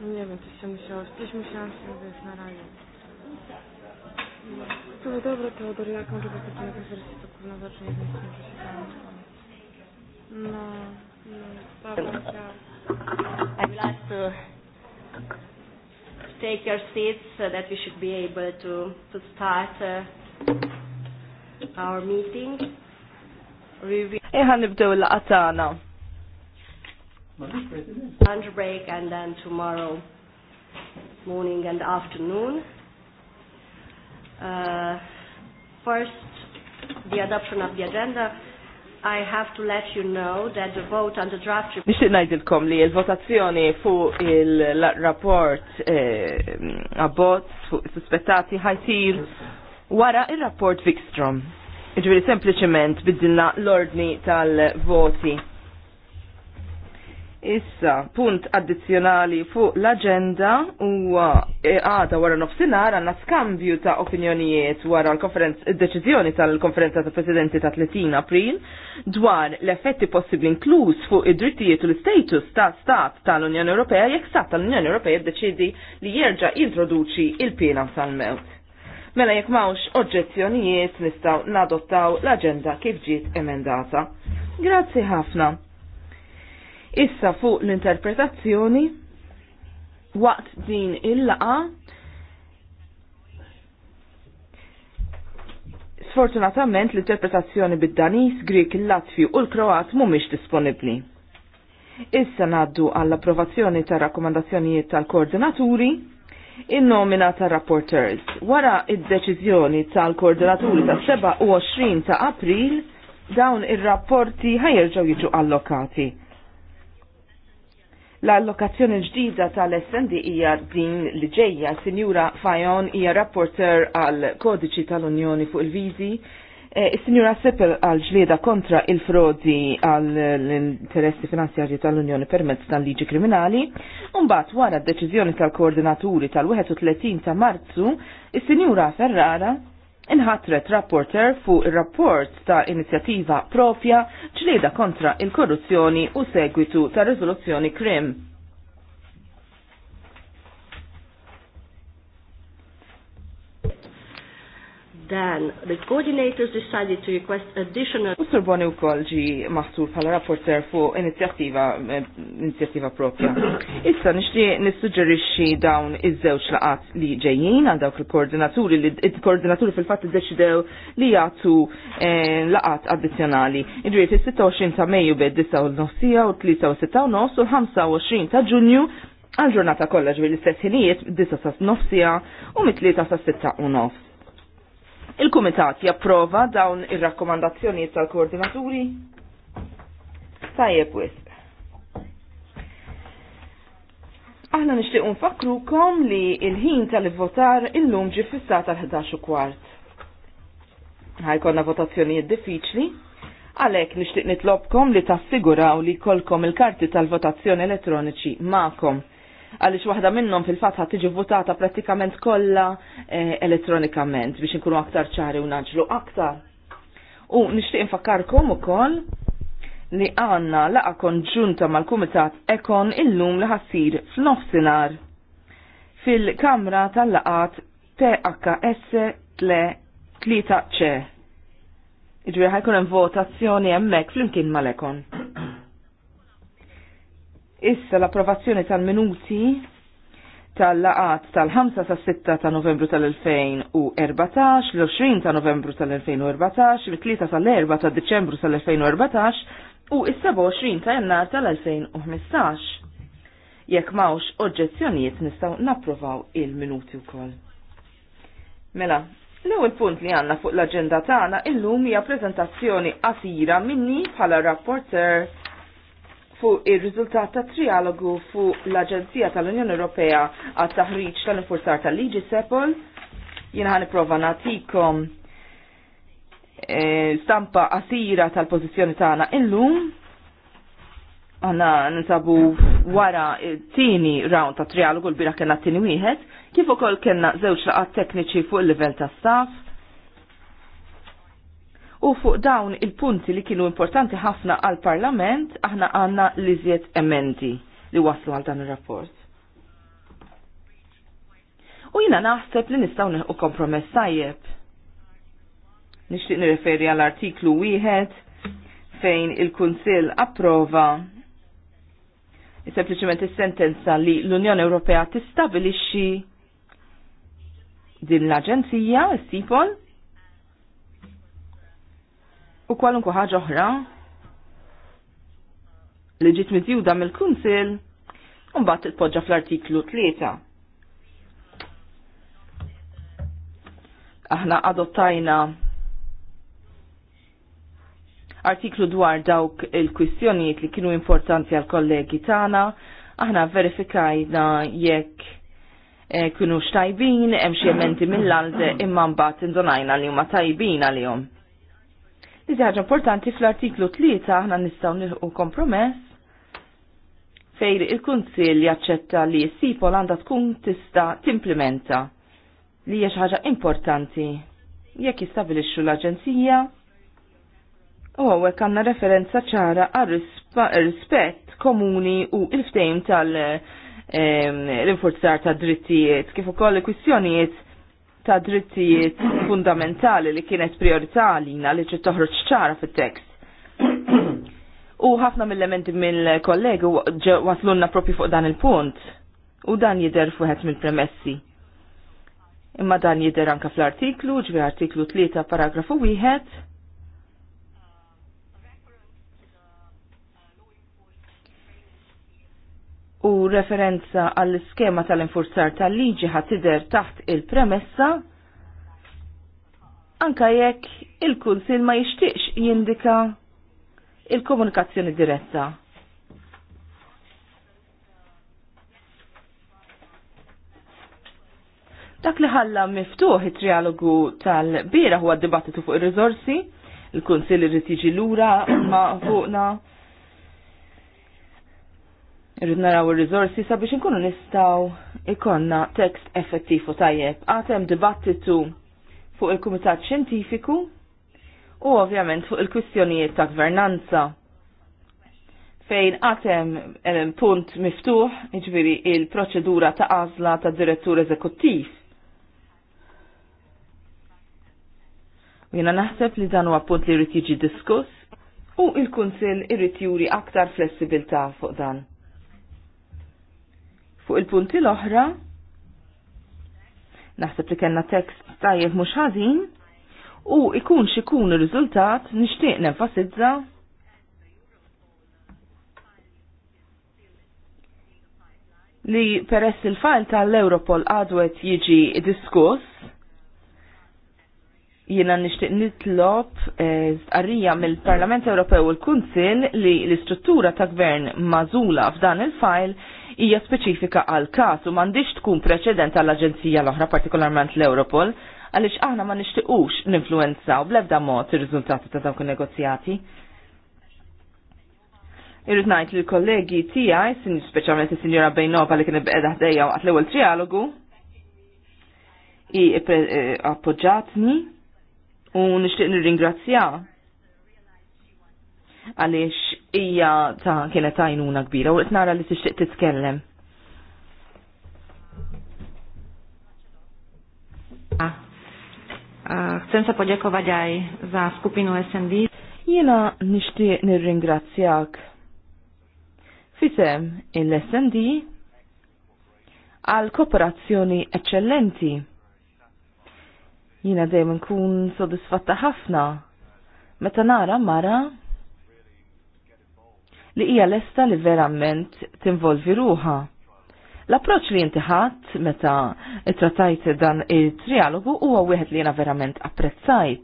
Nie wiem, coś się musiało, coś musiałam się wiesz, na razie. No dobra, Teodor, jak może być taki jakaś wersja, to kurna zacznie, więc może się tam... No, no, dobra, I'd like to take your seats so that we should be able to, to start uh, our meeting. Iħan nibdew l-qatana. Lunch break and then tomorrow morning and afternoon. Uh, first, the adoption of the agenda. I have to let you know that the vote on the draft report... Nishtiq najdilkom li il votazzjoni fu il-rapport eh, abbozz fuq suspettati ħajsir wara il-rapport Vikstrom. Iġveri sempliciment biddilna l-ordni tal-voti. Issa, punt addizjonali fuq l-agenda u e, għada wara nofsinar għanna skambju ta' opinjonijiet wara l-deċizjoni tal-konferenza ta' presidenti ta' 30 april dwar l-effetti possibli inkluż fuq id-drittijiet u l-status ta' stat tal-Unjoni Ewropea jekk stat tal-Unjoni Ewropea deċidi li jerġa' introduċi il-pena tal-mewt. Mela jekk mawx oġġezzjonijiet nistgħu nadottaw l-aġenda kif ġiet emendata. Grazzi ħafna. Issa fuq l-interpretazzjoni waqt din il-laqa Sfortunatament l-interpretazzjoni bid-Danis, Grik, il-Latvi u l-Kroat mhumiex disponibbli. Issa naddu għall-approvazzjoni ta' rakkomandazzjonijiet tal-koordinaturi in-nomina ta' rapporters. Wara id-deċiżjoni tal-koordinaturi ta' 27 ta' April, dawn ir-rapporti ħajerġgħu jiġu allokati. L-allokazzjoni ġdida tal-SND hija din li ġejja, Sinjura Fajon hija rapporter għal kodiċi tal-Unjoni fuq il-viżi. Eh, Is-Sinjura Seppel għal ġlieda kontra il-frodi għal l-interessi finanzjarji tal-Unjoni permezz tal-liġi kriminali, mbagħad wara d-deċiżjoni tal-koordinaturi tal-31 ta' Marzu, is-Sinjura Ferrara inħatret rapporter fuq il-rapport ta' inizjattiva propja ġlieda kontra il-korruzzjoni u segwitu ta' rezoluzzjoni krim. Dan the coordinators decided to request additional... U Sorboni u kol ġi maħtur pala rapporter fuq inizjattiva, inizjattiva propja. Issa nixli nissuġġerixxi dawn iż-żewġ laqat li ġejjin għal dawk il-koordinaturi li il-koordinaturi fil-fatt iddeċidew li jagħtu eh, laqat addizzjonali. Iġri fis-26 ta' Mejju bejn 9 u nofsija u 3 u l-25 ta' Ġunju għal ġurnata kollha ġbir l-istess ħinijiet 9 sa' nofsija u mit-3 sa' 6 u nofs Il-Kumitat japprova dawn ir-rakkomandazzjonijiet tal-koordinaturi? Tajjeb wisq. Aħna nixtieq nfakrukom li il-ħin tal-votar illum ġi fissat tal-11 kwart. Ħajkonna votazzjonijiet diffiċli, għalhekk nixtieq nitlobkom li tassiguraw li kolkom il-karti tal-votazzjoni elettroniċi ma'kom għaliex waħda minnhom fil-fatħa tiġi votata prattikament kollha eh, elettronikament biex inkunu aktar ċari u naġlu aktar. U nixtieq infakkarkom ukoll li għanna laqa konġunta mal-Kumitat Ekon illum li ħassir f'nofsinhar fil-Kamra tal-laqat THS 3 c Iġbir ħajkun hemm votazzjoni hemmhekk flimkien mal-Ekon. Issa l-approvazzjoni tal-minuti tal-laqat tal-5 sa' 6 ta' novembru tal-2014, l-20 ta' novembru tal-2014, l 3 tal-4 ta' deċembru tal-2014 u is-27 ta' jannar tal-2015. Jekk mawx oġġezzjonijiet nistgħu napprovaw il-minuti wkoll. Mela, l-ewwel punt li għandna fuq l-aġenda tagħna illum hija preżentazzjoni qasira minni bħala rapporter fuq ir-riżultat ta' trialogu fuq l-Aġenzija tal-Unjoni Ewropea għat taħriġ tal-infurzar tal-liġi Sepol. Jiena ħani nipprova nagħtikom eh, stampa qasira tal-pożizzjoni tagħna illum. Għanna ninsabu wara t tieni round ta' trialogu l-bira kena t-tini wieħed, kif ukoll kena żewġ laqat tekniċi fuq il-livell ta' staff, u fuq dawn il-punti li kienu importanti ħafna għal parlament aħna għanna liżiet emendi li waslu għal dan il-rapport. U jina naħseb li nistaw neħu kompromess tajjeb. Nixtieq nirreferi għal artiklu wieħed fejn il-Kunsill approva sempliċement is-sentenza li l-Unjoni Ewropea tistabilixxi din l-Aġenzija, s-Sipol, u kwalunku ħaġa oħra li ġiet miżjuda mill-Kunsil u mbagħad podġa fl-artiklu 3. Aħna adottajna artiklu dwar dawk il-kwistjonijiet li kienu importanti għal kollegi tagħna, aħna verifikajna jekk e, kienu xtajbin, hemm xi ementi mill-għalde imma mbagħad indonajna li huma tajbin għal-jom. Li ħaġa importanti fl-artiklu 3 aħna nistgħu nilħu kompromess fejn il-Kunsill jaċċetta li s-sipol għandha tkun tista' timplementa li hija ħaġa importanti jekk jistabilixxu l-Aġenzija u għawek għandna referenza ċara għal rispett komuni u il-ftejm tal- l-infurzar ehm, ta' drittijiet, kif ukoll kwistjonijiet ta' drittijiet fundamentali li kienet priorità għalina li ċi toħroġ ċara fit-tekst. U ħafna mill-elementi mill-kollegi waslunna propju fuq dan il-punt. U dan jider fuħet mill-premessi. Imma dan jider anka fl-artiklu, ġvi artiklu 3 paragrafu 1, u referenza għall-iskema tal-infurzar tal-liġi ħatider taħt il-premessa anka jekk il-kunsil ma jixtieqx jindika il-komunikazzjoni diretta. Dak li ħalla miftuħ it-trialogu tal-bira huwa d-dibattitu fuq ir rizorsi il-kunsil irrid jiġi lura ma fuqna Irrid naraw ir-riżorsi sabiex inkunu nistgħu ikonna tekst effettiv u tajjeb. Għatem dibattitu fuq il-Kumitat Xjentifiku u ovvjament fuq il-kwistjonijiet ta' gvernanza fejn għatem eh, punt miftuħ, iġviri il-proċedura ta' għazla ta' direttur eżekuttiv. Jena naħseb li dan huwa punt li rrid jiġi diskuss u il-Kunsill irrid juri aktar flessibilità fuq dan. Fuq il-punti l-oħra, naħseb li kellna tekst tajjeb mhux ħażin, u ikun xikun il-riżultat nixtieq nenfasizza li peress il-fajl tal-Europol għadwet jiġi diskuss Jiena nixtieq nitlob eh, arrija mill-Parlament Ewropew u l-Kunsil li l-istruttura ta' gvern mażula f'dan il-fajl hija speċifika għal każ u m'għandix tkun preċedent għall aġenzija l-oħra partikolarment l-Europol għaliex aħna ma nixtiequx ninfluwenzaw u ebda mod ir-riżultati ta' dawk il negozjati Irrid ngħid li l-kollegi tiegħi, speċjalment is-Sinjora Bejnova li kien ibqeda ħdejja waqt l-ewwel trialogu, i eh, appoġġatni u nixtieq ringrazzja għaliex hija ta' kienet għajnuna kbira u qed nara li tixtieq titkellem. Ksen sa podjeko għaj za skupinu SND. Jena nixtieq nirringrazzjak fisem il-SND għal kooperazzjoni eccellenti Jina dejjem nkun sodisfatta ħafna meta nara mara li hija lesta li verament tinvolvi ruha. L-approċ li inti ħadd meta trattajt dan it-trialogu huwa wieħed li jiena verament apprezzajt.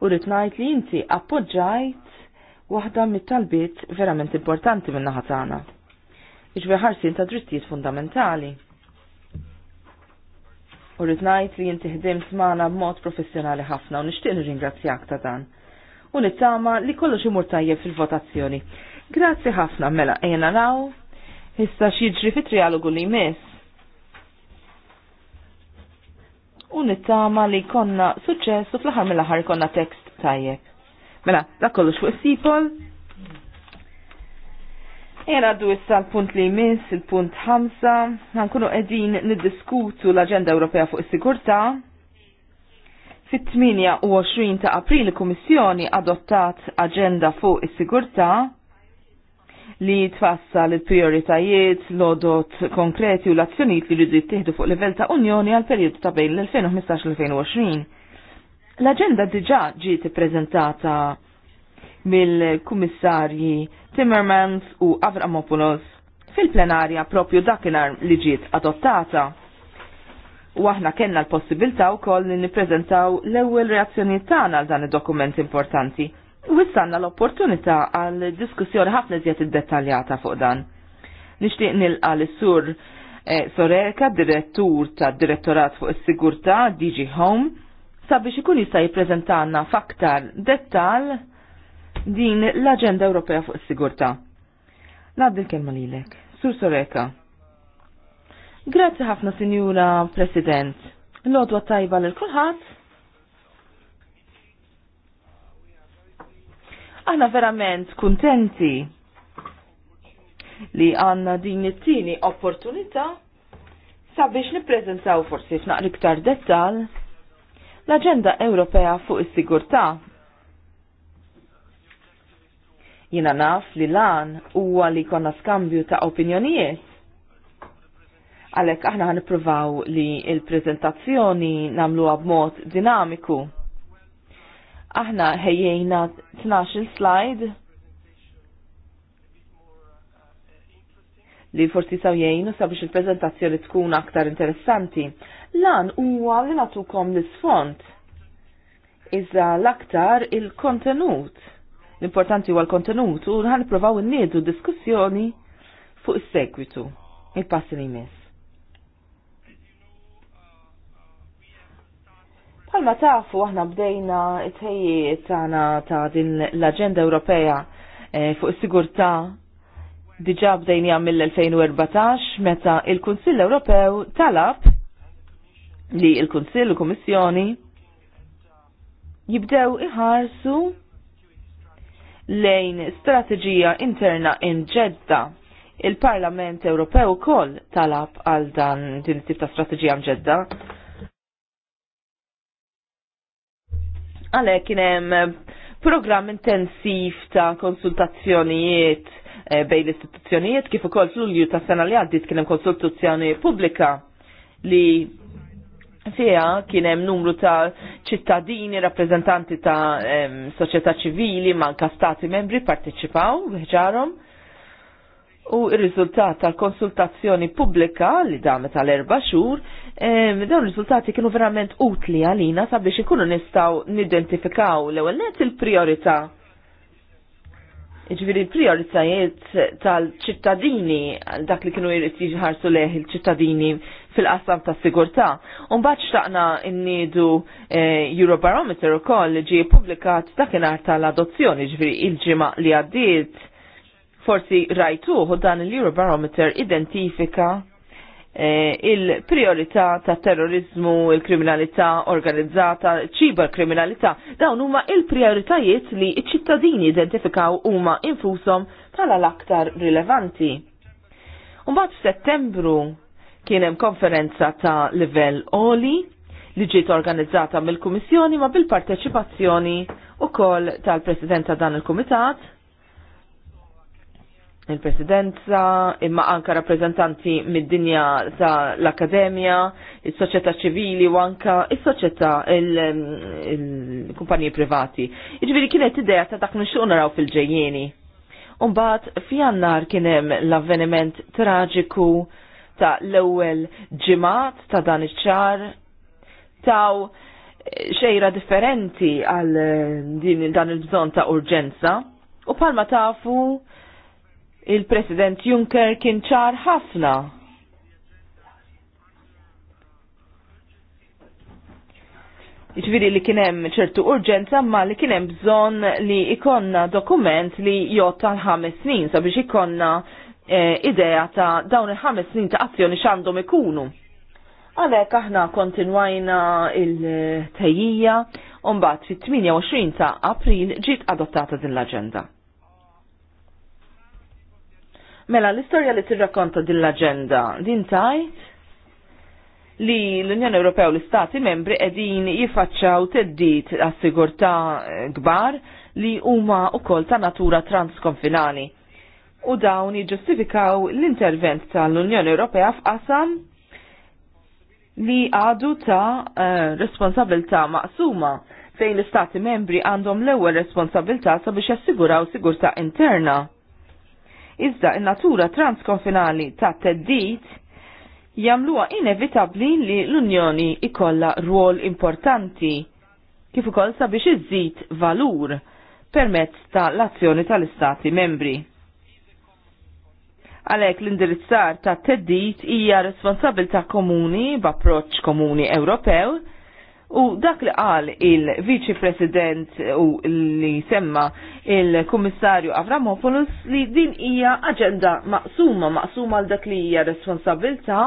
U rrid ngħid li inti appoġġajt waħda mit-talbiet verament importanti minn naħa tagħna. Iġbi ħarsin ta' drittijiet fundamentali u rritnajt li jinti ħdimt maħna b'mod professjonali ħafna u nishtiq nirringrazzjak ta' dan. U nittama li kollox imur tajjeb fil-votazzjoni. Grazzi ħafna mela ejna raw, issa xieġri fit trialogu li jmiss. U nittama li konna suċċess u fl-ħar mill-ħar konna tekst tajjeb. Mela, da kollox fuq sipol, Jena għaddu issa l-punt li jmiss, il-punt 5, għankunu edin niddiskutu l-Aġenda Ewropea fuq is-Sigurtà. Fit-28 ta' April il-Kummissjoni adottat Aġenda fuq is-Sigurtà li tfassal l prioritajiet lodot konkreti u l-azzjonijiet li rridu jittieħdu fuq livell ta' Unjoni għal periodu ta' bejn l-2015 2020 L-aġenda diġà ġiet ippreżentata mill-kummissarji Timmermans u Avramopoulos fil-plenarja propju dakinar li ġiet adottata. U aħna kenna l-possibilta u koll li niprezentaw l-ewel reazzjoni tagħna għal dan id-dokument importanti. U issanna l-opportunità għal diskussjoni ħafna id iddettaljata fuq dan. Nixtieq nilqa l-sur eh, Soreka, direttur ta' direttorat fuq is-sigurtà DG Home, sabiex ikun jista' jippreżentanna f'aktar dettal din l-Aġenda Ewropea fuq is-Sigurtà. Naddi l-kelma lilek. Sur Soreka. Grazzi ħafna, Sinjura President. L-odwa tajba lil kulħadd. Aħna verament kuntenti li għanna din it-tieni opportunità sabiex nippreżentaw forsi f'naqri iktar dettal l-Aġenda Ewropea fuq is-Sigurtà Jina naf li lan huwa li konna skambju ta' opinjonijiet. Għalek aħna ħanipruvaw li il-prezentazzjoni namluha b'mod dinamiku. Aħna ħejjejna 12 slide li forsi saw sa' sabiex il-prezentazzjoni tkun aktar interessanti. Lan huwa li natukom l sfont Iżda l-aktar il-kontenut. L-importanti huwa l-kontenut u ħan n inniedu diskussjoni fuq is-segwitu, il-passi li jmiss. Palma tafu aħna bdejna it t tagħna ta' din l-Aġenda Ewropea eh, fuq is-sigurtà diġà bdejnija mill-2014 meta il-Kunsill Ewropew talab li il-Kunsill u Kummissjoni jibdew iħarsu lejn Strategija interna inġedda, Il-Parlament Ewropew kol talab għal dan din tip ta' strateġija mġedda. Għalek kienem program intensiv ta' konsultazzjonijiet eh, bej l-istituzzjonijiet kif ukoll fl-ulju ta' sena li għaddit kien hemm konsultazzjoni pubblika li fija kien hemm numru ta' ċittadini, rappreżentanti ta' soċjetà ċivili, manka stati membri parteċipaw ħġarhom. U r-riżultat tal-konsultazzjoni pubblika li damet tal-erba' xhur, dawn il riżultati kienu verament utli għalina sabiex ikunu nistgħu nidentifikaw l-ewwel net il-priorità. Iġviri il prioritajiet tal-ċittadini, dak li kienu jrid ħarsu leħ il-ċittadini fil-qasam ta' sigurtà. Umbagħad xtaqna nniedu eh, Eurobarometer ukoll li ġie publikat dakinhar tal-adozzjoni ġviri il-ġimgħa li għaddiet. Forsi u dan l-Eurobarometer identifika E, il-priorità ta' terrorizmu, il-kriminalità organizzata, kriminalità, dawn huma il-prioritajiet li iċ ċittadini identifikaw huma infushom bħala l-aktar rilevanti. Mbagħad f'Settembru kien hemm konferenza ta' livell oli li ġiet organizzata mill-Kummissjoni ma bil-parteċipazzjoni ukoll tal-President ta' dan il-Kumitat, il-Presidenza, imma anka rappreżentanti mid-dinja ta' l-Akademja, il-Soċjetà ċivili u anka il-Soċjetà mm, il-Kumpaniji privati. Iġviri kienet idea ta' dak nixuq naraw fil-ġejjieni. Umbat f'jannar kien hemm l-avveniment traġiku ta' l-ewwel ġimat ta' dan iċ-ċar taw eh, xejra differenti għal eh, din dan il-bżonn ta' urġenza u palma tafu il-President Juncker kien ċar ħafna ġviri li kienem ċertu urġenza ma li kienem bżon li ikonna dokument li jott l ħames snin sabiex ikonna E, idea ta' dawn il-ħames snin ta' azzjoni xandhom ikunu. Għalhekk aħna kontinwajna il-tejjija u mbagħad fit-28 ta' April ġiet adottata din l-aġenda. Mela, l-istorja li tirrakkonta din l-agenda, din tajt li l-Unjoni Ewropew l-Istati membri edin jifacċaw teddit għas-sigurtà kbar li huma wkoll ta' natura transkonfinali u dawn jiġġustifikaw l-intervent tal-Unjoni Ewropea f'qasam li għadu ta' uh, responsabilta' maqsuma fejn l-istati membri għandhom l-ewwel responsabilta sabiex jassiguraw sigurtà interna. Iżda in-natura transkonfinali ta' teddit jamluwa inevitabli li l-Unjoni ikolla rwol importanti kif ukoll sabiex iżid valur permezz ta' l-azzjoni tal-istati membri. Għalhekk l-indirizzar ta' teddit hija responsabilta' komuni b'approċċ komuni Ewropew U dak li qal il-Viċi President u li semma il-Kummissarju Avramopoulos li din hija aġenda maqsuma, maqsuma għal dak li hija responsabilta,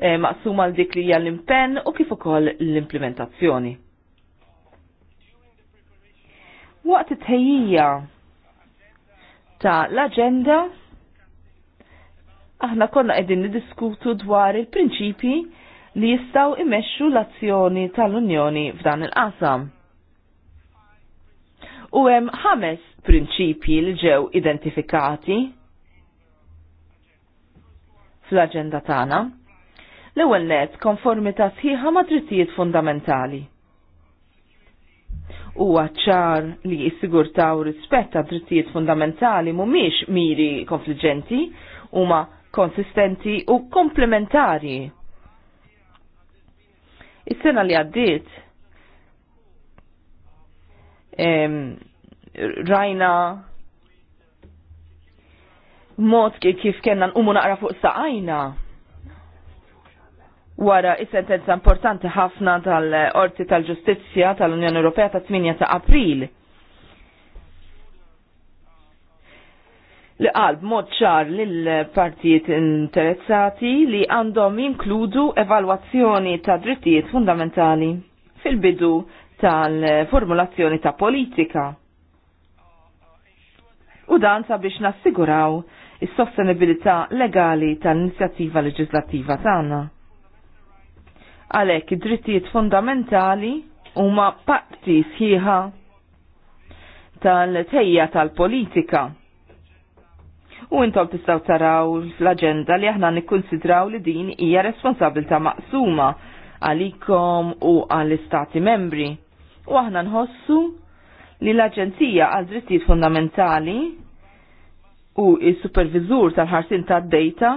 eh, maqsuma għal dik li hija l-impenn u kif ukoll l-implementazzjoni. Waqt it-tejjija ta' l-aġenda aħna konna qegħdin niddiskutu dwar il-prinċipji li jistgħu imexxu l-azzjoni tal-Unjoni f'dan il-qasam. U hemm ħames prinċipji li ġew identifikati fl-aġenda tagħna. L-ewwel net konformità sħiħa ma' drittijiet fundamentali. Huwa ċar li s-sigurtà u rispett ta' drittijiet fundamentali mhumiex miri konfliġenti huma konsistenti u komplementari. Is-sena li għaddiet rajna mod kif kena nqumu naqra fuq saqajna wara is-sentenza importanti ħafna tal-Orti tal-Ġustizzja tal-Unjoni Ewropea ta' 8 ta' April li qalb mod ċar lill-partijiet interessati li għandhom jinkludu evalwazzjoni ta' drittijiet fundamentali fil-bidu tal-formulazzjoni ta' politika. U dan sabiex nassiguraw is-sostenibilità legali tal-inizjattiva leġislattiva tagħna. Għalhekk id-drittijiet fundamentali huma parti sħiħa tal-tejja tal-politika. tal tejja tal politika u intom tistaw taraw l-agenda li aħna nikkonsidraw li din hija responsabilta maqsuma għalikom u għall-istati membri. U aħna nħossu li l-Aġenzija għal drittijiet fundamentali u il-supervizur tal-ħarsin tad-data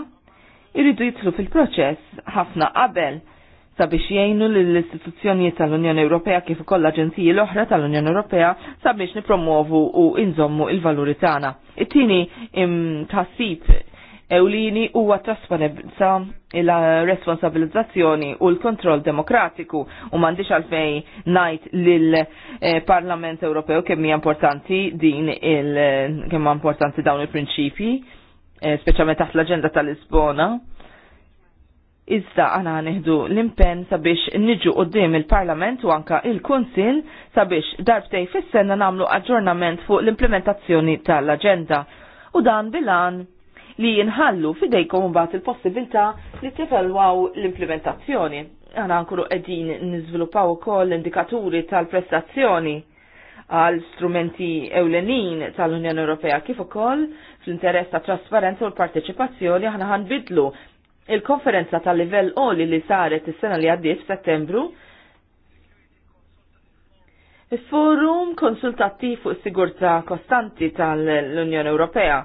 irridu jitlu fil-proċess ħafna qabel sabiex jgħinu l-istituzzjonijiet tal-Unjoni Ewropea kif ukoll l-Aġenziji l-oħra tal-Unjoni Ewropea sabiex nipromovu u inżommu il-valuri tagħna. It-tieni tħassib ewlini huwa trasparenza il-responsabilizzazzjoni u l-kontroll demokratiku u m'għandix għalfejn ngħid lill-Parlament eh, Ewropew kemm hija importanti din il kemm importanti dawn il-prinċipji, eh, speċjalment taħt l-aġenda tal-Lisbona Iżda għana neħdu l-impen sabiex niġu qoddim il-Parlament u anka il-Kunsil sabiex darbtej fis namlu aġġornament fuq l-implementazzjoni tal-agenda. U dan bilan li jinħallu fidejkom mbagħad il-possibilità li tevelwaw l-implementazzjoni. Għana ankuru qegħdin niżviluppaw ukoll indikaturi tal-prestazzjoni għal strumenti ewlenin tal-Unjoni Ewropea kif ukoll fl-interess ta' trasparenza u l-parteċipazzjoni aħna ħanbidlu Il-konferenza tal-livell oli li saret is-sena li għaddiet f'Settembru Forum konsultattiv fuq sigurta kostanti tal-Unjoni Ewropea.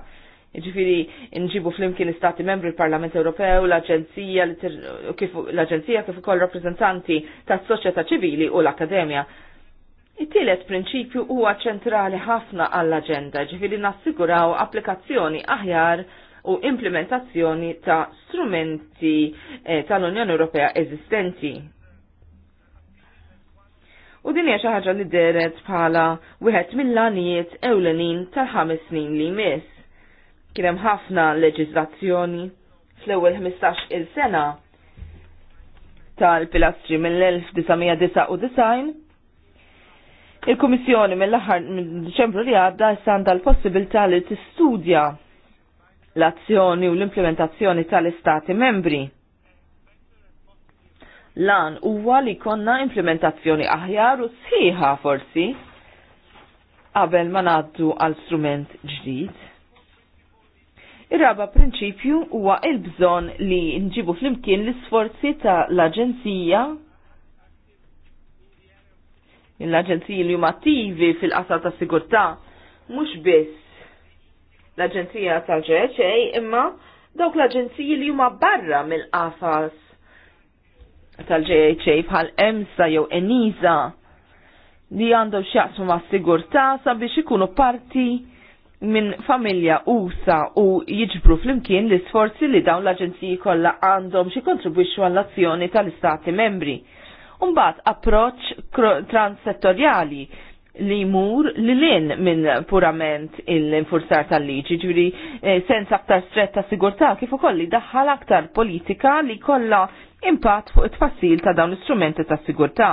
Ġifiri, nġibu flimkien istati membri l-Parlament Ewropew, l-Aġenzija, l-Aġenzija kif ukoll rappresentanti tas-soċjetà ċivili u l-Akademja. It-tielet prinċipju huwa ċentrali ħafna għall-aġenda, ġifiri nassiguraw applikazzjoni aħjar u implementazzjoni ta' strumenti eh, tal-Unjoni Ewropea eżistenti. U din hija xi ħaġa li deret bħala wieħed mill-għanijiet ewlenin tal-ħames snin li jmiss. Kien hemm ħafna leġiżlazzjoni fl-ewwel 15 il sena tal-pilastri mill-1999 il kummissjoni mill-aħħar minn Deċembru li għadda għandha l possibilità li tistudja l-azzjoni u l-implementazzjoni tal-Istati membri. Lan huwa li konna implementazzjoni aħjar u sħiħa forsi qabel ma ngħaddu għal strument ġdid. Ir-raba prinċipju huwa il-bżonn li nġibu flimkien l-isforzi ta' l-Aġenzija l-Aġenziji li huma attivi fil-qasal ta' sigurtà mhux biss l-Aġenzija tal ġeċe imma dawk l-Aġenziji li huma barra mill-qafas tal ġeċe bħal EMSA jew ENISA li għandhom xjaqsmu ma' sigurtà sabiex ikunu parti minn familja usa u jiġbru flimkien l-isforzi li dawn l-aġenziji kollha għandhom xi kontribwixxu għall-azzjoni tal-istati membri. Umbat approċ transsettorjali li jmur li lin minn purament il-infurzar tal-liġi, ġuri eh, sens aktar stretta sigurta kif ukoll li daħħal aktar politika li kollha impatt fuq it-tfassil ta' dawn l-istrumenti ta' sigurta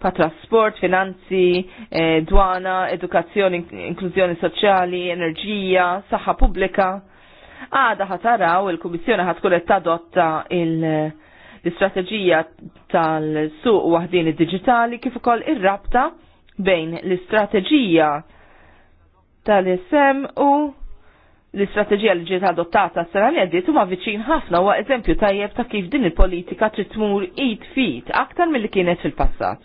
pa' trasport, finanzi, eh, dwana, edukazzjoni, inklużjoni soċjali, enerġija, saħħa pubblika. Għada ħataraw il-Kummissjoni ħatkun qed tadotta il- l-istrateġija tal-suq waħdin id-digitali kif ukoll ir-rabta bejn l-istrateġija tal-isem u l-istrateġija li ġiet adottata s-sena li għaddiet huma viċin ħafna u eżempju tajjeb ta' kif din il-politika trid tmur id fit aktar milli kienet fil-passat.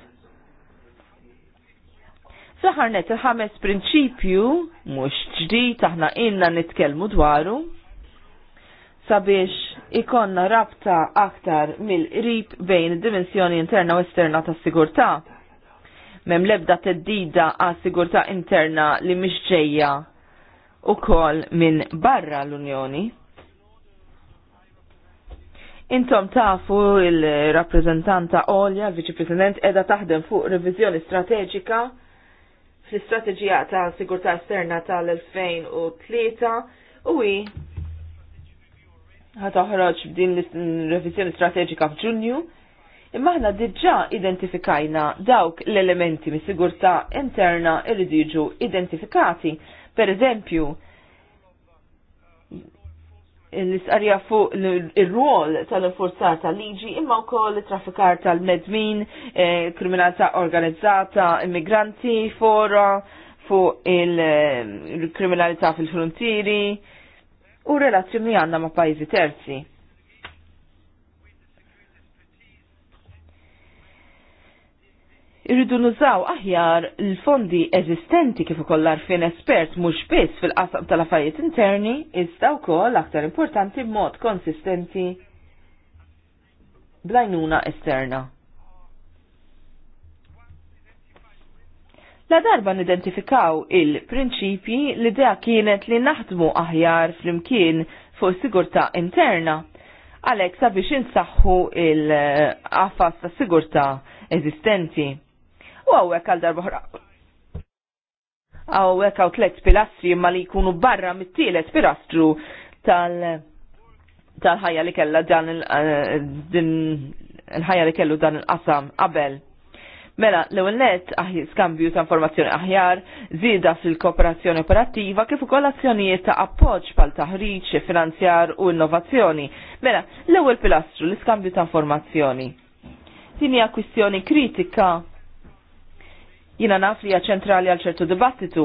fl net il-ħames prinċipju mhux ġdid aħna inna nitkellmu dwaru sabiex ikonna rabta aktar mill-qrib bejn id-dimensjoni interna u esterna tas-sigurtà mem lebda teddida għas sigurta interna li misġeja u kol minn barra l-Unjoni. Intom tafu il-rappresentanta Olja, viċi president edha taħdem fuq revizjoni strateġika fl-istrateġija ta' sigurta esterna tal-2003 u i ħatoħroġ b'din revizjoni strateġika f'Ġunju Imma aħna diġà identifikajna dawk l-elementi mis sigurtà interna irridu jiġu identifikati. Per eżempju, l-isqarja fuq il-rol tal-forzar tal-liġi imma wkoll traffikar tal-medmin, eh, kriminalità organizzata, immigranti, fora, fuq il-kriminalità fil frontiri u relazzjoni għandna ma' pajjiżi terzi. irridu nużaw aħjar l-fondi eżistenti kif ukoll l-arfien espert mhux biss fil-qasam tal-affarijiet interni, iżda wkoll aktar importanti b'mod konsistenti blajnuna esterna. La darba nidentifikaw il-prinċipji l-idea kienet li naħdmu aħjar fl-imkien fuq sigurtà interna għalek sabiex insaħħu il-qafas ta' sigurta eżistenti u għawek għal darbohra. Għawek għaw tlet pilastri imma li jkunu barra mit-tielet pilastru tal- tal-ħajja li kella dan eh, il-ħajja li kellu dan il-qasam qabel. Mela, l ewwel net aħi skambju ta' informazzjoni aħjar, zida fil-kooperazzjoni operattiva kif ukoll azzjonijiet ta' appoġġ pal taħriġ, finanzjar u innovazzjoni. Mela, l ewwel pilastru l-iskambju ta' informazzjoni. Din hija kwistjoni kritika Jina naf li hija ċentrali għal ċertu dibattitu.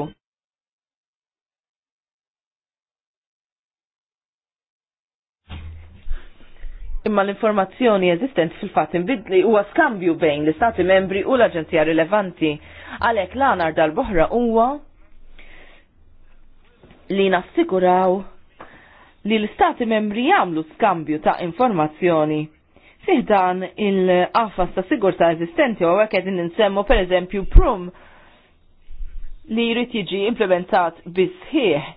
Imma l-informazzjoni eżistenti fil-fatt inbidli huwa skambju bejn l-istati membri u l-aġenzija rilevanti. Għalhekk l-għanar dal-boħra huwa li nassiguraw li l-istati membri jagħmlu skambju ta' informazzjoni fiħdan il-qafas ta' sigurta eżistenti u għek għedin ninsemmu per eżempju prum li jrid jiġi implementat bisħieħ.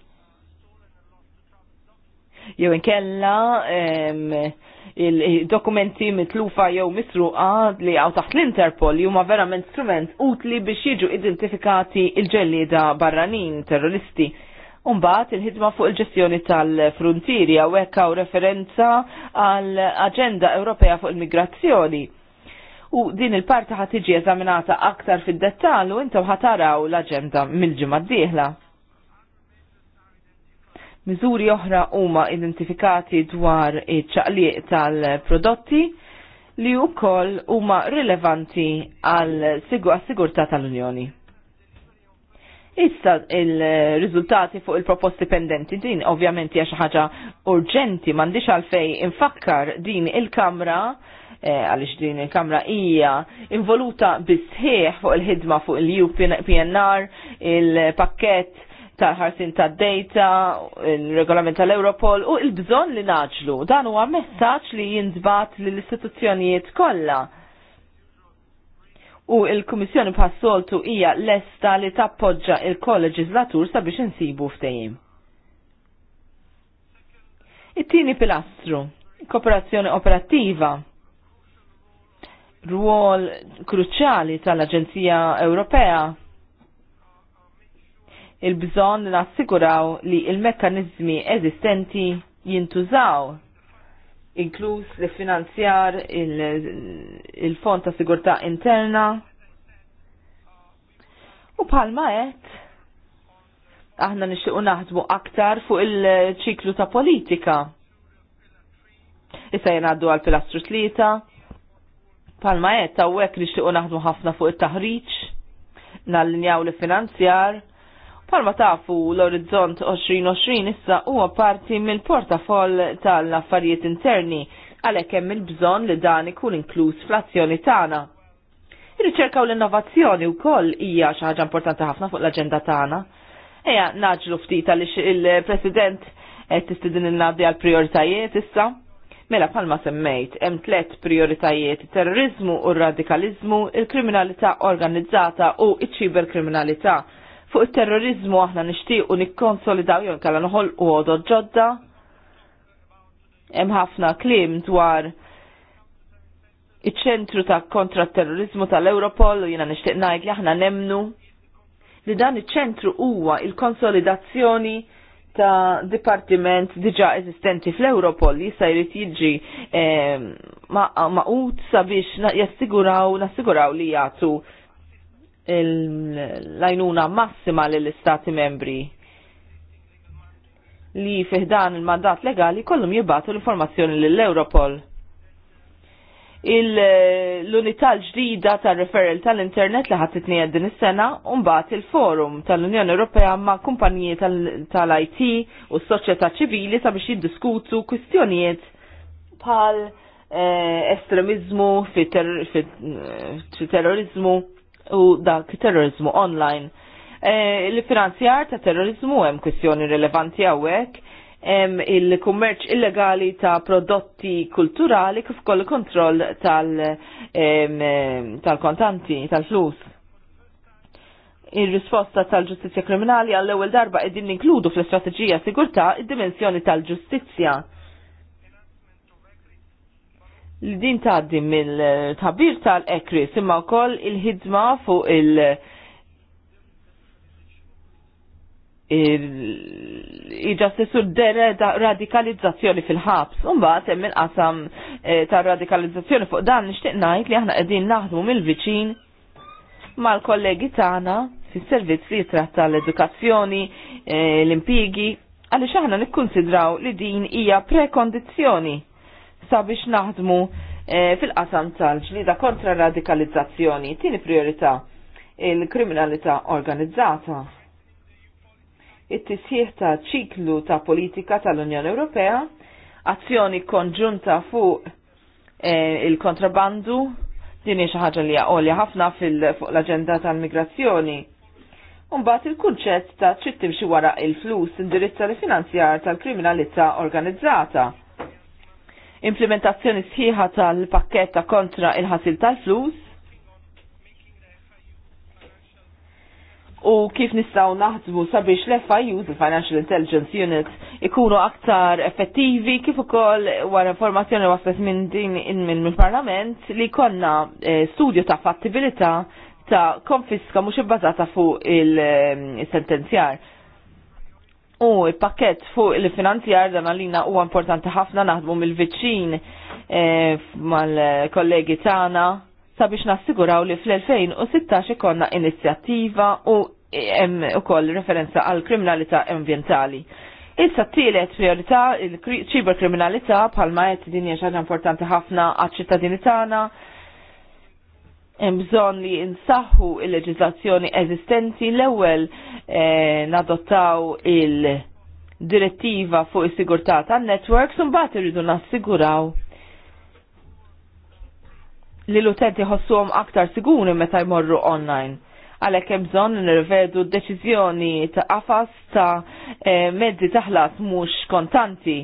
Jew inkella il-dokumenti mitlufa jew misruqa li għaw taħt l-Interpol juma huma verament strument utli biex jiġu identifikati il-ġellida barranin terroristi Umbat il-ħidma fuq il-ġestjoni tal-frontieri għawek u referenza għal Aġenda Ewropea fuq il-migrazzjoni. U din il-parti ħat tiġi eżaminata aktar fid-dettal u intom ħataraw l-aġenda mill-ġimgħa d-dieħla. Miżuri oħra huma identifikati dwar iċ-ċaqliq tal-prodotti li wkoll huma rilevanti għal sigurtà tal-Unjoni. Issa il-riżultati fuq il-proposti pendenti din ovvjament hija xi ħaġa urġenti m'għandix għalfej infakkar din il-Kamra eh, għalix din il-kamra hija involuta bisħieħ fuq il-ħidma fuq il-UPNR, il-pakket tal-ħarsin tad-data, il-regolament tal-Europol u il-bżon li naġlu. Dan huwa messaġġ li jintbat lill-istituzzjonijiet kollha u il-Kummissjoni bħas-soltu hija lesta li tappoġġa il-kolleġislatur sabiex insibu ftehim. It-tieni pilastru, kooperazzjoni operattiva, ruol kruċjali tal-Aġenzija Ewropea il-bżon nassiguraw li il-mekkanizmi eżistenti jintużaw inkluż li finanzjar il-fond il ta' sigurtà interna. U palma qed aħna nixtiequ naħdmu aktar fuq il-ċiklu ta' politika. Issa jenaddu għal pilastru tlieta. Palma qed hawnhekk nixtiequ naħdmu ħafna fuq it-taħriġ, nallinjaw li finanzjar Palma tafu l-Orizzont 2020 issa huwa parti mill-portafoll tal-affarijiet interni għalhekk hemm il-bżonn li dan ikun inkluż fl-azzjoni tagħna. Ir-riċerka u l-innovazzjoni wkoll hija xi ħaġa importanti ħafna fuq l-aġenda tagħna. Eja naġlu ftit għaliex il-President qed tistidin il għal prioritajiet issa. Mela palma semmejt, hemm tliet prioritajiet terrorizmu u radikalizmu, il-kriminalità organizzata u iċ-ċiberkriminalità. kriminalità fuq il-terrorizmu aħna nishtiq u nikkonsolidaw jew kalla noħol u għodot ġodda. Hemm ħafna klim dwar iċ-ċentru ta' kontra terrorizmu tal-Europol u jiena nixtieq ngħid li aħna nemnu li dan iċ-ċentru huwa il-konsolidazzjoni ta' dipartiment diġa eżistenti fl-Europol li jista' jrid jiġi eh, maqut sabiex jassiguraw nassiguraw li jagħtu l-lajnuna massima lill-istati membri li fiħdan il-mandat legali kollum jibbatu l-informazzjoni lill-Europol l-unità l-ġdida tal referral tal-internet li ħatitni din is-sena mbagħad il-forum tal-Unjoni Ewropea ma' kumpaniji tal-IT u s-soċjetà ċivili sabiex jiddiskutu kwistjonijiet bħal eh, estremizmu fit eh, terrorizmu u dak terrorizmu online. E, L-finanzjar ta' terrorizmu hemm kwistjoni rilevanti hawnhekk il-kummerċ illegali ta' prodotti kulturali kif ukoll kontroll tal-kontanti, tal tal-flus. Ir-risposta tal-ġustizzja kriminali għall-ewwel darba qegħdin inkludu fl-istrateġija sigurtà id-dimensjoni tal-ġustizzja li din tgħaddi mill-tabir tal-ekris imma wkoll il-ħidma fuq il- iġastisu radikalizzazzjoni fil-ħabs. Umbat, hemm il-qasam eh, ta' radikalizzazzjoni fuq dan nixtieq ngħid li aħna qegħdin naħdmu mill-viċin mal-kollegi tagħna fis-servizz li jitratta l-edukazzjoni, eh, l impigi għaliex aħna nikkunsidraw li din hija prekondizzjoni sabiex naħdmu eh, fil-qasam tal da kontra radikalizzazzjoni. Tini priorità il-kriminalità organizzata. It-tisjieħ ta' ċiklu ta' politika tal-Unjoni Ewropea, azzjoni konġunta fuq eh, il-kontrabandu, din xi ħaġa li għolja ħafna fuq l-aġenda tal-migrazzjoni. Umbat il-kunċett ta' ċittim xi wara il-flus indirizza li finanzjar tal-kriminalità organizzata implementazzjoni sħiħa tal-pakketta kontra il-ħasil tal-flus, u kif nistaw naħdmu sabiex l fiu il-Financial Intelligence Unit, ikunu aktar effettivi kif ukoll wara informazzjoni waslet minn din minn parlament li konna eh, studju ta' fattibilità ta' konfiska mhux ibbażata fuq il-sentenzjar. Eh, U il-pakket fuq il-finanzjar dan għalina u importanti ħafna naħdmu mill-vicċin eh, mal-kollegi tagħna sabiex nassiguraw li fl-2016 ikonna inizjattiva u hemm ukoll referenza għal kriminalità ambientali. Issa t-tielet priorità il kriminalità bħalma qed din hija xaġa importanti ħafna għaċ-ċittadini tagħna bżon li insaħħu il-leġizlazzjoni eżistenti l-ewwel eh, nadottaw il-direttiva fuq is-sigurtà tan-networks mbagħad irridu nassiguraw li l-utenti ħossuhom aktar siguri meta jmorru online għalhekk hemm bżonn nirvedu d-deċiżjoni ta' qafas ta' eh, mezzi taħlas mhux kontanti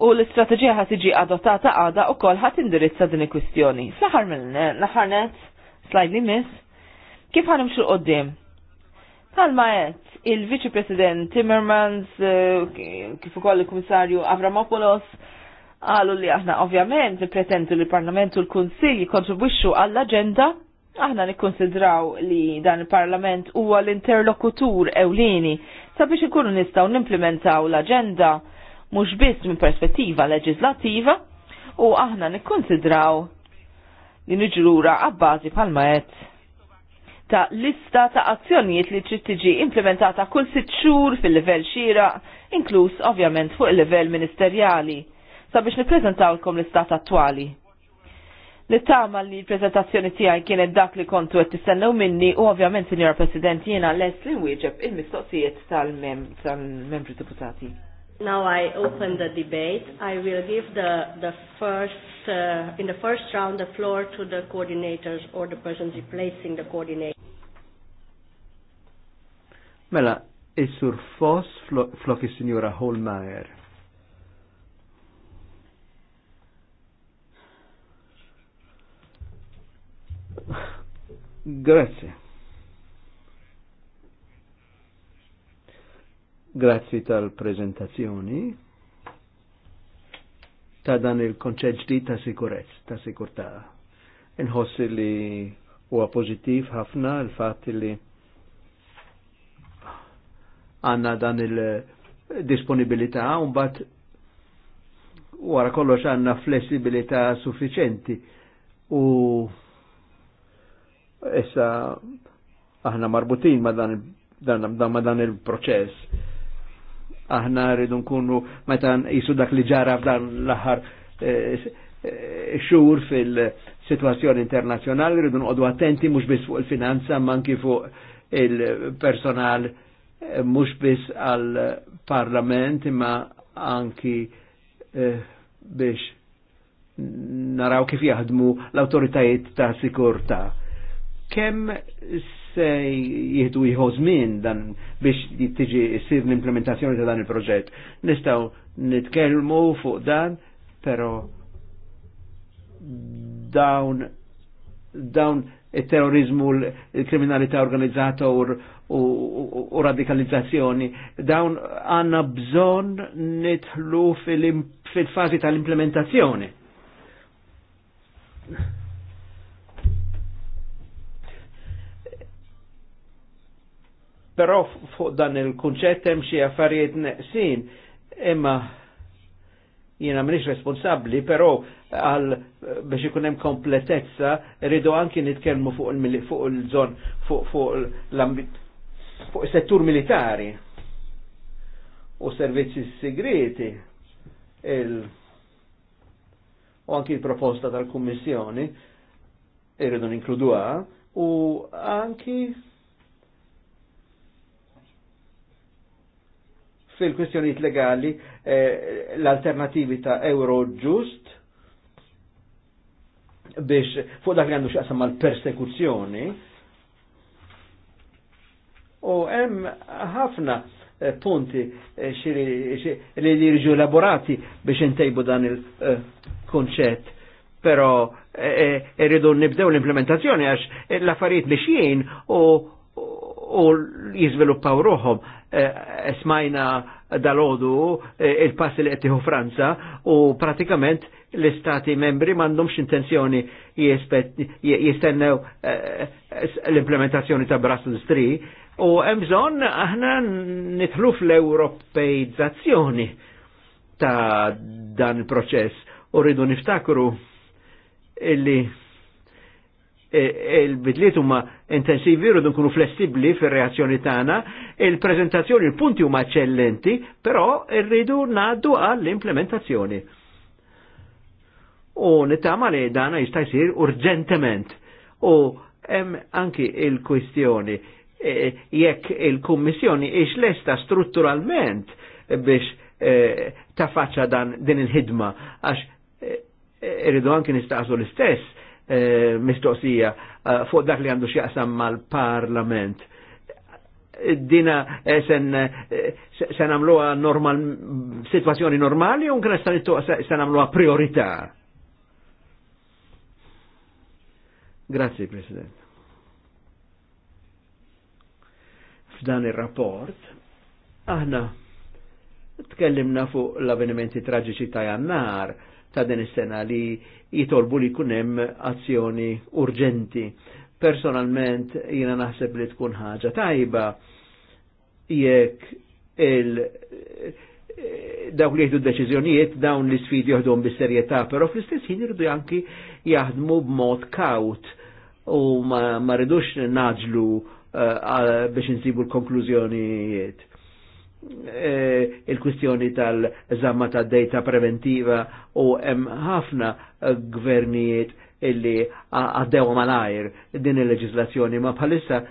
u l-istrateġija ħat tiġi adottata għada u kol ħat indirizza din il-kwistjoni. Saħar ħar mill-ħarnet, slajd li miss, kif ħanim xul qoddim? Palma għet, il-Vice President Timmermans, eh, kif ukoll il-Kummissarju Avramopoulos, għallu li aħna ovvjament nipretendu li l-Parlament u l konsilji jikontribwixxu għall-agenda aħna nikkonsidraw li dan il-Parlament huwa l-interlokutur ewlieni sabiex ikunu nistgħu nimplementaw l-aġenda mhux biss minn perspettiva leġislattiva u aħna nikkonsidraw li niġu lura għabbażi palma qed ta' lista ta' azzjonijiet li trid tiġi implementata kull sitt xhur fil-livell xira, inkluż ovvjament fuq il-livell ministerjali, sabiex nippreżentawlkom l-istat attwali. Nittama li l-prezentazzjoni tiegħi kienet dak li kontu qed tistennew minni u ovvjament, Sinjora President, jiena lest li nwieġeb il-mistoqsijiet tal-membri deputati. Now I open the debate. I will give the, the first, uh, in the first round the floor to the coordinators or the persons replacing the coordinator. Mela, is-sur Foss flok is-sinjura Holmeyer. Grazie. Grazzi tal-prezentazzjoni ta' dan il-konċett ġdid ta' sikurezz, ta' sikurta. Inħossi li huwa pożittiv ħafna l-fatt li għanna dan il-disponibilità u mbagħad wara kollox għanna flessibilità suffiċenti u issa aħna marbutin ma dan, il proċess il aħna rridu nkunu meta jisu dak li ġara f'dan l-aħħar eh, eh, xhur fil-sitwazzjoni internazzjonali rridu nqogħdu attenti mhux biss fuq il-finanza manki fuq il-personal eh, mhux biss għal parlament imma anki biex naraw kif jaħdmu l-autoritajiet ta' sikurta. Kemm se jihdu min dan biex tiġi jissir l-implementazzjoni ta' dan il-proġett. Nistaw nitkelmu fuq dan, pero dawn dawn il-terrorizmu, il-kriminalità organizzata u, u, u radikalizzazzjoni, dawn għanna bżon nitħlu fil-fazi fil fazi tal implementazzjoni Però fuq dan il-kunċett hemm xi affarijiet neqsin, imma jiena m'iniex responsabbli, però għal biex ikun hemm kompletezza rridu anki nitkellmu fuq il-żon fuq l-ambit fuq settur militari u servizzi segreti il u anki l proposta tal-Kummissjoni irridu ninkluduha u anki fil kwestjonijiet legali eh, l-alternativi ta' euro ġust biex fuq dak li għandu xaqsam mal persekuzzjoni u hemm ħafna eh, punti eh, li jirġu elaborati biex intejbu dan il-konċett eh, pero irridu nibdew l-implementazzjoni għax l-affarijiet biex jien u u jizviluppaw ruħom. Smajna dal-ħodu e, il pass li għettiħu Franza u pratikament l-istati membri mandomx intenzjoni jistennew e, l-implementazzjoni ta' Brussels 3 u emżon aħna nitluf fl-europeizzazzjoni ta' dan il-proċess u rridu niftakru illi E, e, il-bidliet huma intensivi rridu nkunu flessibbli fir-reazzjoni tagħna, il-preżentazzjoni il-punti huma eċċellenti, però rridu ngħaddu għall-implementazzjoni. U nittama li dana jista' jsir urġentement. U hemm anki il-kwistjoni e, jekk il-Kummissjoni ix lesta strutturalment biex tafaċċa dan din il-ħidma għax irridu anki nistaqsu l-istess mistoqsija eh, fuq dak li għandu xjaqsam mal-parlament. Dina eh, sen eh, sen għamluha normal situazzjoni normali u nkra sen għamluha priorità. Grazie President. F'dan ir-rapport aħna tkellimna fuq l-avvenimenti traġiċi ta' jannar ta' din is-sena li jitolbu li jkun hemm azzjoni urġenti. Personalment jiena naħseb li tkun ħaġa tajba jekk il dawk li jieħdu deċiżjonijiet dawn l isfidi joħduhom bis-serjetà, però fl-istess ħin irdu anki jaħdmu b'mod kawt u ma, ma rridux naġlu uh, biex insibu l-konklużjonijiet Eh, il-kwistjoni tal-żamma ta' dejta preventiva u hemm ħafna eh, gvernijiet illi għaddew malajr din il-leġislazzjoni ma bħalissa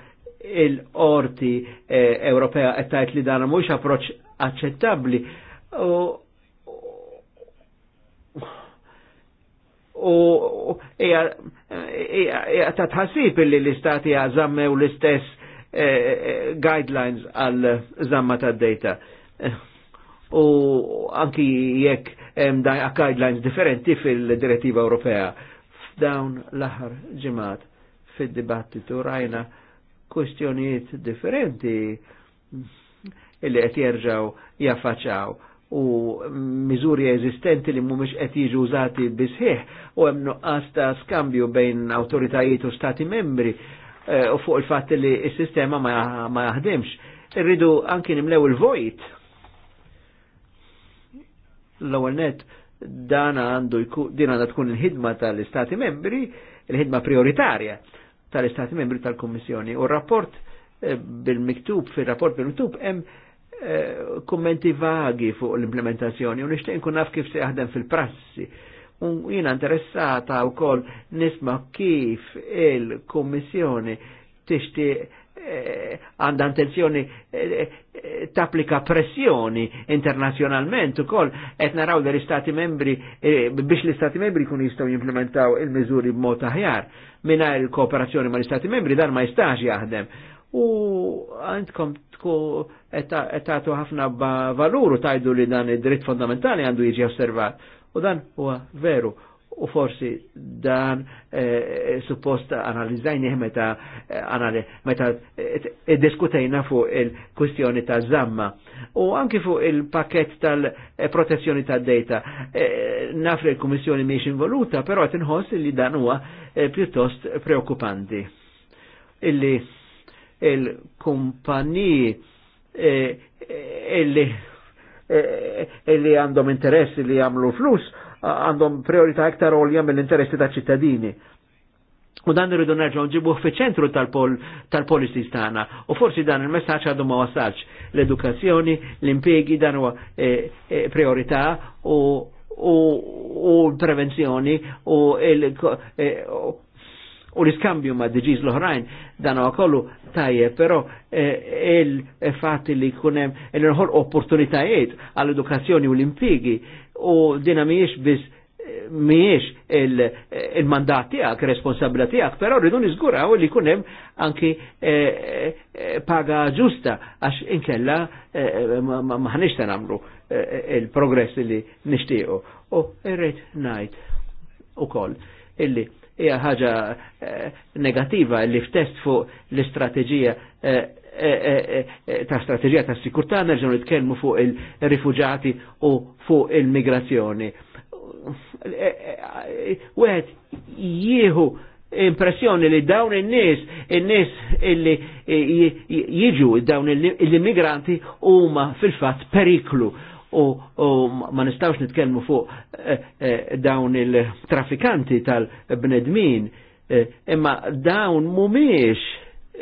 il-orti eh, Ewropea qed tgħid li dan mhux approċċ aċċettabbli u hija ta' tħassib illi l-istati għażammew l-istess Eh, eh, guidelines għal zamma ta' data. U anki jekk hemm guidelines differenti fil-direttiva Ewropea. F'dawn l-aħħar ġimgħat fid-dibattitu rajna kwestjonijiet differenti illi qed jerġgħu jaffaċċaw u miżuri eżistenti li mhumiex qed jiġu użati bisħieħ u hemm nuqqas ta' skambju bejn awtoritajiet u stati membri Eh, u fuq il fat li s-sistema ma jaħdimx. Irridu anki nimlew il-vojt. L-ewwel net dan għandu din għandha tkun il-ħidma tal-Istati membri, il-ħidma prioritarja tal-Istati membri tal-Kummissjoni. U rapport eh, bil-miktub, fil-rapport bil-miktub, hemm eh, kummenti vagi fuq l-implementazzjoni u nixtieq nkun naf kif se jaħdem fil-prassi un jina interessata u kol nisma kif il-Kommissjoni tixti eh, għanda eh, intenzjoni eh, tapplika pressjoni internazjonalment u kol et naraw li l-istati membri eh, biex l-istati membri kun jistaw jimplementaw il-mizuri b'mod aħjar minna il-kooperazzjoni ma l-istati membri dan ma jistax jaħdem u għandkom tku etatu ħafna valuru tajdu li dan id-dritt fondamentali għandu jiġi osservat U dan huwa veru u forsi dan eh, eh, suppost analizzajni meta eh, meta diskutejna fuq il-kwistjoni ta' zamma u anki fuq il-pakket tal-protezzjoni ta' data naf li l-Kummissjoni miex involuta però qed inħoss li dan huwa pjuttost preokupanti. illi il-kumpaniji illi Eh, eh, li għandhom interessi li għamlu flus eh, għandhom priorità iktar olja mill-interessi ta' ċittadini. U dan irridu nerġgħu nġibuh fiċ-ċentru tal-policies tagħna. U forsi dan il-messaġġ għadu ma wasalx. L-edukazzjoni, l-impjegi dan huwa priorità u u prevenzjoni u u l-iskambju ma' diġiż l-oħrajn dan u kollu tajje, pero eh, il fat li kunem il-ħol opportunitajiet għall-edukazzjoni u l-impigi u dina miex biss eh, miex eh, il-mandat il tijak, responsabilità tijak, pero rridu nizguraw li kunem anki paga ġusta, għax inkella maħnix ma ta' namlu il-progress li nishtiqo. U irrit najt u koll illi hija ħaġa eh, negativa li ftest fuq l-istrateġija eh, eh, ta' strateġija ta' sikurtà nerġgħu nitkellmu fuq il-rifuġati u fuq il-migrazzjoni. Wieħed jieħu impressjoni li dawn in-nies, in-nies illi jiġu dawn l-immigranti huma fil-fatt periklu u, ma nistawx nitkellmu fuq eh, eh, dawn il-trafikanti tal-bnedmin, eh, imma dawn mumiex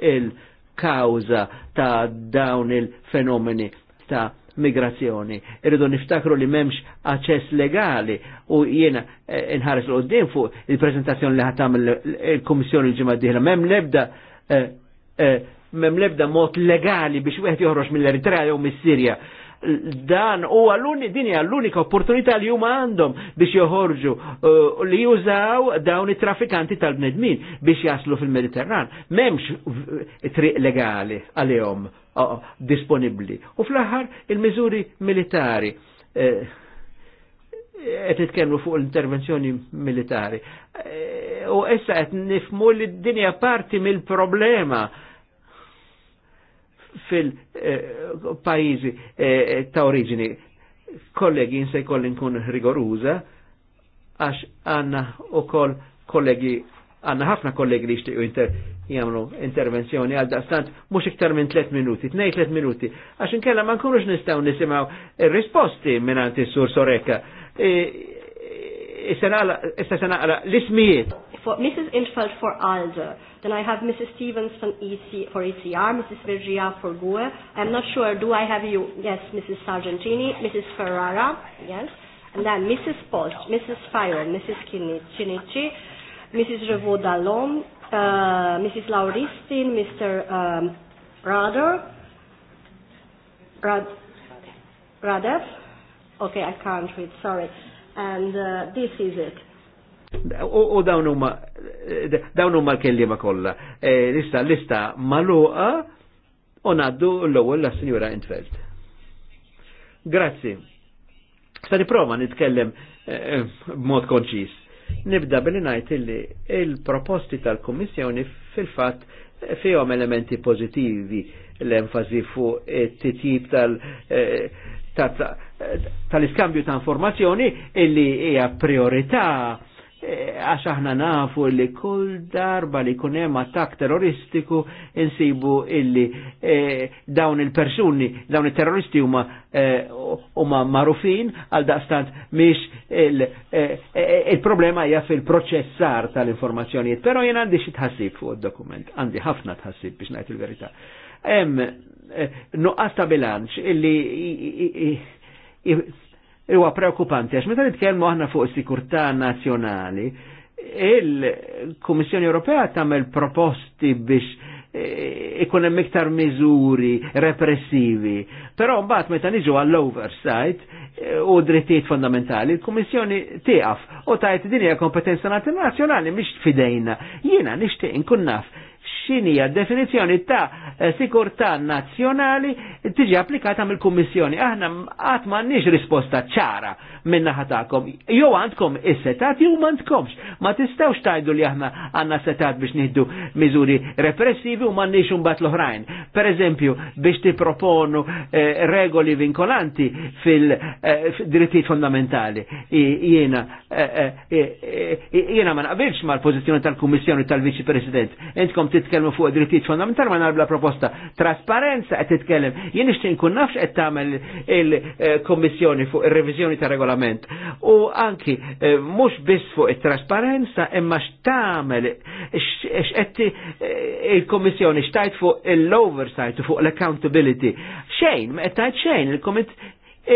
il-kawza ta' dawn il-fenomeni ta' migrazzjoni. Irridu niftakru li memx aċess legali u jiena inħares l-qoddim fuq il-prezentazzjoni li ħatam il-Komissjoni l ġimaddiħla Mem lebda mem lebda mod legali biex wieħed joħroġ mill-Eritrea jew mis-Sirja dan u għalluni dini għall-unika opportunità li huma għandhom biex joħorġu uh, li jużaw dawn it-trafikanti tal-bnedmin biex jaslu fil-Mediterran. Memx triq legali għalihom uh, disponibli. U fl-aħħar il-miżuri militari. Uh, qed nitkellmu fuq l-intervenzjoni militari. Eh, u issa qed nifmu li d-dinja parti mill-problema fil-pajizi eh, ta' oriġini. Kollegi, jinsaj kollin kun rigoruza, għax għanna u koll kollegi, għanna ħafna kollegi li jishtiqu inter jamlu intervenzjoni għal daqstant mux iktar minn 3 minuti, 2-3 minuti, għax inkella ma nkunux nistaw nisimaw risposti minn għanti sur soreka. Issa e, e, e l-ismijiet for Mrs. Intfeld for ALDE. Then I have Mrs. Stevens from EC, for ECR, Mrs. Virgia for GUE. I'm not sure, do I have you? Yes, Mrs. Sargentini, Mrs. Ferrara, yes. And then Mrs. Post, Mrs. Fire, Mrs. Cinici, Mrs. Revaud Dallon, uh, Mrs. Lauristin, Mr. Um, Rader, Rad, Radev. Okay, I can't read, sorry. And uh, this is it. U dawn huma dawn huma l-kelliema kollha. E, lista lista maluqa u ngħaddu l-ewwel las-Sinjura Intfeld. Grazzi. Sta niprova nitkellem e, e, b'mod konċis. Nibda billi ngħid illi il-proposti tal-Kummissjoni fil-fatt fihom elementi pożittivi l-enfasi fuq it-titjib tal- tal-iskambju ta' informazzjoni illi hija priorità E, għax aħna nafu li kull darba li kunem attak terroristiku insibu illi e, dawn il-persuni, dawn il-terroristi huma e, huma marufin għal daqstant miex il-problema hija fil-proċessar tal-informazzjonijiet, però jien għandi xi tħassib fuq id-dokument, għandi ħafna tħassib biex ngħid il-verità. Hemm nuqqas ta' bilanċ illi huwa preokupanti għax meta nitkellmu aħna fuq sikurtà nazzjonali, il-Kummissjoni Ewropea tagħmel proposti biex eh, ikun hemm iktar miżuri repressivi. Però mbagħad meta niġu għall-oversight eh, u drittijiet fondamentali, il-Kummissjoni tieqaf u tajt din hija kompetenza nazzjonali mhix fidejna. Jiena nixtieq inkun naf xinija definizjoni ta' eh, sikurtà nazzjonali tiġi applikata mill-Kummissjoni. Aħna qatt m'għandniex risposta ċara minna ħatakom. Jo għandkom is-setat jew għandkomx. Ma tistawx tajdu li aħna għandna setat biex nieħdu miżuri repressivi u m'għandniex imbagħad l-oħrajn. Pereżempju biex tipproponu eh, regoli vinkolanti fil-drittijiet eh, fondamentali. Jiena eh, eh, eh ma naqbilx mal-pożizzjoni tal-Kummissjoni tal-Viċi President. Entkom titkellmu nitkellmu fuq drittijiet fondamentali ma narbla proposta. Trasparenza qed titkellem. Jien nixtieq inkun nafx qed tagħmel il-Kommissjoni fuq ir-reviżjoni ta' regolament. U anki eh, mhux biss fuq it-trasparenza imma x'tagħmel x'qed eh, il-Kommissjoni xtajt fuq l-oversight u fuq l-accountability. Xejn, ma qed tajt xejn, il-komit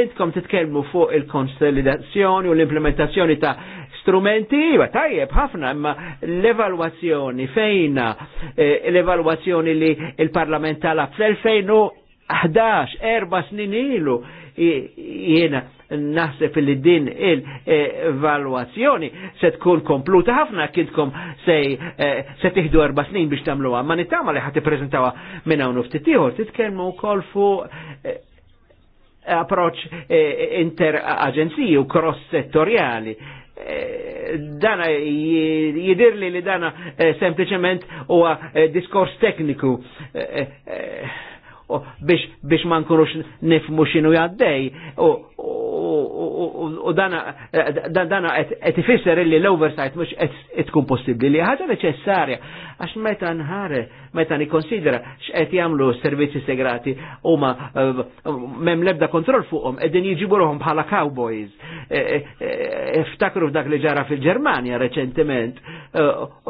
intkom titkellmu fuq il-konsolidazzjoni u l-implementazzjoni ta' strumenti, iva tajjeb ħafna, imma l-evalwazzjoni fejna, eh, l-evalwazzjoni li il-Parlament tala fl-2011, erba snin ilu, jiena naħseb li din il-evalwazzjoni se tkun kompluta ħafna kidkom sej se eh, tiħdu erba' snin biex tagħmluha, ma nittama li ħad tippreżentawha minn hawn ftit ieħor titkellmu wkoll fuq eh, approċ eh, u cross-settoriali Eh, dana jidir li li dana eh, sempliciment u eh, diskors tekniku biex ma nkunux nifmu xinu jaddej. U dana qed ifisser illi l-oversight mhux qed tkun possibbli li ħaġa neċessarja għax meta nħare, meta nikkonsidra x'qed jagħmlu servizzi segrati huma eh, m'hemm lebda kontroll fuqhom qegħdin jiġibu ruhom bħala cowboys. Eh, eh, iftakru f'dak li ġara fil-Ġermanja reċentement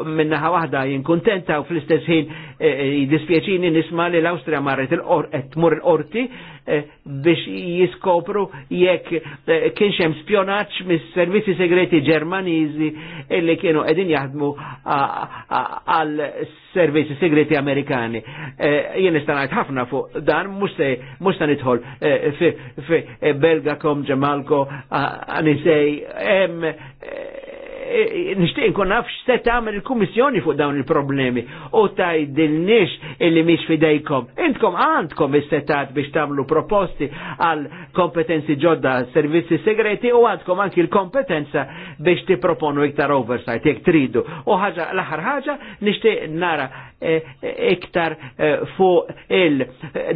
minnaħa waħda jinkuntenta u fl-istess ħin jiddispjaċini nisma li l-Awstrija marret il tmur l-qorti eh, biex jiskopru jekk eh, kienx hemm spjonaġġ mis-servizzi segreti Ġermaniżi illi kienu qegħdin jaħdmu għal servizzi segreti Amerikani. Eh, jien nista' ngħid ħafna fuq dan mhux se nidħol fi Belga kom Ġemalko Anisej hemm nishtiq nkun naf x'se tagħmel il-Kummissjoni fuq dawn il-problemi u tajdilniex illi mhix fidejkom. Intkom għandkom is-setat biex tagħmlu proposti għal kompetenzi ġodda servizzi segreti u għandkom anki l-kompetenza biex tipproponu iktar oversight jekk tridu. U ħaġa l-aħħar ħaġa nixtieq nara eh, eh, iktar eh, fuq il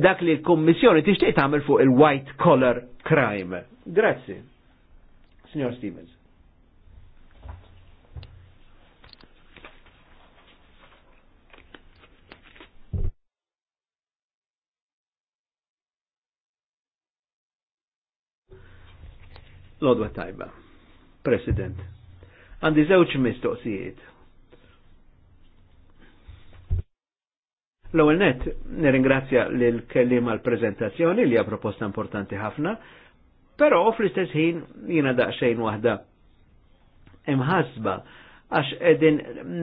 dak li l-Kummissjoni tixtieq tagħmel fuq il-white collar crime. Grazzi. Signor Stevens. Lodwa tajba. President. Għandi żewġ mistoqsijiet. L-ewwel net nirringrazzja l-kellim għal prezentazzjoni li hija proposta importanti ħafna, però fl-istess ħin jiena daqsxejn waħda imħasba għax edin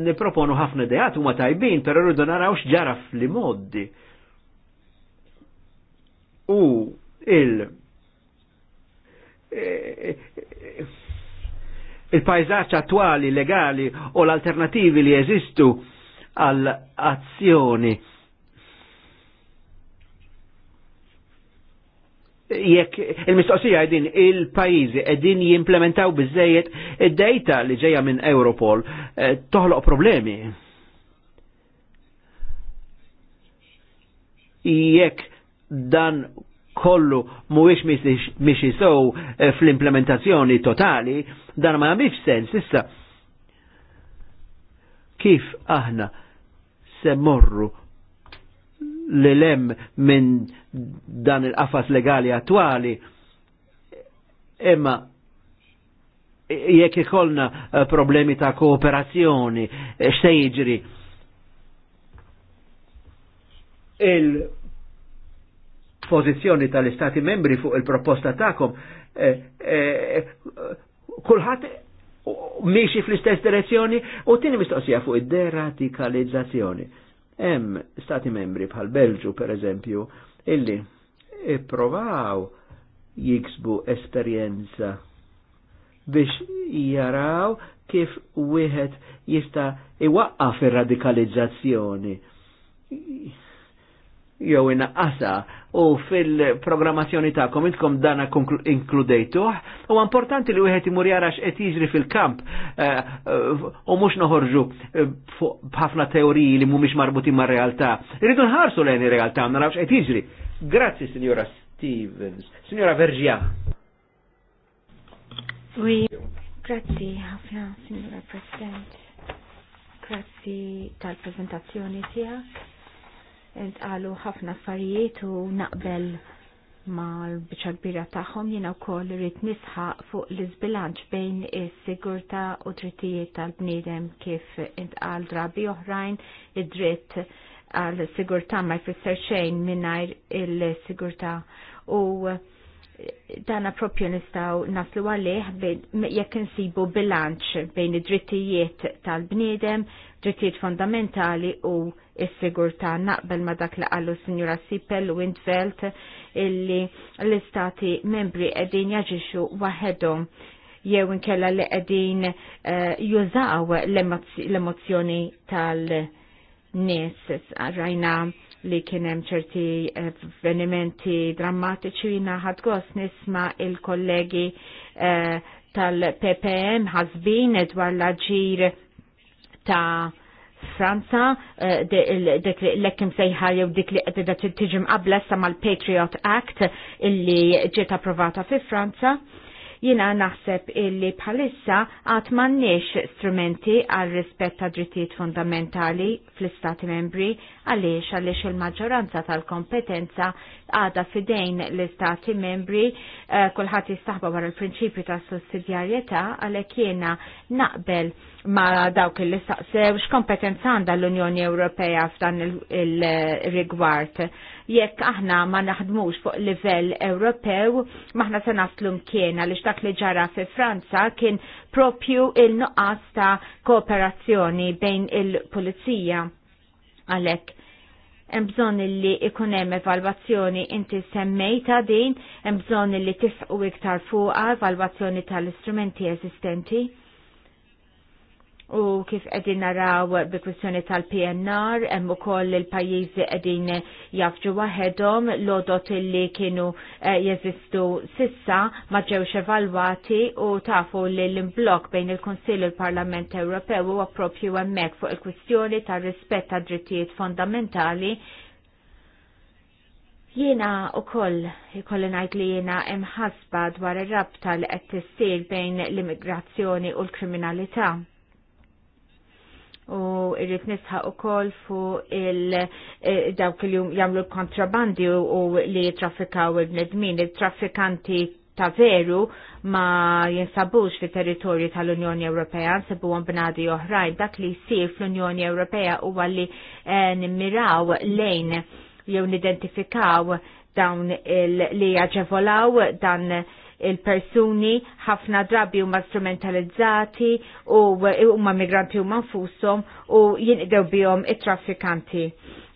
niproponu ħafna dejat huma tajbin, però rridu naraw ġaraf li modi U il- il-pajzaċ attuali legali u l-alternativi li jeżistu għal azzjoni jekk il-mistoqsija din il pajjiżi edin jimplementaw bizzejiet id-dejta li ġeja minn Europol eh, toħloq problemi. Jekk dan kollu mhuwiex miex jisow eh, fl-implementazzjoni totali, dan ma jagħmilx sens issa. Kif aħna se morru li lem minn dan il-qafas legali attwali imma e, jekk ikollna eh, problemi ta' kooperazzjoni eh, x'se il pożizzjoni tal-Istati membri fuq il-proposta tagħkom eh, eh, kulħadd miexi fl-istess direzzjoni u tieni mistoqsija fuq id-deradikalizzazzjoni. Hemm stati membri bħal Belġu per eżempju illi ipprovaw jiksbu esperjenza biex jaraw kif wieħed jista' iwaqqaf ir-radikalizzazzjoni jew inqasa u fil-programmazzjoni ta' intkom dana inkludejtuh u importanti li wieħed imur jara x'qed jiġri fil-kamp eh, u mhux noħorġu eh, b'ħafna teoriji li mhumiex marbutin mar-realtà. Irridu nħarsu lejn ir-realtà nafx qed jiġri. Grazzi, Signora Stevens. Signora Vergia. Oui, grazzi ħafna, Signora President. Grazzi tal presentazione, tiegħek għalu ħafna affarijiet u naqbel ma l-bicċa kbira tagħhom jiena wkoll irid nisħaq fuq l izbilanċ bejn is-sigurtà u drittijiet tal-bniedem kif intqal drabi oħrajn id-dritt għal sigurtà ma jfisser xejn mingħajr il-sigurtà u dana propju nistaw naslu għalih jekk insibu bilanċ bejn id-drittijiet tal-bniedem, drittijiet fondamentali u is-sigurtà naqbel ma dak li qalu Sinjura Sipel u illi l-istati membri qegħdin jaġixxu waħedhom jew inkella li qegħdin eh, jużaw l-emozzjoni tal-nies rajna li kienem ċerti eh, avvenimenti drammatiċi naħad gos nisma il-kollegi eh, tal-PPM ħazbin dwar l aġir ta' Franza, eh, dik l-ekkim sejħa jew dik li qedda tiġi mqabla sa mal-Patriot Act illi ġiet approvata fi Franza. Jina naħseb illi bħalissa għat mannix strumenti għal rispett ta' drittijiet fundamentali fl-Istati membri għaliex għaliex il-maġġoranza tal-kompetenza għada fidejn l-Istati membri eh, kulħadd jistaħba wara l-prinċipju ta' sussidjarjetà għalhekk jiena naqbel ma dawk li saqsew x'kompetenza għandha l-Unjoni Ewropea f'dan il-rigward. Jekk aħna ma naħdmux fuq livell Ewropew, maħna se naslu mkien għaliex dak li ġara fi Franza kien propju il-nuqqas ta' kooperazzjoni bejn il-pulizija. Għalhekk hemm bżonn li ikun hemm evalwazzjoni inti semmejta din, hemm bżonn li tisqu iktar fuqha evalwazzjoni tal-istrumenti eżistenti U kif qegħdin naraw bi kwistjoni tal-PNR, hemm ukoll il-pajjiżi qegħdin jafġu waħedhom lodot illi kienu eh, jeżistu sissa ma ġewx evalwati u tafu li l-imblok bejn il-Kunsill u l-Parlament Ewropew huwa proprju hemmhekk fuq il-kwistjoni tar-rispett ta' drittijiet fondamentali Jiena u koll, kolli najt li jiena imħasba dwar ir-rabta li qed tissir bejn l-immigrazzjoni u l-kriminalità u irrit nisħa e, u kol fu il-dawk li jamlu kontrabandi u li traffikaw il-bnedmin, il-traffikanti ta' veru ma jinsabux fi territorju tal-Unjoni Ewropea, nsebu għan bnadi oħrajn, dak li jisir fl-Unjoni Ewropea u għalli e, nimmiraw lejn jew nidentifikaw dawn li jaġevolaw dan il-persuni ħafna drabi huma strumentalizzati u huma migranti huma nfushom u jinqdew bihom it-traffikanti.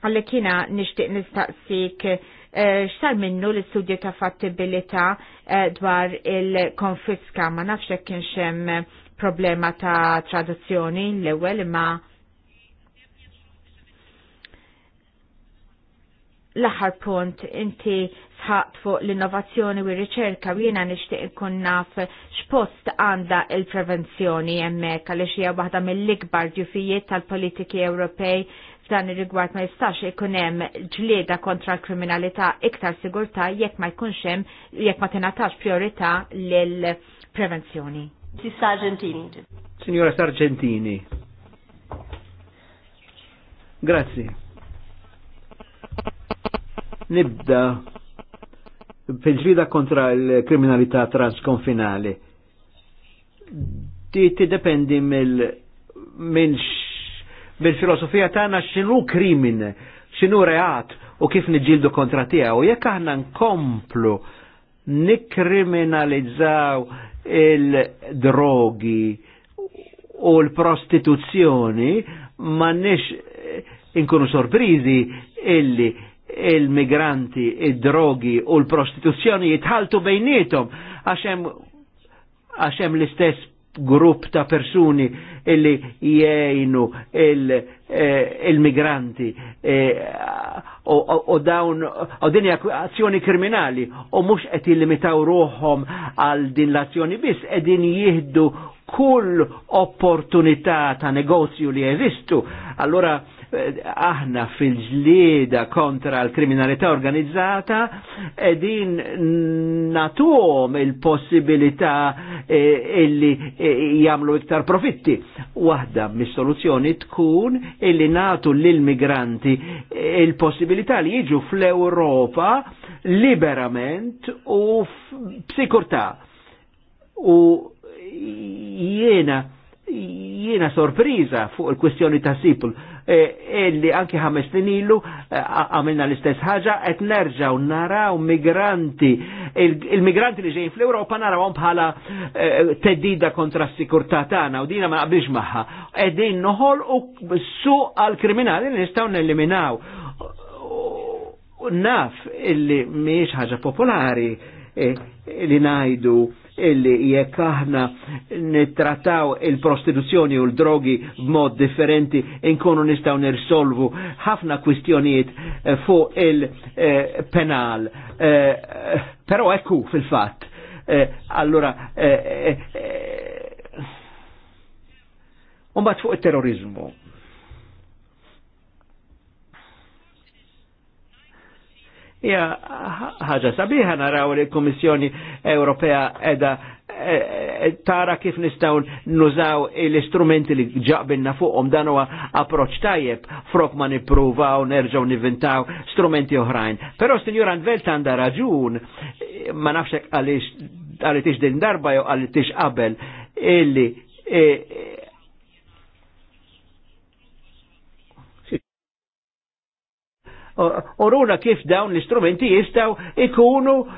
Għalli kiena nixtieq nistaqsik eh, x'sar minnu l-istudju ta' fattibilità eh, dwar il-konfiska ma nafx hekk kienx hemm problema ta' traduzzjoni l-ewwel imma l-aħħar punt inti sħat fuq l-innovazzjoni u r-riċerka u jiena nixtieq ikun naf x'post għandha il-prevenzjoni hemmhekk għaliex hija waħda mill-ikbar ġufijiet tal-politiki Ewropej f'dan ir-rigward ma jistax ikun hemm ġlieda kontra l-kriminalità iktar sigurtà jekk ma jkunx hemm jekk ma tingħatax priorità lil prevenzjoni. Sargentini. Signora Sargentini. Grazie. Nibda fil-ġlida kontra l-kriminalità transkonfinali. Ti dipendi mill-filosofija tagħna x'inhu krimin, x'inhu reat u kif niġġieldu kontra tiegħu. Jekk aħna nkomplu nikkriminalizzaw il-drogi u l-prostituzzjoni ma nix eh, inkunu sorprizi illi il-migranti, id-drogi u l-prostituzzjoni jitħaltu bejnietom għaxem l-istess grupp ta' persuni illi jgħinu eh, il-migranti u eh, dawn u azzjoni kriminali u mux qed jillimitaw ruħom għal din l-azzjoni biss qegħdin jihdu kull opportunità ta' negozju li jeżistu. Allora aħna fil-ġlieda kontra l-kriminalità organizzata edin natuhom il-possibilità eh, illi eh, jagħmlu iktar profitti. Waħda mis-soluzzjoni tkun illi natu lill-migranti eh, il-possibilità li jiġu fl-Ewropa liberament u b'sikurtà. U jiena jiena sorpriża fuq il-kwestjoni ta' sipul illi e, anki ħames snin ilu e, għamilna l-istess ħaġa qed nerġgħu naraw migranti il-migranti li ġejjin fl-Ewropa narawhom bħala e, teddida kontra s-sikurtà tagħna u dina ma naqbilx magħha. Qegħdin u suq għall-kriminali li nistgħu neliminaw. Naf illi mhijiex ħaġa popolari li ngħidu illi jekk aħna nittrattaw il-prostituzzjoni u l-drogi b'mod differenti inkunu nistgħu nirsolvu ħafna kwistjonijiet eh, fuq il-penal. Eh, eh, però ekku fil-fatt. Allura, Umbat fuq il-terrorizmu Ja, ħaġa sabiħa naraw li l-Komissjoni Ewropea edha e, e, tara kif nistaw nużaw l-istrumenti li ġaqbinna fuqhom dan huwa approċ tajjeb frok ma nippruvaw nerġgħu nivvintaw strumenti oħrajn. Però Sinjur Anvelt għandha raġun ma nafx għaliex għalitix din darba jew għalitix qabel illi e, oruna kif dawn l-istrumenti jistaw ikunu uh,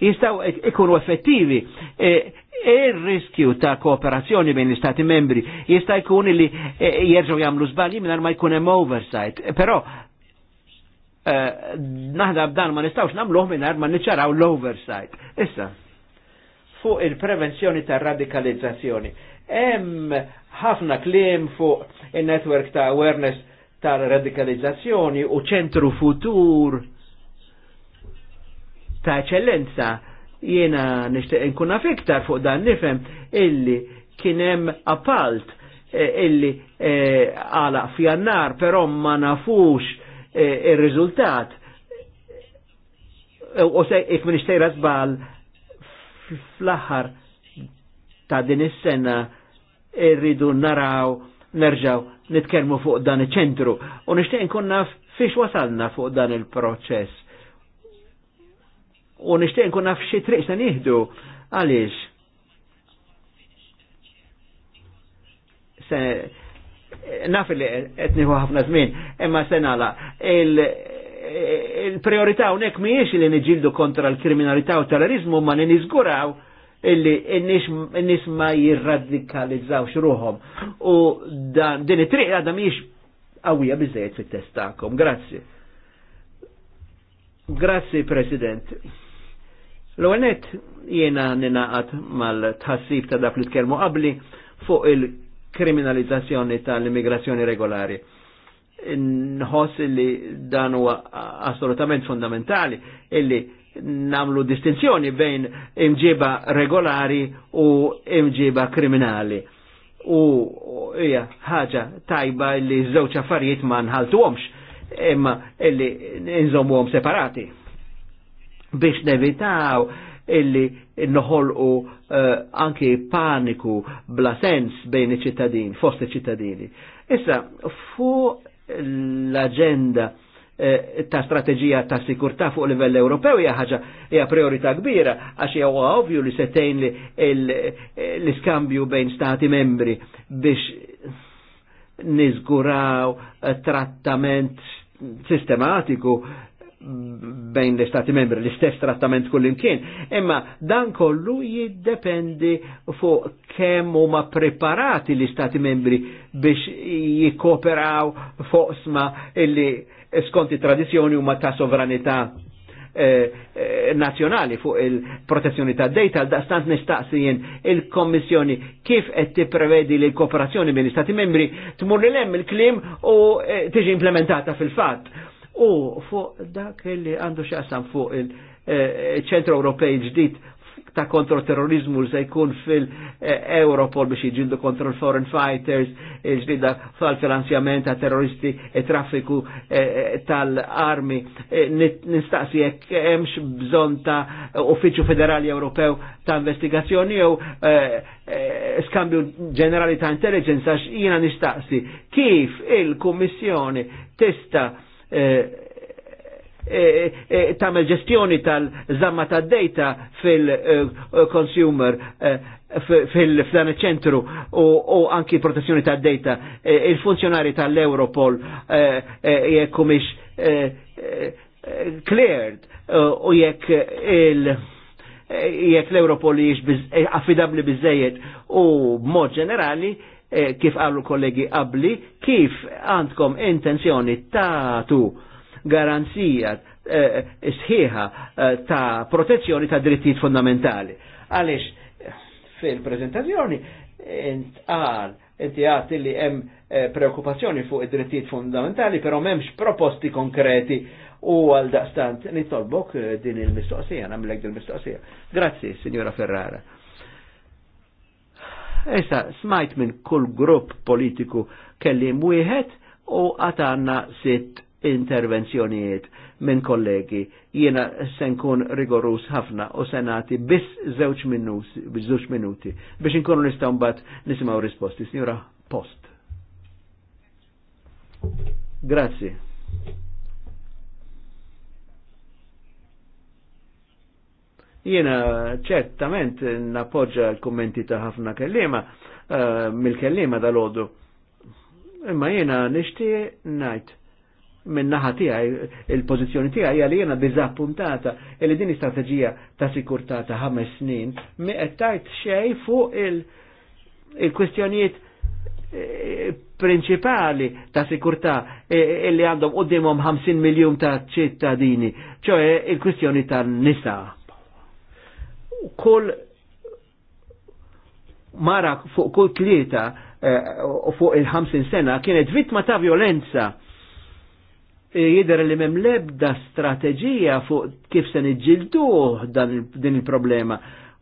jistaw ikunu effettivi. E, e Il-riskju ta' kooperazzjoni bejn l-Stati membri jista' jkun li e, jerġgħu jagħmlu żbalji mingħajr ma jkun hemm oversight. Però naħda b'dan ma nistgħux nagħmluh mingħajr ma niċċaraw l-oversight. Issa, fuq il-prevenzjoni ta' radikalizzazzjoni. Hemm ħafna kliem fuq il network ta' awareness tal-radikalizzazzjoni u ċentru futur ta' eccellenza jiena nishtiq nkun iktar fuq dan nifhem illi kien hemm appalt eh, illi eh, għala e, fjannar però ma nafux e, ir-riżultat u se jek minn ixtejra zbal fl-aħħar ta' din is-sena irridu naraw nerġaw nitkelmu fuq dan iċ-ċentru u nixtieq nkun naf fiex wasalna fuq dan il-proċess. U nixtieq nkun naf xi triq se nieħdu għaliex. Se naf li qed nieħu ħafna żmien, imma se nala. il-priorità il hawnhekk mhijiex li niġildu kontra l-kriminalità u terrorizmu ma niżguraw illi n-nis ma jirradikalizzawx xruħom. U dan din it-triq għadha miex qawwija biżejjed fit testakom. Grazzi. Grazzi President. l għonet jena ninaqat mal-tħassib ta' dak li tkellmu qabli fuq il-kriminalizzazzjoni tal-immigrazzjoni regolari nħoss illi dan huwa assolutament fundamentali illi namlu distinzjoni bejn imġiba regolari u imġiba kriminali. U hija ħaġa tajba li żewġ affarijiet ma nħaltuhomx imma illi għom separati. Biex nevitaw illi noħolqu uh, anki paniku bla sens bejn iċ-ċittadini, fost iċ-ċittadini. Issa, fu l-agenda Eh, ta' strategija ta' sikurta fuq livell Ewropew hija ħaġa hija priorità kbira għax huwa ovvju li se tgħin eh, l-iskambju bejn stati membri biex niżguraw eh, trattament sistematiku bejn l-istati membri, l-istess trattament kullimkien. Imma dan kollu jiddependi fuq kemm huma preparati l-istati membri biex jikoperaw fuq sma illi E skonti tradizjoni huma ta' sovranità eh, eh, nazjonali fuq il-protezzjoni ta' data nistaqsi jen il-Kommissjoni kif qed tipprevedi li l-kooperazzjoni bejn istati membri tmur li lem il-klim u eh, tiġi implementata fil-fatt. U fuq dak li għandu xaqsam fuq il-ċentru Ewropej ġdid ta' kontroterrorizmu se jkun fil-Europol biex jġildu kontro l-foreign fighters, il-ġlida tal-finanzjament ta' terroristi e traffiku e, e, tal-armi. E, nistaqsi jek emx bżon ta' uffiċu Federali Ewropew ta' investigazzjoni jew skambju ġenerali ta' intelligence għax jina nistaqsi kif il kommissjoni tista' E, e, tamel ġestjoni tal-zamma ta' data fil-consumer e, fil-dan ċentru u anki protezzjoni ta' data il-funzjonari tal-Europol jekku miex cleared u jekk il- jek l-Europol jiex affidabli bizzejiet u mod ġenerali kif għallu kollegi qabli kif għandkom intenzjoni ta' tu garanzija eh, sħiħa eh, ta' protezzjoni ta' drittijiet fondamentali. Għaliex fil-prezentazzjoni intqal inti għat li hemm eh, preokupazzjoni fuq id-drittijiet fundamentali, però m'hemmx proposti konkreti u għal daqstant nitolbok din il-mistoqsija, namlek din il-mistoqsija. Grazzi, signora Ferrara. Issa, smajt minn kull grupp politiku kelli mwieħed u għatanna sitt intervenzjonijiet minn kollegi. Jiena se nkun rigorus ħafna u senati biss żewġ minuti, żewġ minuti biex inkunu nistgħu mbagħad nisimgħu risposti. Signora Post. Grazzi. Jiena ċertament nappoġġa l-kummenti ta' ħafna kellima uh, eh, mill-kellima dal-għodu. Imma jiena nixtieq ngħid minn naħa tiegħi il-pożizzjoni tiegħi jena jiena diżappuntata li din strategija ta' sikurtà ta' ħames snin mi qed tajt xejn fuq il-kwestjonijiet eh, prinċipali ta' sikurtà eh, illi għandhom qudiemhom 50 miljun ta' ċittadini, ċoħe il-kwistjoni tan-nisa. Kull mara fuq kull tlieta u eh, fuq il-50 sena kienet vittma ta' violenza E, jider li mem lebda strategija fuq kif se niġġilduh din il-problema.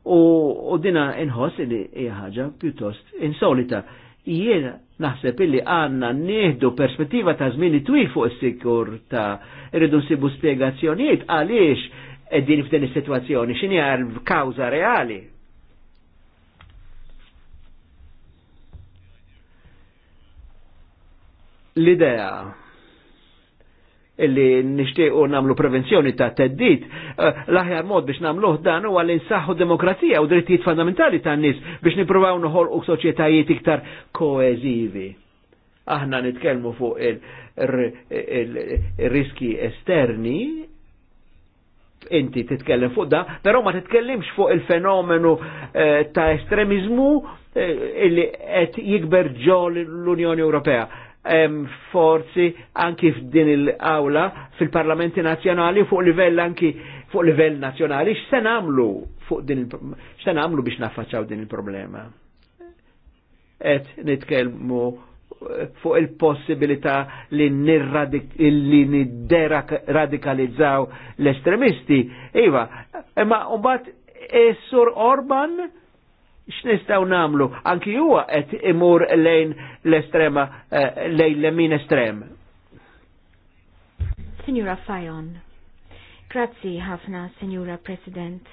U, dina inħoss li hija piuttost pjuttost insolita. Jiena naħseb illi għanna nieħdu perspettiva ta' żmien twil fuq is-sikur ta' irridu nsibu spjegazzjonijiet għaliex qegħdin f'din is-sitwazzjoni x'inhi kawża reali. L-idea illi nixtiequ namlu prevenzjoni ta' teddit, eh, l-aħjar mod biex namluh dan huwa li nsaħħu demokrazija u drittijiet fundamentali tan nies biex nippruvaw noħolqu soċjetajiet iktar koeżivi. Aħna nitkellmu fuq il-riski esterni, inti titkellem fuq da, però ma titkellimx fuq il-fenomenu eh, ta' estremizmu eh, illi qed jikber ġol l-Unjoni Ewropea forzi anki f'din il-awla fil-parlamenti nazjonali fuq livell anki fuq livell nazjonali x'se nagħmlu fuq din x'se nagħmlu biex naffaċċaw din il-problema. Et nitkellmu eh, fuq il-possibilità li n-radikalizzaw l-estremisti. Iva, eh, ma bat eh, Sur Orban x'nistgħu namlu anki huwa qed imur lejn l-estrema eh, lejn l-min estrem. Signora Fajon, grazzi ħafna, Signora President.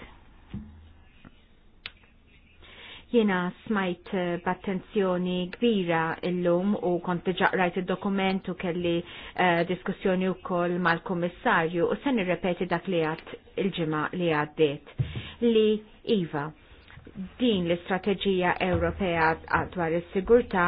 Jena smajt eh, b'attenzjoni kbira illum u kont ġaqrajt il-dokument u kelli eh, diskussjoni u koll mal-komissarju u sen irrepeti dak li għat il-ġima li għaddiet li Iva din l-istrateġija Ewropea dwar is-sigurtà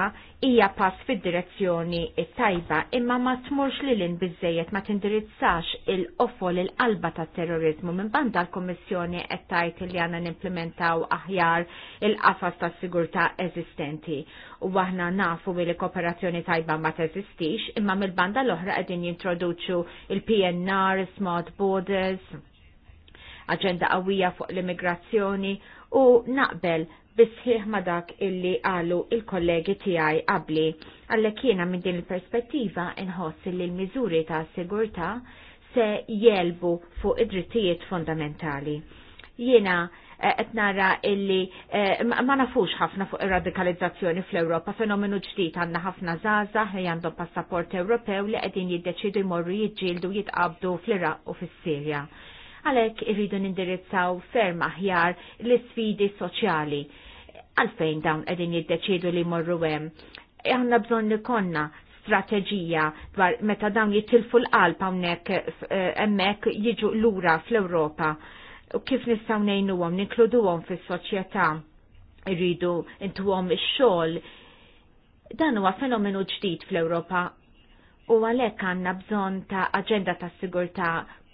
hija pass fid-direzzjoni tajba imma ma tmurx li l biżejjed ma tindirizzax il-qofol il-qalba tat-terrorizmu minn banda l kummissjoni qed tgħid li għandna nimplementaw aħjar il-qafas tas-sigurtà eżistenti. U aħna nafu li kooperazzjoni tajba ma teżistix imma mill-banda l-oħra qegħdin jintroduċu il-PNR, Smart Borders, aġenda qawwija fuq l-immigrazzjoni u naqbel bisħiħ ma dak illi għalu il-kollegi tijaj qabli. Għallek kiena minn din il-perspettiva inħoss li l-mizuri ta' sigurta se jelbu fuq id-drittijiet fondamentali. Jiena eh, qed nara illi eh, ma nafux ħafna fuq ir-radikalizzazzjoni fl-Ewropa, fenomenu ġdid għandna ħafna żgħażagħ li għandhom passaport Ewropew li qegħdin jiddeċidu jmorru jiġġieldu jitqabdu fl-Iraq u fis-Sirja għalhekk irridu nindirizzaw ferm aħjar l-isfidi soċjali. Għalfejn dawn qegħdin jiddeċidu li morru hemm. E Għanna bżonn li konna strateġija dwar meta dawn jitilfu l-qalb hawnhekk eh, hemmhekk jiġu lura fl-Ewropa u kif nistgħu ngħinuhom ninkluduhom fis-soċjetà irridu għom ix-xogħol dan huwa fenomenu ġdid fl-Ewropa u għalhekk għandna bżonn ta' aġenda ta' sigurtà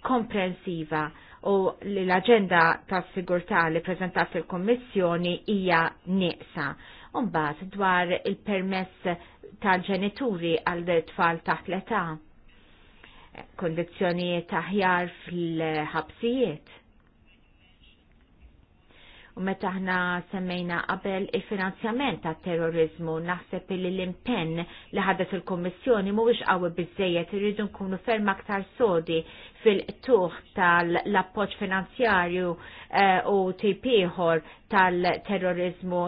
komprensiva u l-agenda ta' sigurtà li prezentat fil-Kommissjoni hija nieqsa. Umbagħad dwar il-permess tal-ġenituri għal tfal taħt l-età. ta' taħjar fil-ħabsijiet. U meta aħna semmejna qabel il-finanzjament ta' terrorizmu naħseb li l-impenn li ħadet il-Kommissjoni mhuwiex qawwi biżejjed irridu nkunu ferm aktar sodi fil-tuħ tal-appoċ finanzjarju uh, u tipiħor tal-terrorizmu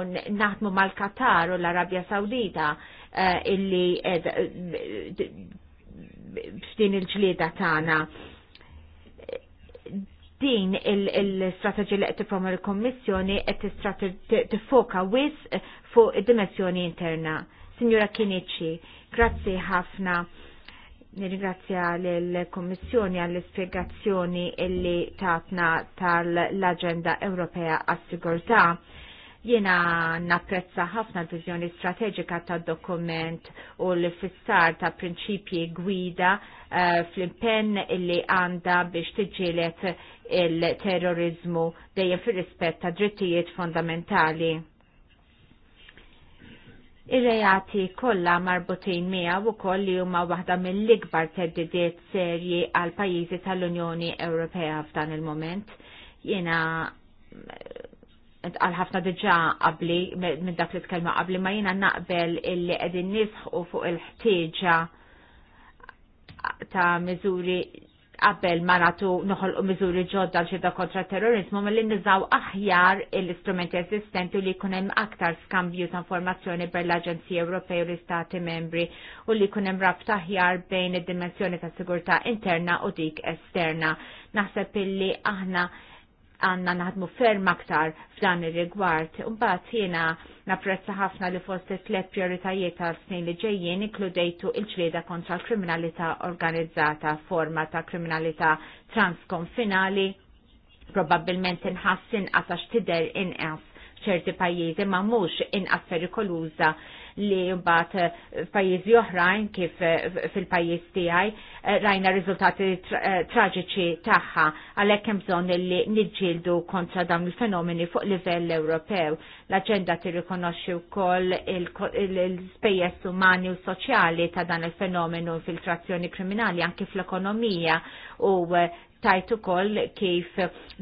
naħdmu mal-Katar u l-Arabja Saudita uh, eh, illi eh, f'din il-ġlieda tagħna din il-strateġi li qed tippromel l kommissjoni qed tiffoka wis fuq id-dimensjoni interna. Signora Kinici, grazzi ħafna Nirringrazzja l-Kommissjoni għall-ispiegazzjoni illi tatna tal-Aġenda Ewropea għas-Sigurtà. Jiena napprezza ħafna l-viżjoni strateġika tad-dokument u l-fissar ta' prinċipji gwida uh, fl-impenn illi għanda biex tiġġielet il-terrorizmu dejjem fir-rispett ta' drittijiet fondamentali Ir-reati kollha marbutin miegħu wkoll li huma waħda mill-ikbar teddidiet serji għal pajjiżi tal-Unjoni Ewropea f'dan il-moment. Jiena għal ħafna diġà qabli minn dak li tkellma qabli ma jiena naqbel illi qegħdin nisħu fuq il-ħtieġa ta' miżuri qabel ma natu noħolqu miżuri ġodda l-ġidda kontra terrorizmu mill nizaw aħjar l-istrumenti esistenti li kunem aktar skambju ta' informazzjoni per l-Aġenzija Ewropej u l-Istati membri u li kunem rabta aħjar bejn id-dimensjoni ta' sigurtà interna u dik esterna. Naħseb illi aħna għanna naħdmu ferm aktar f'dan ir-rigward. Mbagħad jiena napprezza ħafna li fost it-tliet prioritajiet tal-snin li ġejjin inkludejtu il-ġlieda kontra l-kriminalità organizzata, forma ta' kriminalità transkonfinali, probabbilment inħassin għatax tider inqas ċerti pajjiżi ma mhux inqas perikoluża li mbagħad eh, f'pajjiżi oħrajn kif eh, fil-pajjiż tiegħi eh, rajna riżultati traġiċi tagħha għalhekk hemm bżonn li niġġieldu kontra dawn il-fenomeni fuq livell Ewropew. L-aġenda tirrikonoxxi wkoll l-spejjeż umani u soċjali ta' dan il-fenomenu infiltrazzjoni kriminali anke fl-ekonomija u tajtu ukoll kif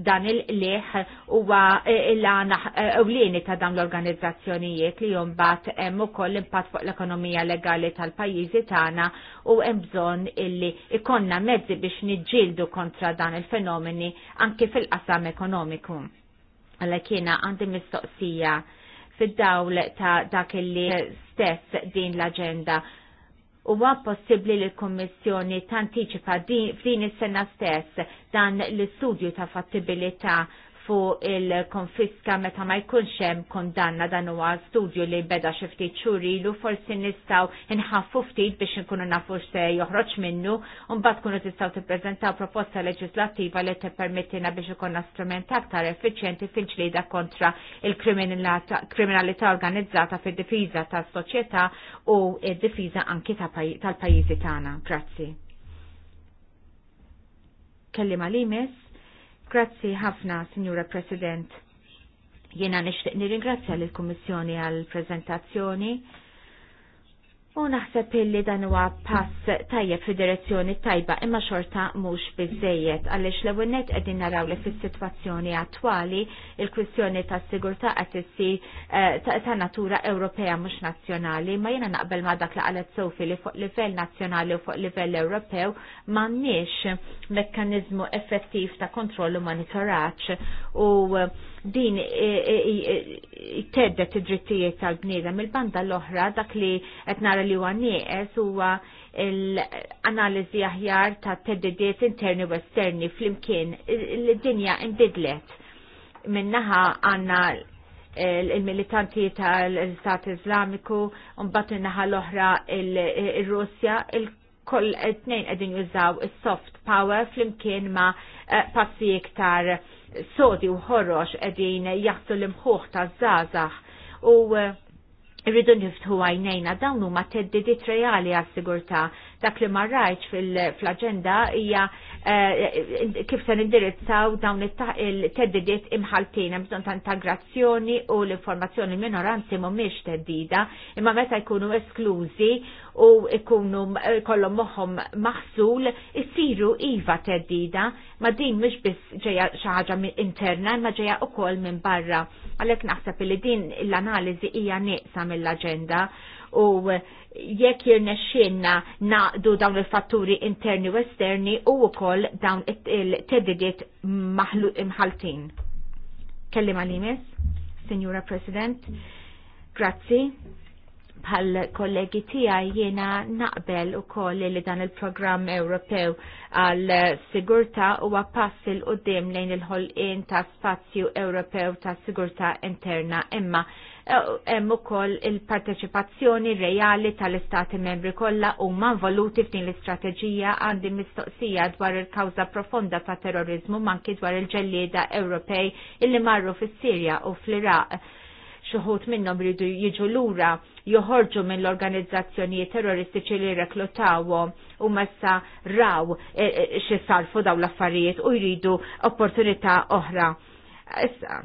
dan il-leħ huwa e, l-għana l-lini e, ta' dawn l-organizzazzjonijiet li jumbat hemm ukoll impatt fuq l-ekonomija legali tal-pajjiżi tagħna u hemm bżonn illi ikonna mezzi biex niġġieldu kontra dan il-fenomeni anke fil-qasam ekonomiku. Alla kiena għandi mistoqsija fid-dawl ta' dak li stess din l-agenda huwa possibbli li l-Kummissjoni tantiċipa din is-sena stess dan l-istudju ta' fattibilità fuq il-konfiska meta ma jkunx hemm kondanna dan huwa studju li beda xi ftit xurilu forsi nistgħu nħaffu ftit biex inkunu nafu se joħroġ minnu u mbagħad tkunu tistgħu tippreżentaw proposta leġislattiva li tippermettina biex ikunna strument aktar effiċjenti fil-ġlieda kontra il-kriminalità organizzata fid-difiża tas-soċjetà u d-difiża anki tal-pajjiżi tagħna. Grazzi. ma' limes. Grazzi ħafna, Signora President. Jena nishtiq nirringrazzja l-Kommissjoni għal-prezentazzjoni. U naħseb illi dan huwa pass tajjeb fi direzzjoni tajba imma xorta mhux biżejjed għaliex l nett qegħdin naraw li fis-sitwazzjoni attwali il-kwistjoni tas-sigurtà qed issir eh, ta' natura Ewropea mhux nazzjonali, ma jiena naqbel ma dak li qalet Sofi li fuq livell nazzjonali u fuq livell Ewropew m'għandniex mekkaniżmu effettiv ta' kontroll u monitoraġġ u din teddet id-drittijiet tal-bniedem. Il-banda l-oħra dak li qed nara li huwa nieqes huwa l-analiżi aħjar ta' teddidiet interni u esterni flimkien l-dinja inbidlet. Minnaħa għandna eh, il-militanti tal-Istat Islamiku, mbagħad in-naħa l-oħra il-Russja, il-koll eh, tnejn qegħdin jużaw is-soft power flimkien ma' eh, passi iktar sodi u ħorrox edin jaħtu l-imħuħ ta' zazax u eh, rridu niftħu għajnejna dawn huma teddidiet reali għas sigurtà dak li marrajt fil-agenda hija eh, kif se nindirizzaw dawn il-teddidiet imħaltin, hemm bżonn ta' integrazzjoni u l-informazzjoni minoranzi mhumiex teddida, imma meta jkunu esklużi u jkunu eh, kollhom moħħom maħsul isiru iva teddida, ma din mhux biss ġejja xi ħaġa interna, imma ġejja ukoll minn barra. Għalhekk naħseb li din l-analiżi hija nieqsa mill-aġenda u eh, jekk jirnexxinna naqdu dawn il-fatturi interni u esterni u wkoll dawn il-teddidiet imħaltin. Kelli għalimis, Signora President, grazzi. Bħal kollegi tiegħi jiena naqbel ukoll li dan il-programm Ewropew għal sigurta huwa pass il qudiem lejn il-ħolqien ta' spazju Ewropew ta' sigurta interna imma hemm ukoll il-parteċipazzjoni reali tal-istati membri kollha huma involuti f'din l-istrateġija għandi mistoqsija dwar il-kawża profonda ta' terrorizmu manki dwar il-ġellieda Ewropej illi marru fis-Sirja u fl-Iraq xuħut minnom ridu jiġu lura joħorġu minn l-organizzazzjonijiet terroristiċi li reklutawo u messa raw e, e, xi daw l-affarijiet u jridu opportunità oħra. Issa,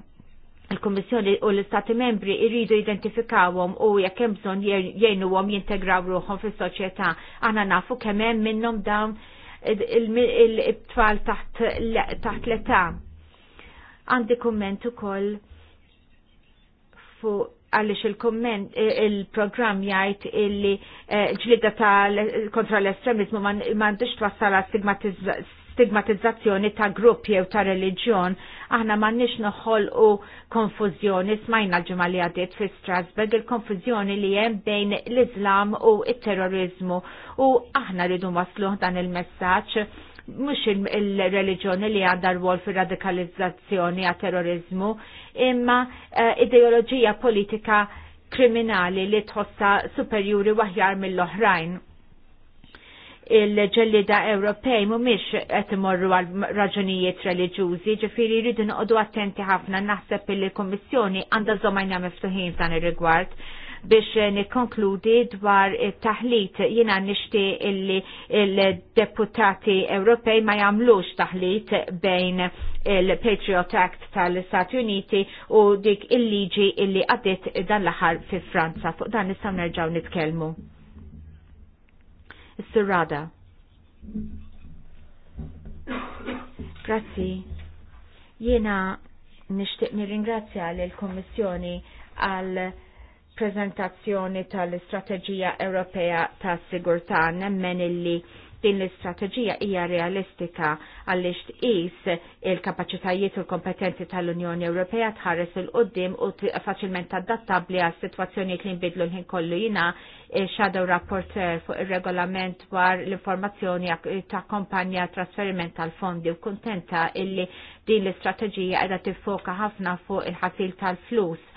il-Kommissjoni u l-Istati membri irridu identifikawhom u jekk hemm bżonn jgħinuhom jintegraw ruhom fis-soċjetà. Aħna nafu kemm hemm minnhom dawn il-tfal taħt l-età. Għandi kumment ukoll fuq għalix il-komment, il programm jgħid illi eh, ġlida tal kontra l-estremizmu ma ndix twassala stigmatizzazzjoni ta' grupp jew ta' reliġjon, aħna m'għandniex noħol u konfużjoni smajna l-ġimgħa li għaddiet fi Strasberg il-konfużjoni li hemm bejn l-Iżlam u il terrorizmu u aħna rridu wasluh dan il-messaġġ mux il-reliġjoni li għandha rwol fir radikalizzazzjoni għat terrorizmu, imma uh, ideoloġija politika kriminali li tħossa superjuri waħjar mill-oħrajn il-ġellida Ewropej mhumiex qed imorru għal raġunijiet reliġjużi, ġifieri jridu noqogħdu attenti ħafna naħseb il kummissjoni għandha żomajna miftuħin f'dan ir-rigward biex nikkonkludi dwar taħlit jina nishti illi il-deputati Ewropej ma jamlux taħlit bejn il-Patriot Act tal-Stati Uniti u dik il-liġi illi għadit dan l-aħar fi Franza. Fuq dan nistaw nerġaw nitkelmu. Is-Surrada. Grazzi. Jiena nixtieq nirringrazzja lill kommissjoni għal prezentazzjoni tal strategija Ewropea ta' Sigurtà nemmen illi din l-istrateġija hija realistika għaliex tqis il-kapaċitajiet u l-kompetenzi tal-Unjoni Ewropea tħares il qoddim u faċilment adattabbli għal situazzjoni li nbidlu l-ħin kollu jina eh, shadow rapport fuq ir-regolament dwar l-informazzjoni ta' kompanja trasferiment tal-fondi u kontenta illi din l-istrateġija qiegħda tiffoka ħafna fuq il-ħasil tal-flus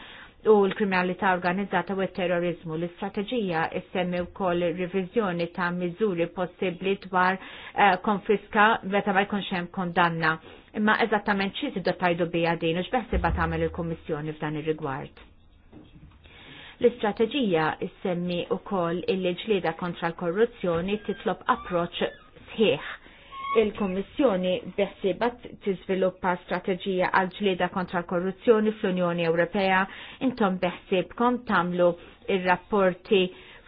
u l-kriminalità organizzata u terrorizmu. L-istrateġija issemmi wkoll riviżjoni ta' miżuri possibbli dwar eh, konfiska meta ma jkunx hemm kondanna. Imma eżattament xi tibda tajdu bija din u x'beħsiba tagħmel il-Kummissjoni f'dan ir-rigward. L-istrateġija issemmi wkoll il-ġlieda kontra l-korruzzjoni titlob approċċ sħiħ il-Kommissjoni beħsibat tiżviluppa strateġija għal ġlieda kontra l-korruzzjoni fl-Unjoni Ewropea intom beħsibkom tamlu il rapporti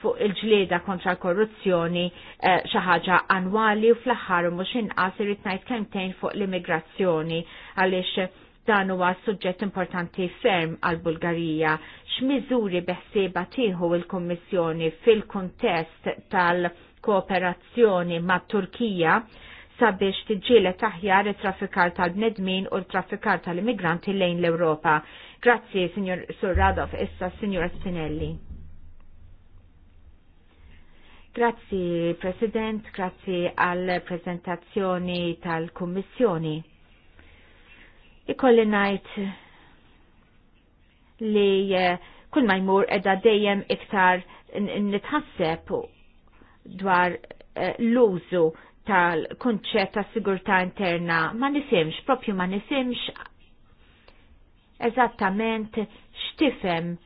fuq il-ġlieda kontra l-korruzzjoni eh, xi ħaġa annwali u fl-aħħar mhux inqas irid ngħid kemtejn fuq l-immigrazzjoni għaliex dan huwa suġġett importanti ferm għal Bulgarija. X'miżuri beħsieba tieħu il-Kummissjoni fil-kuntest tal- kooperazzjoni ma' Turkija sabiex tiġġielet taħjar it-traffikar tal-bnedmin u t-traffikar tal-immigranti lejn l-Ewropa. Grazzi, Signor Surradov, issa Signora Spinelli. Grazzi, President, grazzi għal prezentazzjoni tal-Kummissjoni. Ikolli najt li eh, kull majmur jmur edha dejjem iktar nitħasseb dwar eh, l-użu tal-kunċett ta' sigurtà interna ma nisimx, propju ma nisimx eżattament x'tifhem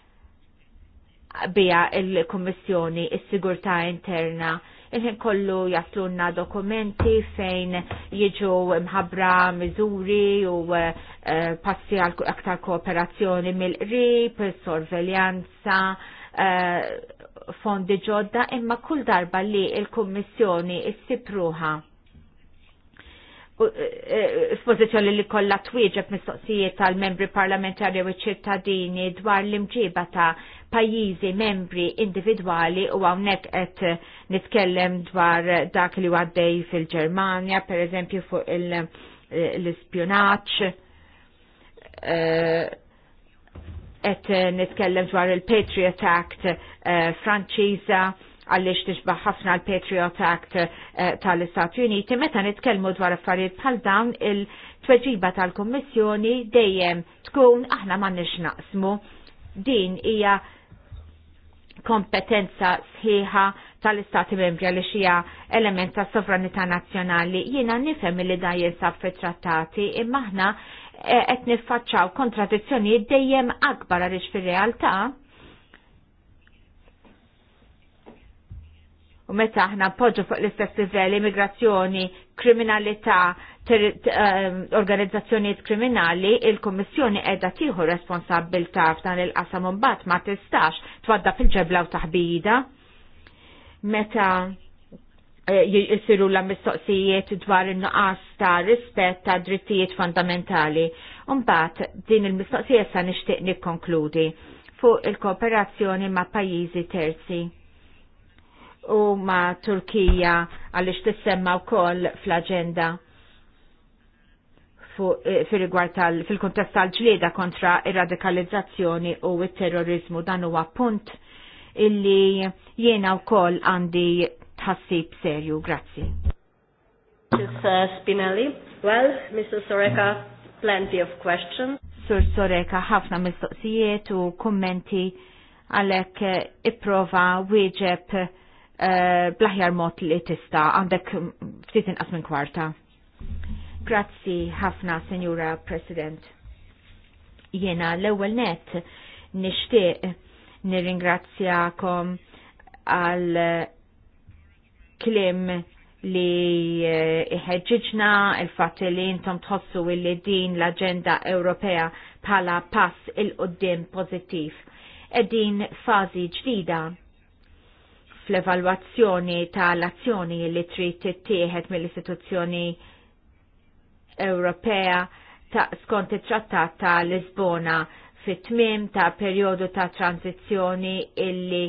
bija il-Kommissjoni is-Sigurtà Interna il kollu jaslunna dokumenti fejn jiġu mħabra miżuri u eh, passi għal aktar kooperazzjoni mill-qrib, sorveljanza, eh, fondi ġodda imma kull darba li il-Kummissjoni issib ruħa e, e, li kollha twieġeb mistoqsijiet tal-membri parlamentari u ċittadini dwar l-imġiba ta' pajjiżi membri individwali u hawnhekk qed nitkellem dwar dak li għaddej fil-Ġermanja, pereżempju fuq l-ispjonaġġ. E, et eh, nitkellem dwar il-Patriot Act eh, Franċiża għalliex tixbaħ ħafna l-Patriot Act eh, tal-Istati Uniti, meta nitkellmu dwar affarijiet bħal dan il-tweġiba tal-Kommissjoni dejjem tkun aħna ma nix naqsmu. Din hija kompetenza sħiħa tal-Istati Membri li xija element ta' sovranità nazzjonali. Jiena nifhem li da jinsab fit trattati imma aħna E, qed niffaċċaw kontradizzjonijiet dejjem akbar għaliex fir-realtà u meta aħna poġġu fuq l-istess livell immigrazzjoni, kriminalità, ehm, organizzazzjonijiet kriminali, il-Kummissjoni qiegħda tieħu responsabbilta f'dan il-qasam imbagħad ma tistax twadda fil-ġebla u taħbida. Meta Eh, jisiru la mistoqsijiet dwar il-nuqqas ta' rispett ta' drittijiet fundamentali. Umbat, din il-mistoqsija sa' nishtiq nikkonkludi fuq il-kooperazzjoni ma' pajizi terzi u ma' Turkija għalix tissemma u koll fl-agenda fil-kontest eh, tal-ġlieda kontra ir-radikalizzazzjoni u il-terrorizmu dan huwa punt illi jiena u koll għandi tħassib serju. Grazzi. Mrs. Uh, Spinelli, well, Mrs. Soreka, plenty of questions. Sur Soreka, ħafna mistoqsijiet u kommenti għalek eh, iprova wieġeb uh, blaħjar mot li tista għandek ftit inqas minn kwarta. Grazzi ħafna, Senjura President. Jena l-ewwel net nixtieq nirringrazzjakom għal klim li eh, iħeġġiġna il-fatt li intom tħossu illi din l-agenda Ewropea pala pass il-qoddim pozittif. Eddin fazi ġdida fl-evalwazzjoni tal-azzjoni li trid tittieħed mill-istituzzjoni Ewropea ta' skont it-trattat ta' Lisbona fit-tmim ta' perjodu ta' tranzizzjoni illi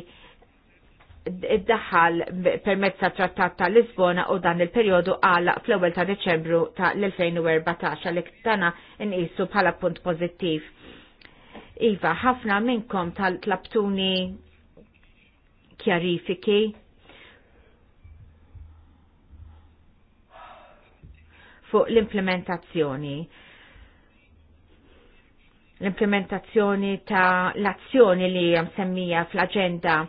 id-daħal permezz ta' trattat ta' Lisbona u dan il-perjodu għala fl-ewwel ta' Deċembru ta' l-2014 għalhekk tana nqisu bħala punt pożittiv. Iva, ħafna minnkom tal-tlabtuni kjarifiki fuq l-implementazzjoni l-implementazzjoni ta' l-azzjoni li jam semmija fl-agenda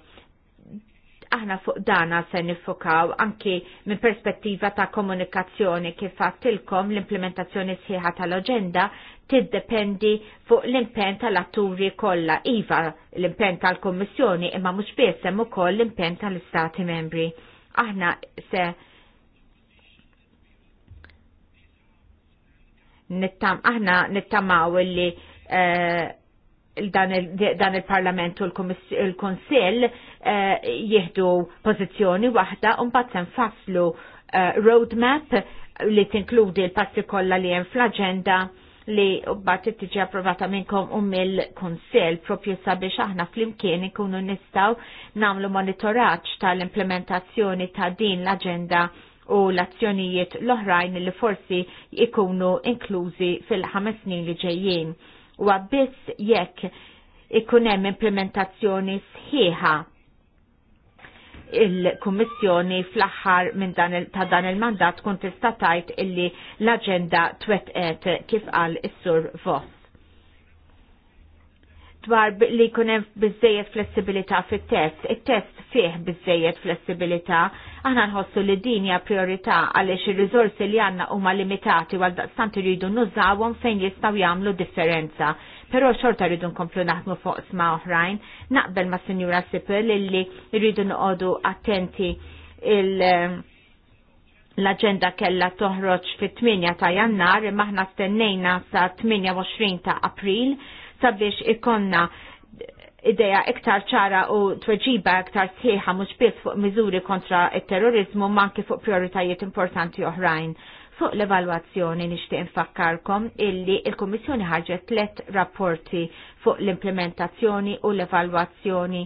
aħna fuq dana se nifokaw anki minn perspettiva ta' komunikazzjoni kif għattilkom l-implementazzjoni sħiħa tal-oġenda tiddependi fuq l-impen tal-atturi kollha iva l-impen tal-Kommissjoni imma mhux biss hemm ukoll l-impen tal-Istati membri. Aħna se nittam aħna nittamaw li uh, eh, dan il-Parlament u l-Konsil eh, jihdu pozizjoni waħda un patzen faslu eh, roadmap li tinkludi l-passi kollha li hemm fl-aġenda li bat tiġi approvata minnkom u mill konsil propju sabiex aħna flimkien ikunu nistaw namlu monitoraċ tal-implementazzjoni ta' din l-aġenda u l-azzjonijiet l-oħrajn li forsi ikunu inklużi fil-ħames snin li ġejjin u biss jekk ikun hemm implementazzjoni sħiħa il-Kummissjoni fl-aħħar minn dan ta' dan il-mandat tkun tista' illi l-aġenda twetqet kif qal is-Sur Voss dwar li kunem bizzejiet flessibilità fit test Il-test fih bizzejiet flessibilità, aħna nħossu li din hija priorità għaliex ir-riżorsi li għandna huma limitati għal daqstant iridu nużawhom fejn jistgħu jagħmlu differenza. Però xorta rridu nkomplu naħdmu fuq sma oħrajn, naqbel ma' Sinjura Sipil illi rridu noqogħdu attenti il- ehm, l-agenda kella toħroġ fit-8 ta' jannar, maħna stennejna sa' 28 ta' april sabiex ikonna ideja iktar ċara u tweġiba iktar sħiħa mhux biss fuq miżuri kontra it-terrorizmu manki fuq prioritajiet importanti oħrajn. Fuq l-evalwazzjoni nixtieq infakkarkom illi il-Kummissjoni ħarġet tliet rapporti fuq l-implementazzjoni u l-evalwazzjoni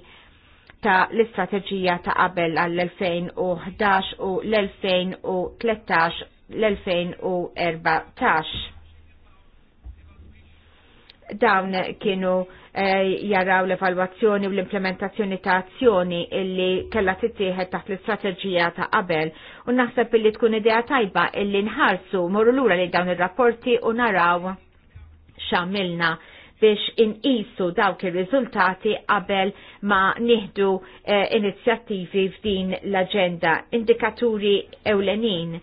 ta' l-istrateġija ta' qabel għall-2011 u l-2013 l-2014 dawn kienu eh, jaraw l-evalwazzjoni u l-implementazzjoni ta' azzjoni illi kella tittieħed taħt l-istrateġija ta' qabel u naħseb illi tkun idea tajba illi nħarsu morru lura li dawn ir-rapporti u naraw xamilna biex inqisu dawk ir-riżultati qabel ma nieħdu eh, inizjattivi f'din l-aġenda indikaturi ewlenin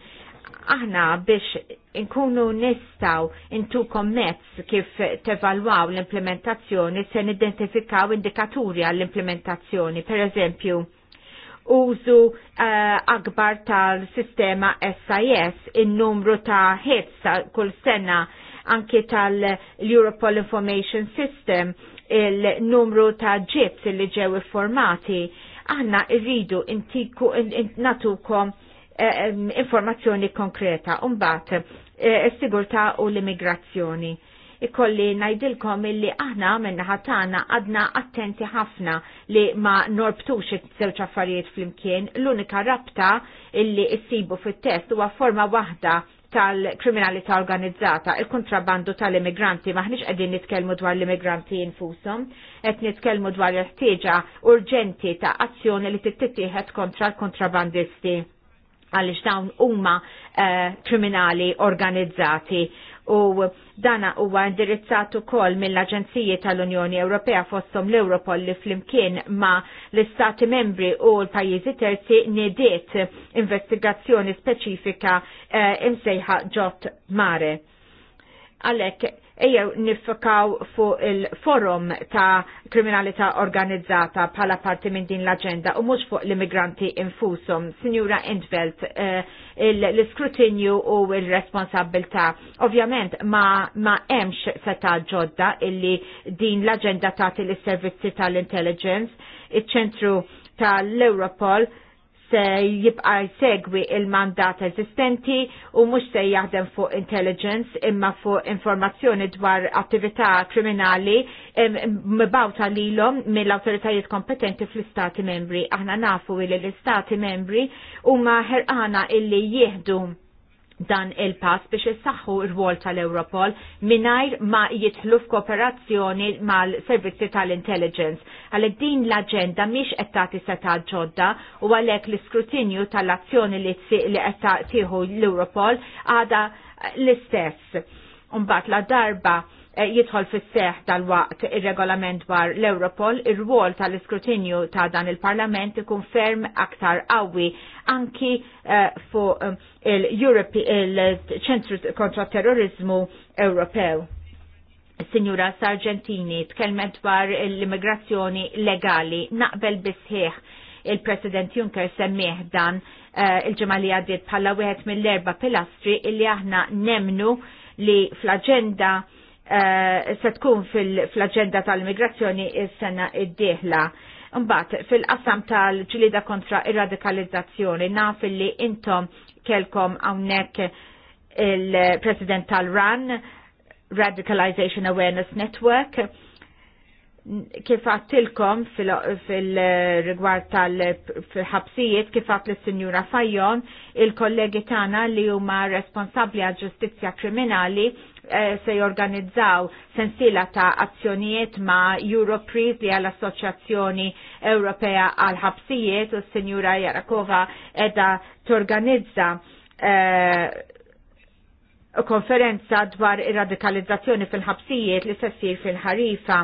aħna biex inkunu nistaw intu kommezz kif tevalwaw l-implementazzjoni se nidentifikaw indikaturi għall-implementazzjoni, per eżempju, użu uh, akbar tal-sistema SIS, in-numru ta' hits kull sena anki tal-Europol Information System, il-numru ta' ġibs li ġew formati, aħna irridu intiku natukom eh, informazzjoni konkreta. Umbat, Eh, s-sigurta u l-immigrazzjoni ikolli najdilkom illi aħna minna ħatana għadna attenti ħafna li ma norbtux it-żewġ affarijiet flimkien l-unika rabta illi issibu fit-test huwa forma waħda tal-kriminalità organizzata, il kontrabbandu tal-immigranti, maħniċ għedin nitkelmu dwar l-immigranti infusom, għed nitkelmu dwar l-ħtieġa urġenti ta' azzjoni li tittitieħed kontra l-kontrabandisti għaliex dawn huma uh, kriminali organizzati u dana huwa indirizzat ukoll mill-Aġenziji tal-Unjoni Ewropea fosthom l-Europol li flimkien ma l-Istati membri u l-pajjiżi terzi nidiet investigazzjoni speċifika eh, imsejħa ġot mare. Għalek ejjew nifkaw fuq il-forum ta' kriminalità organizzata bħala parti minn din l-agenda u mhux fuq l-immigranti infushom. Sinjura Endvelt, eh, l-iskrutinju u l-responsabilità. Ovvjament ma, ma emx seta ġodda illi din l-agenda tagħti il servizzi tal-intelligence, iċ-ċentru tal-Europol, se jibqa' segwi il-mandat eżistenti u mhux se jaħdem fuq intelligence imma fuq informazzjoni dwar attività kriminali mibawta lilhom mill-awtoritajiet kompetenti fl-istati membri. Aħna nafu li l-istati membri huma ħerqana illi jieħdu dan il-pass biex issaħħu r wol tal-Europol minajr ma jitħlu f'kooperazzjoni mal-servizzi tal-intelligence. Għal din l-agenda miex ettati seta ġodda u għalek l-iskrutinju tal-azzjoni li qed tieħu l-Europol għada l-istess. Umbat la darba Eh, jidħol fis seħ tal-waqt ir-regolament dwar l-Europol, ir-rwol tal-iskrutinju ta' dan il-Parlament ikun ferm aktar qawwi anki fu eh, fuq eh, il-ċentru kontra terrorizmu Ewropew. Signora Sargentini tkellmet dwar l-immigrazzjoni legali naqbel bisħieħ il-President Juncker semmieħ dan il ġemali li għaddiet bħala wieħed mill-erba pilastri illi aħna nemnu li fl-agenda Eh, se tkun fil-agenda tal-immigrazzjoni is-sena id-dieħla. Mbagħad fil-qasam tal-ġlida kontra ir-radikalizzazzjoni naf li intom kelkom hawnhekk il-President tal-RAN, Radicalization Awareness Network, kif għattilkom fil-rigward tal-ħabsijiet, kif għat l-Sinjura Fajjon, il-kollegi tana li huma responsabli għal ġustizja kriminali Eh, se jorganizzaw sensila ta' azzjonijiet ma' Europris li għall-Assoċjazzjoni Ewropea għal-ħabsijiet u s senjura Jarakova edha torganizza eh, konferenza dwar ir-radikalizzazzjoni fil-ħabsijiet li s fil-ħarifa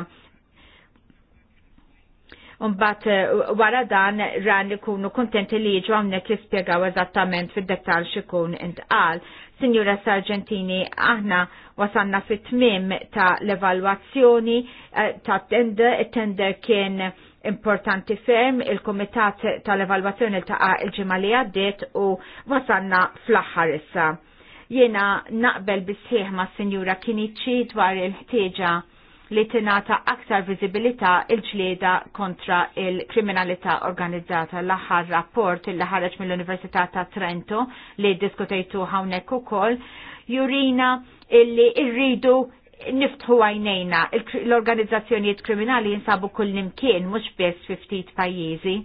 Umbat eh, wara dan ran li kunu kontenti li jiġu għamnek jispiegaw eżattament fil-dettal xikun intqal. Signora Sargentini, aħna wasanna fit tmim ta' l-evalwazzjoni eh, ta' tender, tender kien importanti ferm, il-Komitat tal-Evalwazzjoni ta' il-ġimma li għaddit u wasanna fl-axħar issa. Jena naqbel bisħiħ ma' Signora Kinici dwar il-ħtieġa li tinata aktar viżibilità il-ġlieda kontra il-kriminalità organizzata. L-aħħar rapport il ħareġ mill-Università ta' Trento li diskutejtu hawnhekk ukoll jurina illi rridu niftħu għajnejna l-organizzazzjonijiet kriminali jinsabu kull nimkien mhux biss fi ftit pajjiżi.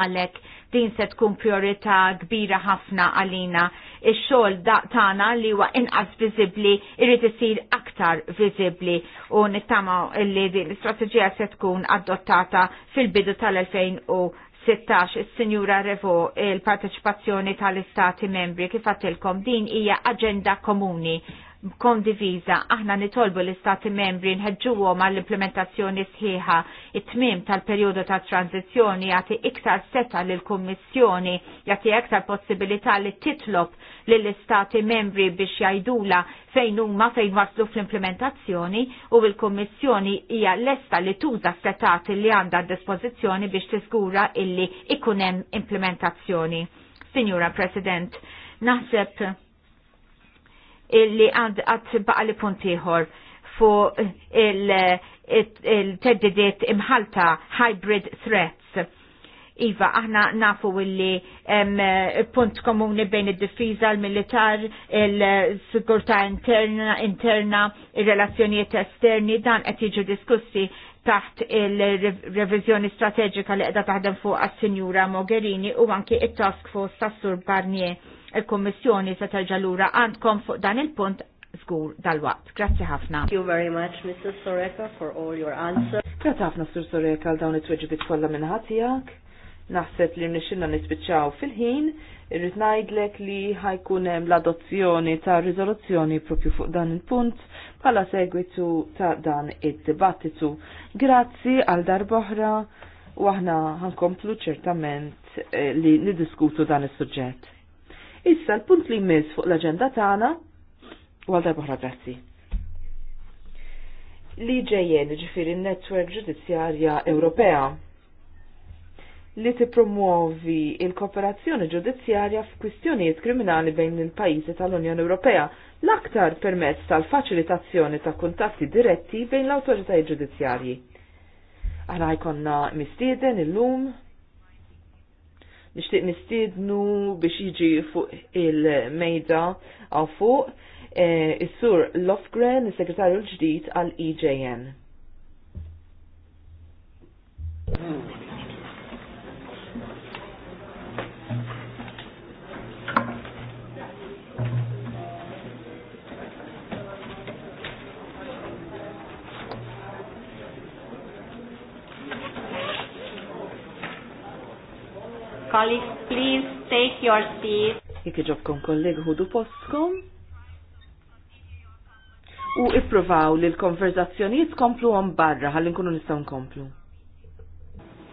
Għalhekk din se tkun priorità kbira ħafna għalina. Ix-xogħol tagħna li huwa inqas viżibbli irid isir aktar viżibbli u nittama li din l-istrateġija se tkun adottata fil-bidu tal 2016 is sinjura Revo il-parteċipazzjoni tal-Istati membri kif għatilkom din hija aġenda komuni kondiviza, aħna nitolbu l-istati membri nħedġuhom għall implementazzjoni sħiħa it-tmim tal-perjodu ta' tranzizjoni jagħti iktar seta lill kummissjoni jagħti iktar possibilità li titlob lill istati membri biex jgħidula fejn huma fejn waslu fl-implementazzjoni u l-Kummissjoni hija lesta li tuża setat li għandha d dispożizzjoni biex tiżgura illi ikun hemm implementazzjoni. Signora President, naħseb li għand għad baqa li puntiħor fu il-teddidiet imħalta hybrid threats. Iva, aħna nafu illi punt komuni bejn id-difiża, l-militar, il-sigurta interna, interna il-relazzjonijiet esterni, dan qed jiġu diskussi taħt il-revizjoni strateġika li qiegħda taħdem fuq għas-Sinjura Mogherini u anki it-task force tas-Sur Barnier il-Kommissjoni se terġa' lura għandkom fuq dan il-punt żgur dal-waqt. Grazzi ħafna. Thank you very much, Mrs. Soreka, for all your answers. Grazzi ħafna, Sur Soreka, għal dawn it-tweġibit kollha minn ħatijak. Naħseb li nixinna nispiċċaw fil-ħin, irrid ngħidlek li ħajkun hemm l-adozzjoni ta' riżoluzzjoni propju fuq dan il-punt bħala segwitu ta' dan id-dibattitu. Grazzi għal darboħra u aħna ħankomplu ċertament eh, li niddiskutu dan is-suġġett. Issa l-punt li jmiss fuq l-agenda tagħna u għal darba grazzi. Li ġejjen ġifiri n-Netwerk Ġudizzjarja Ewropea li tippromuovi il-kooperazzjoni ġudizzjarja f'kwistjonijiet kriminali bejn il-pajjiżi tal-Unjoni Ewropea l-aktar permezz tal-faċilitazzjoni ta' kuntatti diretti bejn l-awtoritajiet ġudizzjarji. Aħna jkonna mistieden illum nixtieq nistidnu biex jiġi fuq il-mejda għaw fuq eh, is-sur Lofgren, is-segretarju l-ġdid għal EJN. Hmm. Colleagues, please take your seat. Jek iġobkom kolleg ħudu postkom. U ipprovaw li l-konverzazzjonijiet komplu għom barra, għallin kunu nistaw nkomplu.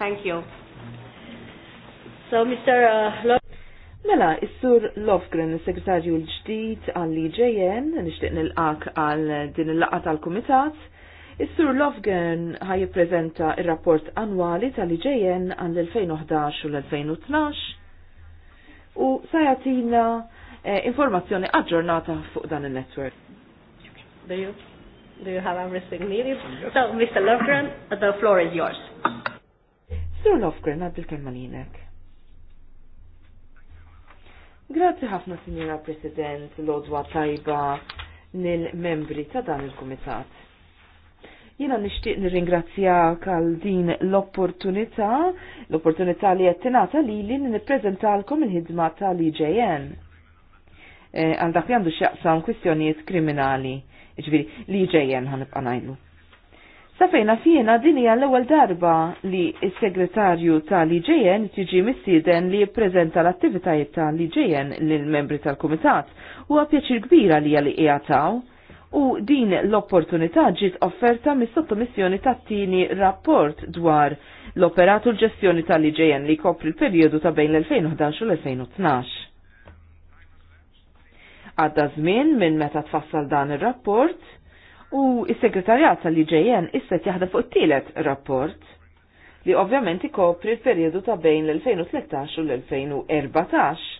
Thank you. So, Mr. Uh, mela, Is-Sur Lofgren, il-Segretarju l-ġdid għall-IJN, nishtiq nil-qak għal din il laqqa tal-Kumitat, Is-Sur Lofgen ħaj jipprezenta il rapport annwali tal-IJN għal 2011 u l-2012 u sajatina eh, informazzjoni aġġornata fuq dan il-network. Do you, do you have everything needed? So, Mr. Lofgren, the floor is yours. Sur Lofgren, għad il-kelma linek. Grazzi ħafna, Signora President, l-odwa tajba nil-membri ta' dan il-Kumitat jina nishtiq nirringrazzjak għal din l-opportunità, l-opportunità li jettinata li li nipprezentalkom il-ħidma tal-IJN. E, Għandak dak li għandu xaqsam kwistjonijiet kriminali, iġviri, l-IJN għan najlu. Safejna fjena din hija l-ewwel darba li s-segretarju tal-IJN tiġi missieden li jippreżenta l-attivitajiet tal-IJN lill-membri tal-Kumitat. Huwa pjaċir kbira li hija li qiegħataw u din l-opportunità ġiet offerta mis sottomissjoni tat-tieni rapport dwar l-operatu l-ġestjoni tal-IJN li kopri l-periodu ta' bejn l-2011 u l-2012. Għadda żmien minn meta tfassal dan ir-rapport u s-segretarjat tal-IJN isset jaħda fuq tielet rapport li ovvjament ikopri l-periodu ta' bejn l-2013 u l-2014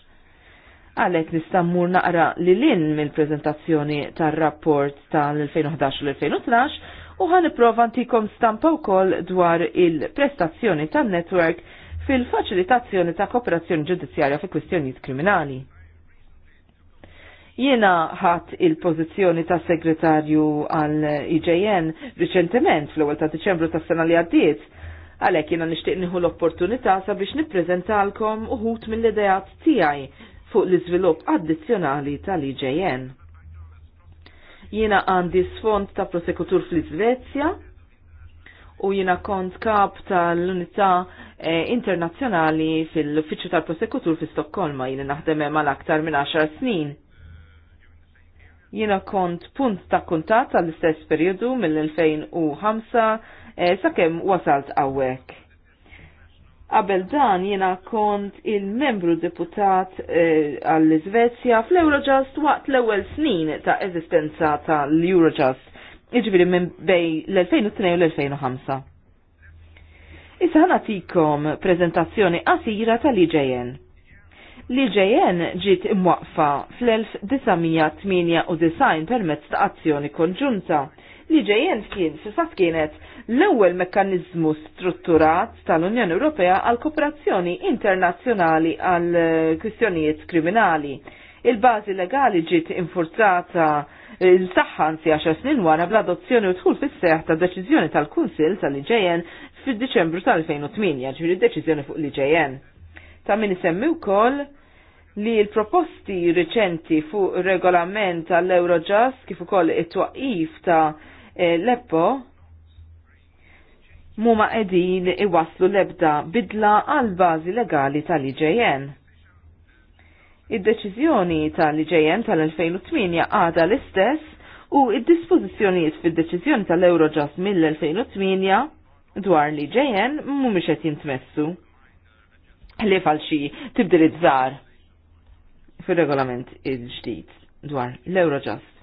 Għalek nistammur naqra li lin mill-prezentazzjoni tar-rapport tal-2011 l-2012 u għan prova antikom stampa wkoll dwar il-prestazzjoni tan-netwerk fil-faċilitazzjoni ta' kooperazzjoni ġudizzjarja fi kwistjonijiet kriminali. Jiena ħadd il-pożizzjoni ta' segretarju għal IJN riċentement fl-ewwel ta' Diċembru tas-sena li għaddiet, għalhekk jiena nixtieq nieħu l-opportunità sabiex nippreżentalkom uħut mill-idejat tiegħi fuq l-iżvilupp addizzjonali tal-IJN. Jiena għandi sfond ta' prosekutur fl-Iżvezja u jiena kont kap tal-Unità e, Internazzjonali fil-Uffiċċju tal-Prosekutur fi Stokkolma jiena naħdem hemm għal aktar minn 10 snin. Jiena kont punt ta' kuntat għall-istess perjodu mill-2005 e, sakemm wasalt għawek Qabel dan jiena kont il-membru deputat eh, għall-Iżvezja fl-Eurojust waqt l-ewwel snin ta' eżistenza tal-Eurojust, jiġifieri minn bej l-2002 u l-2005. Issa ħanatikom prezentazzjoni qasira tal-IJN. L-IJN ġiet imwaqfa fl-1998 permezz ta' azzjoni konġunta. L-IJN kien fil kienet l-ewwel mekkaniżmu strutturat tal-Unjoni Ewropea għal kooperazzjoni internazzjonali għal eh, kwistjonijiet kriminali. Il-bażi legali ġiet infurzata l-saħħansi eh, 10 snin wara bl-adozzjoni u dħul fis seħħ ta' deċiżjoni tal kunsill tal-IJN fid-Diċembru tal-2008, ġifieri deċiżjoni fuq l-IJN. Ta' min isemmi wkoll li l-proposti reċenti fuq regolament tal-Eurojust kif ukoll it-twaqif ta' eh, l-EPPO muma edin iwaslu lebda bidla għal bażi legali tal-IJN. Id-deċiżjoni tal-IJN tal-2008 għada l-istess u id-dispożizzjonijiet fid-deċiżjoni tal-Eurojust mill-2008 dwar li ġejjen mhumiex qed jintmessu. Li falxi tibdil id żgħar fir-regolament il-ġdid dwar l-Eurojust.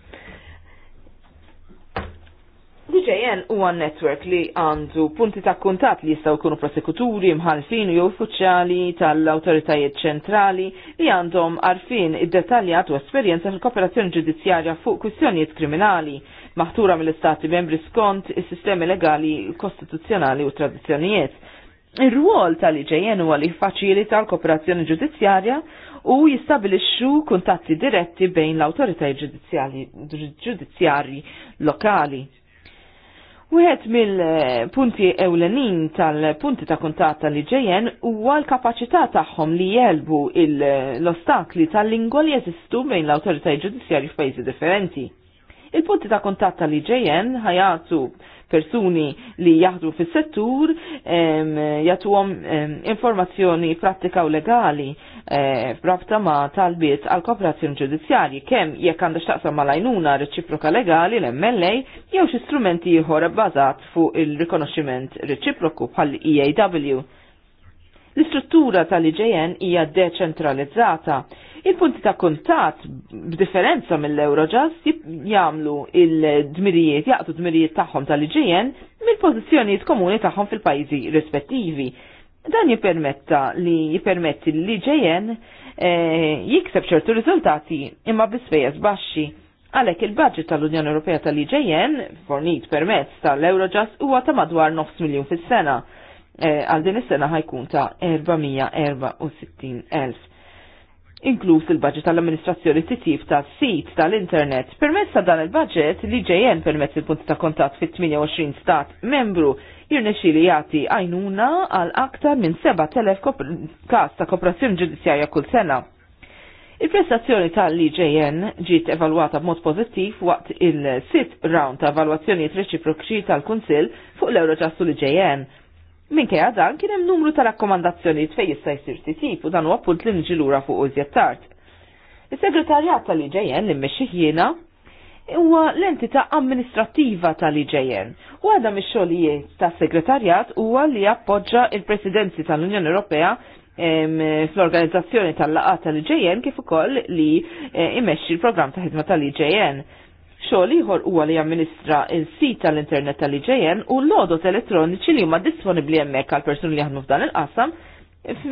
DJN huwa network li għandu punti ta' kontat li jistaw kunu prosekuturi, mħalfin u jew uffiċjali tal-autoritajiet ċentrali li għandhom għarfin id-detaljat u esperjenza fil-kooperazzjoni ġudizzjarja fuq kwistjonijiet kriminali, maħtura mill-istati membri skont is-sistemi legali kostituzzjonali u tradizzjonijiet. ir ruol tal-IJN huwa li faċilita l-kooperazzjoni ġudizzjarja u jistabilixxu kuntatti diretti bejn l-autoritajiet ġudizzjarji lokali Wieħed mill-punti ewlenin tal-punti ta' kuntat tal-IJN huwa l-kapaċità tagħhom li jelbu l-ostakli tal-lingwa li jeżistu bejn l-awtoritajiet ġudizzjarji f'pajjiżi differenti. Il-punti ta' kuntat tal-IJN ħajatu persuni li jaħdu fis-settur jagħtuhom informazzjoni pratika u legali f'rabta eh, ma' talbiet għal kooperazzjoni ġudizzjarji kemm jekk għandha x'taqsam mal-għajnuna reċiproka legali l-MLA jew xi strumenti ieħor bbażat fuq il-rikonoxximent reċiproku bħal EAW. L-istruttura tal-IJN hija deċentralizzata Il-punti ta' kontat b'differenza mill-Eurojust jagħmlu il-dmirijiet, jaqtu dmirijiet tagħhom tal-IGN mill-pożizzjonijiet komuni tagħhom fil-pajjiżi rispettivi. Dan jippermetta li jippermetti l-IGN eh, jikseb ċertu riżultati imma bispejjeż baxxi. Għalek il-budget tal-Unjoni Ewropea tal-IJN, fornit permezz tal-Eurojust, huwa ta' madwar 9 miljun fis-sena. Eh, għal din is-sena ħajkun ta' 464,000 inkluż il-budget tal-amministrazzjoni titjib ta' sit tal-internet. Permezz ta' dan il-budget li ġejjen permezz il-punt ta' kontat fit-28 stat membru li jati għajnuna għal aktar minn 7.000 kas ta' kooperazzjoni ġudizzjarja kull sena. Il-prestazzjoni tal-IJN ġiet evalwata b'mod pozittiv waqt il-sit round ta' evalwazzjonijiet reċiproċi tal-Kunsill fuq l-Eurojust u l-IJN Minkejja dan kien hemm numru ta' rakkomandazzjonijiet fejn jista' jsir titjib u dan huwa punt li niġi lura fuq użjed tard. Is-segretarjat tal-IJN li mmexxi jiena huwa l-entità amministrattiva tal-IJN u għadha mix-xogħlijiet tas-segretarjat huwa li appoġġa il-Presidenzi tal-Unjoni Ewropea fl-organizzazzjoni tal laqgħa tal-IJN kif ukoll li eh, imexxi l-programm ta' ħidma tal-IJN. Xogħol ieħor huwa li jamministra il-sit tal-internet tal-IJN u l-lodot elettroniċi li huma disponibbli hemmhekk għal persuni li jaħdmu f'dan il-qasam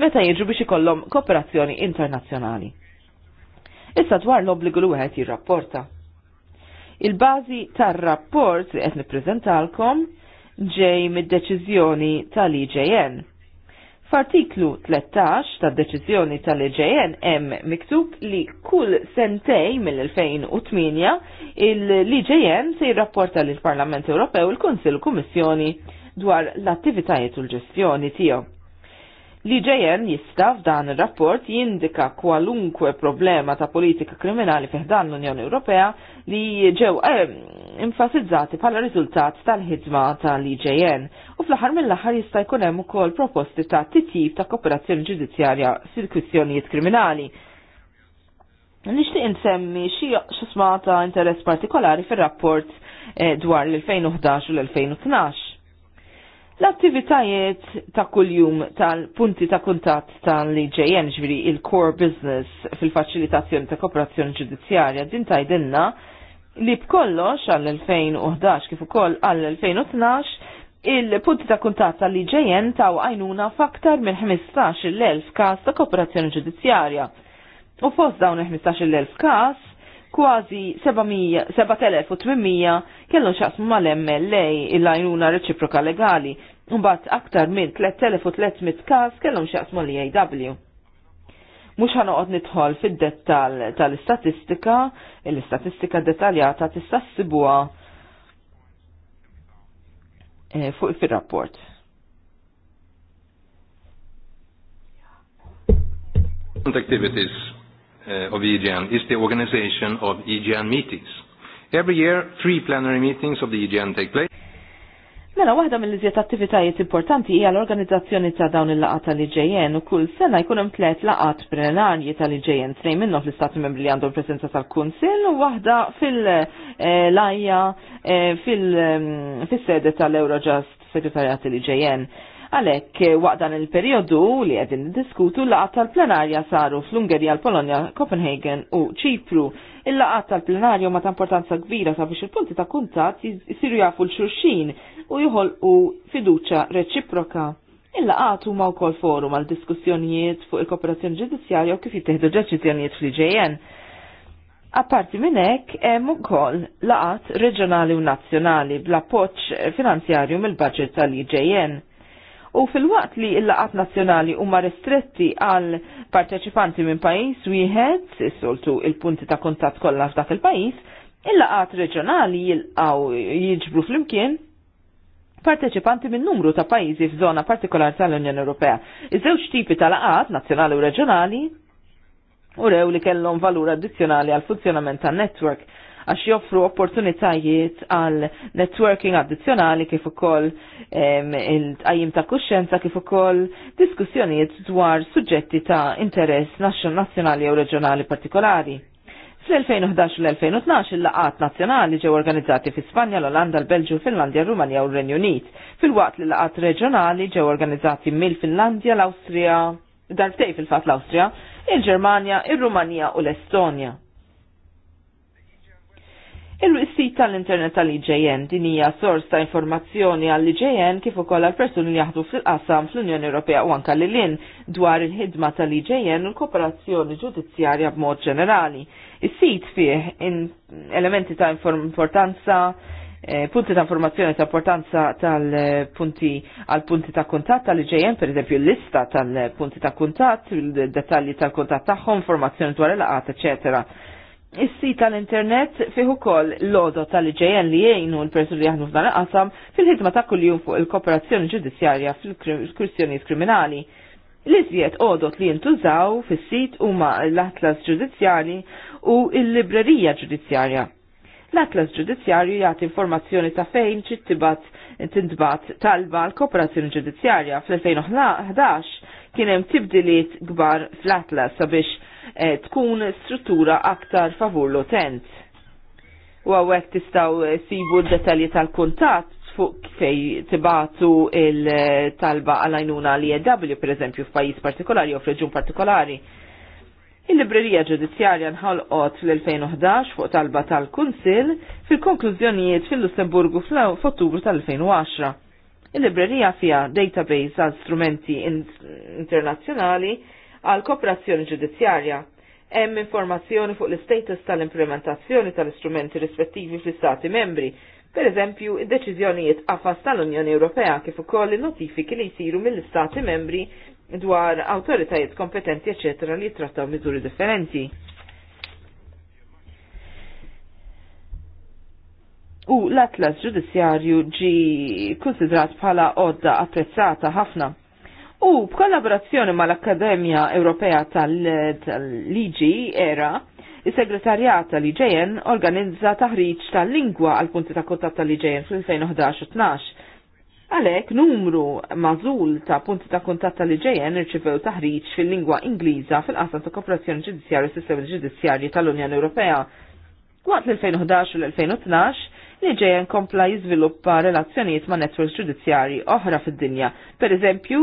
meta jiġu biex ikollhom kooperazzjoni internazzjonali. Issa dwar l-obbligu li wieħed jirrapporta. Il-bażi tar-rapport li qed nippreżentalkom ġej mid-deċiżjoni tal-IJN F'artiklu 13 tad deċiżjoni tal-EJN hemm miktub li kull sentej mill-2008 il-EJN se jirrapporta lill parlament Ewropew il-Kunsill Kummissjoni dwar l-attivitajiet u l-ġestjoni tiegħu. L-IJN jista f'dan ir-rapport jindika kwalunkwe problema ta' politika kriminali fiħdan l-Unjoni Ewropea li ġew eh, enfasizzati bħala riżultat tal-ħidma tal-IJN u fl-aħħar mill-aħħar jista' jkun hemm ukoll proposti ta' titjib ta' kooperazzjoni ġudizzjarja fil kwistjonijiet kriminali. Nixtieq insemmi xi xisma ta' interess partikolari fir-rapport eh, dwar l-2011 u l-2012 L-attivitajiet ta' kuljum tal-punti ta' kuntat tal-IJN ġviri il-core business fil-facilitazzjoni ta' kooperazzjoni ġudizzjarja din tajdinna li b'kollox għall-2011 kif ukoll għall-2012 il-punti ta' kuntat tal-IJN taw għajnuna faktar minn 15.000 kas ta' kooperazzjoni ġudizzjarja. U fost dawn 15.000 kas, kważi 7800 kellu xaqsmu mal-MLA il-lajnuna reċiproka legali Mbagħad aktar minn 3300 każ kellhom x'jaqsmu l EAW. Mhux ħanoqgħod nidħol fid-dettal tal-istatistika, l-istatistika dettaljata tista' ssibuha e, fuq fir-rapport. activities uh, of EGN is the organization of EGN meetings. Every year, three plenary meetings of the EGN take place. Mela, waħda mill-iżjed attivitajiet importanti hija l-organizzazzjoni ta' dawn il-laqat tal-IJN u kull sena jkun hemm tliet laqat plenarji tal-IJN tnejn minnhom fl-istati membri li għandhom preżenza tal-Kunsill u waħda fil-lajja eh, eh, fis sede tal-Eurojust Segretarjat tal-IJN. Għalek, eh, dan il-periodu li għedin diskutu laqat tal-plenarja saru fl-Ungerija, l-Polonja, Copenhagen u Ċipru il-laqat tal-plenarju ma ta' importanza kbira sabiex il-punti ta' kuntat jisiru jafu l-xurxin u jħolqu fiduċa reċiproka. Il-laqat huma wkoll forum għal diskussjonijiet fuq il-kooperazzjoni ġudizzjarja u kif jittieħdu deċiżjonijiet fl-IJN. Apparti minn hekk hemm ukoll laqat reġjonali u nazzjonali bl-appoġġ finanzjarju mill budget tal-IJN. U fil-waqt li l-laqat nazjonali huma ristretti għal parteċipanti minn pajis wieħed, soltu il-punti ta' kontatt kollha f'dak il-pajis, il-laqat reġjonali jilqaw jiġbru fl-imkien parteċipanti minn numru ta' pajjiżi f'żona partikolari tal-Unjoni Ewropea. Iż-żewġ tipi ta' laqat nazzjonali u reġjonali u rew li kellhom valur addizzjonali għal funzjonament tan netwerk għax joffru opportunitajiet għal networking addizzjonali kif ukoll il-tqajjim ta' kuxxenza, kif ukoll diskussjonijiet dwar suġġetti ta' interess nazzjonali jew reġjonali partikolari. Fl-2011 u l-2012 il-laqat nazzjonali ġew organizzati fi Spanja, l-Olanda, l-Belġu, Finlandja, Rumanja u l-Renju Unit. Fil-waqt li laqat reġjonali ġew organizzati mill-Finlandja, l-Awstrija, darbtej fil-fat l-Awstrija, il-Ġermanja, il-Rumanija u l-Estonja. Il-sit tal-internet tal-IJN din hija sors ta' informazzjoni għall-IJN kif ukoll għall-persuni li jaħdu fil-qasam fl-Unjoni Ewropea u anke lil dwar il-ħidma tal-IJN u l-kooperazzjoni ġudizzjarja b'mod ġenerali. Is-sit fih elementi ta' importanza eh, punti ta' informazzjoni ta' importanza tal-punti eh, għal punti ta' kuntatt tal-IJN, per eżempju l-lista tal-punti eh, ta' kuntatt, il-detalji tal-kuntatt tagħhom, informazzjoni dwar il-laqat, eċetera Is-sit tal-internet fih ukoll l-odo tal-IJN li jgħinu l-persuni li jaħdmu f'dan qasam fil-ħidma ta' kuljum fuq il-kooperazzjoni ġudizzjarja fil-kwistjonijiet kriminali. L-iżjed odot li jintużaw fis-sit huma l-atlas ġudizzjali u l-librerija ġudizzjarja. L-atlas ġudizzjarju jagħti informazzjoni ta' fejn ċittibat tintbat talba l-kooperazzjoni ġudizzjarja fl-2011 kien hemm tibdiliet kbar fl-atlas sabiex eh, tkun struttura aktar favur l-utent. U għawek tistaw eh, sibu d-detalji tal kontat fuq fej tibatu il-talba għal-għajnuna li EW, per eżempju, f'pajis partikolari u f'reġun partikolari. Il-librerija ġudizzjarja nħolqot fl-2011 fuq talba tal-Kunsil fil-konklużjonijiet fil-Lussemburgu fl-Ottubru tal-2010 il-librerija fija database għal strumenti internazzjonali għal kooperazzjoni ġudizzjarja. Hemm informazzjoni fuq l-istatus tal-implementazzjoni tal-istrumenti rispettivi fl-Istati membri, per eżempju, id-deċiżjonijiet qafas tal-Unjoni Ewropea kif ukoll notifiki li jsiru mill-Istati membri dwar awtoritajiet kompetenti eccetera li jittrattaw miżuri differenti. u l-atlas ġudizzjarju ġi konsidrat bħala odda apprezzata ħafna. U b'kollaborazzjoni mal-Akkademja Ewropea tal-Liġi era, is segretarjat tal-IJN organizza taħriġ tal-lingwa għal punti ta' kontat tal-IJN fil-2011-12. Għalek numru mażul ta' punti ta' kontat tal-IJN irċivew taħriġ fil-lingwa Ingliża fil-qasam ta' kooperazzjoni ġudizzjarju sistema ġudizzjarji tal-Unjoni Ewropea Waqt l-2011 u l-2012 li ġejjen kompla jiżviluppa relazzjonijiet ma' networks ġudizzjarji oħra fid-dinja, per eżempju,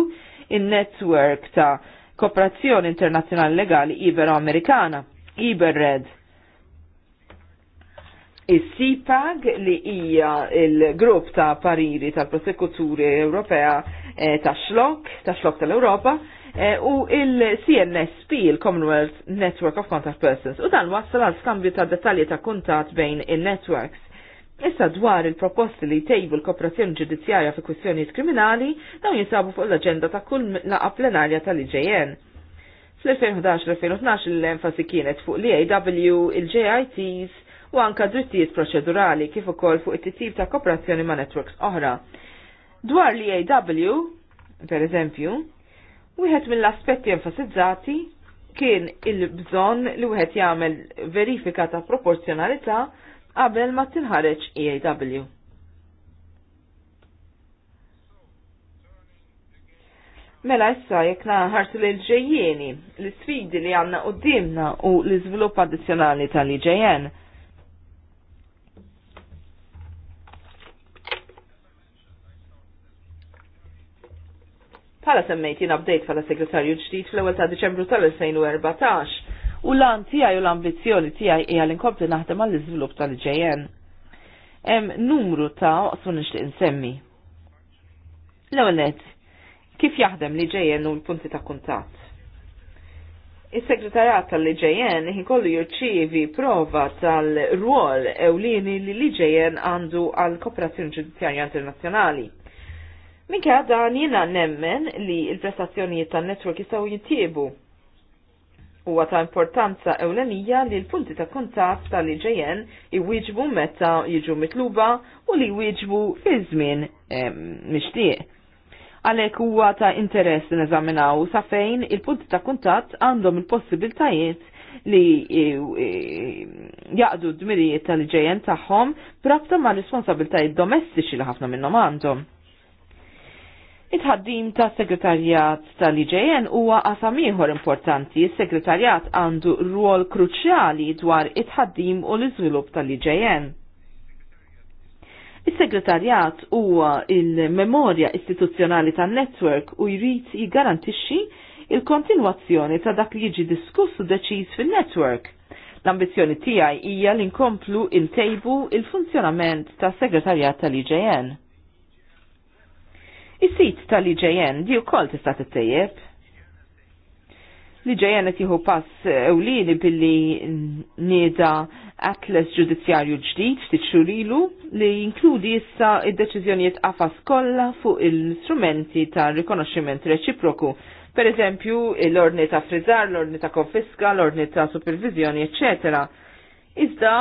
in-network ta' Kooperazzjoni Internazzjonali Legali Ibero-Amerikana, Iber Red, Is-CPAG li hija il-grupp ta' pariri tal-prosekuturi Ewropea eh, ta' xlok, ta' xlok tal-Europa, eh, u il-CNSP, il-Commonwealth Network of Contact Persons, u dan wassal għal skambju ta' dettalji ta' kuntat bejn il-networks. Issa dwar il-proposti li jtejbu l-kooperazzjoni ġudizzjarja fi kwistjonijiet kriminali dawn jinsabu fuq l-aġenda ta' kull laqa plenarja tal-IJN. Fl-2011-2012 l-enfasi kienet fuq l AW, il-JITs u anka drittijiet proċedurali kif ukoll fuq it-titjib ta' kooperazzjoni ma' networks oħra. Dwar l AW, per eżempju, wieħed mill-aspetti enfasizzati kien il-bżonn li wieħed jagħmel verifika ta' proporzjonalità qabel ma tilħareġ EAW. Mela issa jekk naħarsu lil ġejjieni l-sfidi li għandna qudiemna u l-iżvilupp addizzjonali tal-IJN. Pala semmejt jien update pala segretarju ġdid fl-ewwel ta' Diċembru tal-2014 u lan tiegħi u l-ambizzjoni tiegħi hija li nkompli naħdem għall iżvilupp tal-IJN. Hemm numru ta' oqsu nixtieq insemmi. L-ewwel kif jaħdem li ġejjen u l-punti ta' kuntatt. Is-segretarjat tal-liġejjen kollu jirċievi prova tal-rwol ewlieni li liġejjen għandu għal kooperazzjoni ġudizzjarja internazzjonali. Minkja dan jiena nemmen li l-prestazzjonijiet tan-network jistgħu jittiebu Huwa ta' importanza ewlenija li l-punti ta' kuntatt tal-IJN iwieġbu meta jiġu mitluba u li jwieġbu fi żmien mixtieq. Għalhekk huwa ta' interess neżaminaw sa' fejn il-punti ta' kuntatt għandhom il-possibiltajiet li e, e, jaqdu d-dmirijiet tal-ġejjen tagħhom prabta ma' responsabiltajiet domestiċi li ħafna minnhom għandhom. It-ħaddim ta' segretarjat tal-IJN huwa qasam ieħor importanti. Segretarjat għandu rwol kruċjali dwar it-ħaddim u l-iżvilupp tal-IJN. Is-segretarjat huwa il-memorja istituzzjonali tan-netwerk u jrid jiggarantixxi il-kontinwazzjoni ta' dak li jiġi diskuss u deċiż fin-netwerk. L-ambizzjoni tiegħi hija li nkomplu tejbu il-funzjonament tas segretarjat tal-IJN. Is-sit tal-IJN di wkoll tista' t-tejjeb? L-IJN qed jieħu pass ewlieni billi nieda atlas ġudizzjarju ġdid ftit ċurilu li jinkludi issa id-deċiżjonijiet għafas kollha fuq il-strumenti ta' rikonoxximent reċiproku per eżempju l-ordni ta' frizzar, l-ordni ta' konfiska, l-ordni ta' supervizjoni, eccetera. Iżda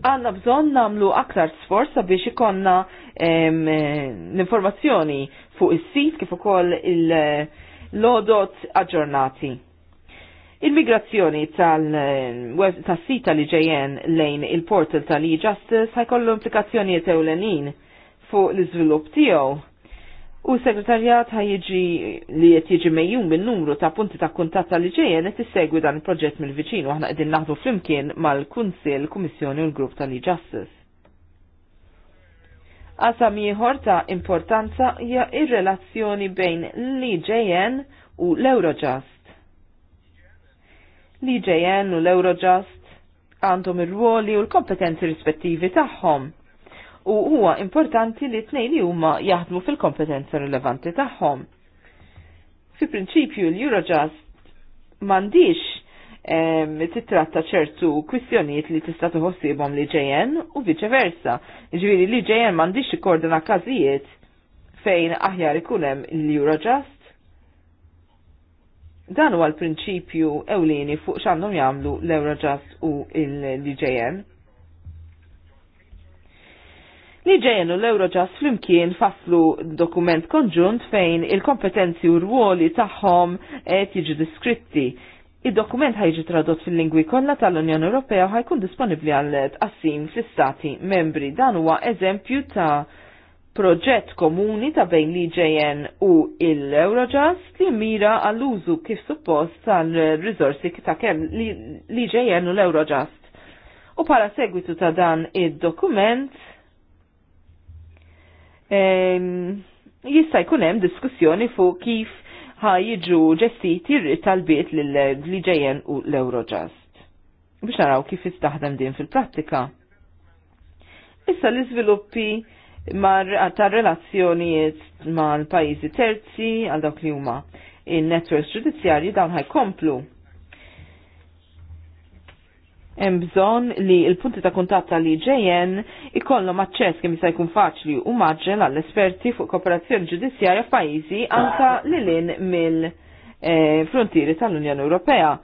għanna bżon namlu aktar sforz sabiex ikonna l-informazzjoni fuq is-sit kif ukoll il-lodot aġġornati. Il-migrazzjoni tal-sita li ġejjen lejn il-portal tal-e-justice ħajkollu implikazzjonijiet ewlenin fuq l-iżvilupp tiegħu U segretarjat ħaj jiġi li qed jiġi mejjum minn numru ta' punti ta' kuntatt li ġejjen qed issegwi dan il-proġett mill-viċin u aħna qegħdin naħdu flimkien mal-Kunsill, Kummissjoni u l-Grupp tal-E-Justice. Qasam ieħor ta' importanza hija ir-relazzjoni bejn l-IJN u l-Eurojust. L-IJN e u l-Eurojust għandhom ir-ruoli u l-kompetenzi rispettivi tagħhom u huwa importanti li t-nejn huma jaħdmu fil-kompetenza rilevanti tagħhom. Fi prinċipju l-Eurojust m'għandix ehm, titratta ċertu kwistjonijiet li tista' tħossibhom li ġejjen u viċeversa. Ġviri li ġejjen m'għandix ikkordina każijiet fejn aħjar ikun hemm l-Eurojust. Dan huwa l-prinċipju ewlieni fuq x'għandhom jagħmlu l-Eurojust u l-DJN li ġejnu l-Eurojust flimkien faslu dokument konġunt fejn il-kompetenzi u rwoli tagħhom tiġi diskritti. il dokument ħajġi tradott fil-lingwi kollha tal-Unjoni Ewropea u ħajkun disponibbli għal tqassim fl-istati membri. Dan huwa eżempju ta' proġett komuni ta' bejn li ijn u l-Eurojust li mira għall-użu kif suppost tal-rizorsi ta' kemm l-IJN u l-Eurojust. U para segwitu ta' dan id-dokument, jista' jkun hemm diskussjoni fuq kif ħaj jiġu ġestiti tal-biet lill ġejjen u l-Eurojust. Biex naraw kif jistaħdem din fil-prattika. Issa l-iżviluppi ta' relazzjonijiet mal-pajjiżi terzi għal dawk li huma in-networks ġudizzjarji dawn ħajkomplu hemm bżonn li l-punti ta' kuntatt tal ġejjen ikollhom aċċess kemm jista' jkun faċli u maġġel għall esperti fuq kooperazzjoni ġudizzjarja f'pajjiżi anka lin mill-frontieri eh, tal-Unjoni Ewropea.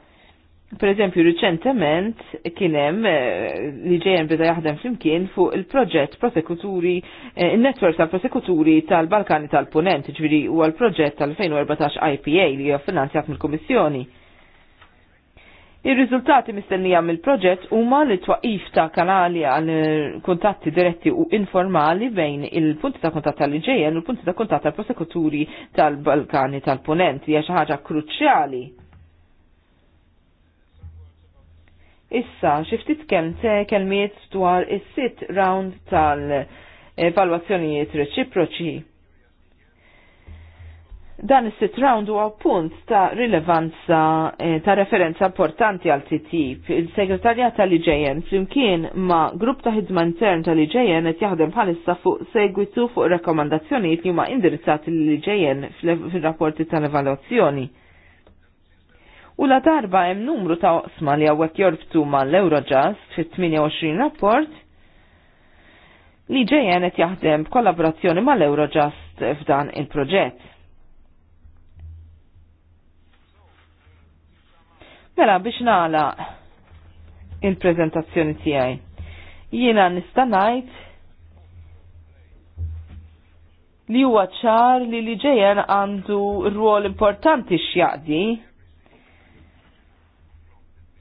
Per eżempju, riċentement kien hemm eh, li ġejjen beda jaħdem flimkien fuq il-proġett prosekuturi, eh, il-netwerk tal-prosekuturi tal-Balkani tal-Punent, ġviri huwa l proġett tal-2014 IPA li huwa finanzjat mill-Kummissjoni Ir-riżultati mistennija mill-proġett huma li twaqif ta' kanali għal kuntatti diretti u informali bejn il-punti ta' kontatt tal-IJN u l-punti ta' kuntatt tal-prosekuturi tal-Balkani tal-Punent li xi ħaġa kruċjali. Issa, xiftit kelmiet dwar is-sit round tal-evalwazzjonijiet reċiproċi Dan is-sit round huwa punt ta' rilevanza eh, ta' referenza importanti għal TTIP. il segretarja tal-IJN flimkien ma' grupp ta' ħidma intern tal-IJN qed jaħdem bħalissa fuq segwitu fuq rekomandazzjonijiet li huma indirizzati l-IJN fil-rapporti tal-evaluazzjoni. U la darba hemm numru ta' oqsma li hawnhekk jorbtu mal-Eurojust fit-28 rapport li ġejjen qed jaħdem b'kollaborazzjoni mal-Eurojust f'dan il-proġett Mela biex nala il-prezentazzjoni tiegħi. Jiena nista' ngħid li huwa ċar li li ġejjen għandu rwol importanti x'jaqdi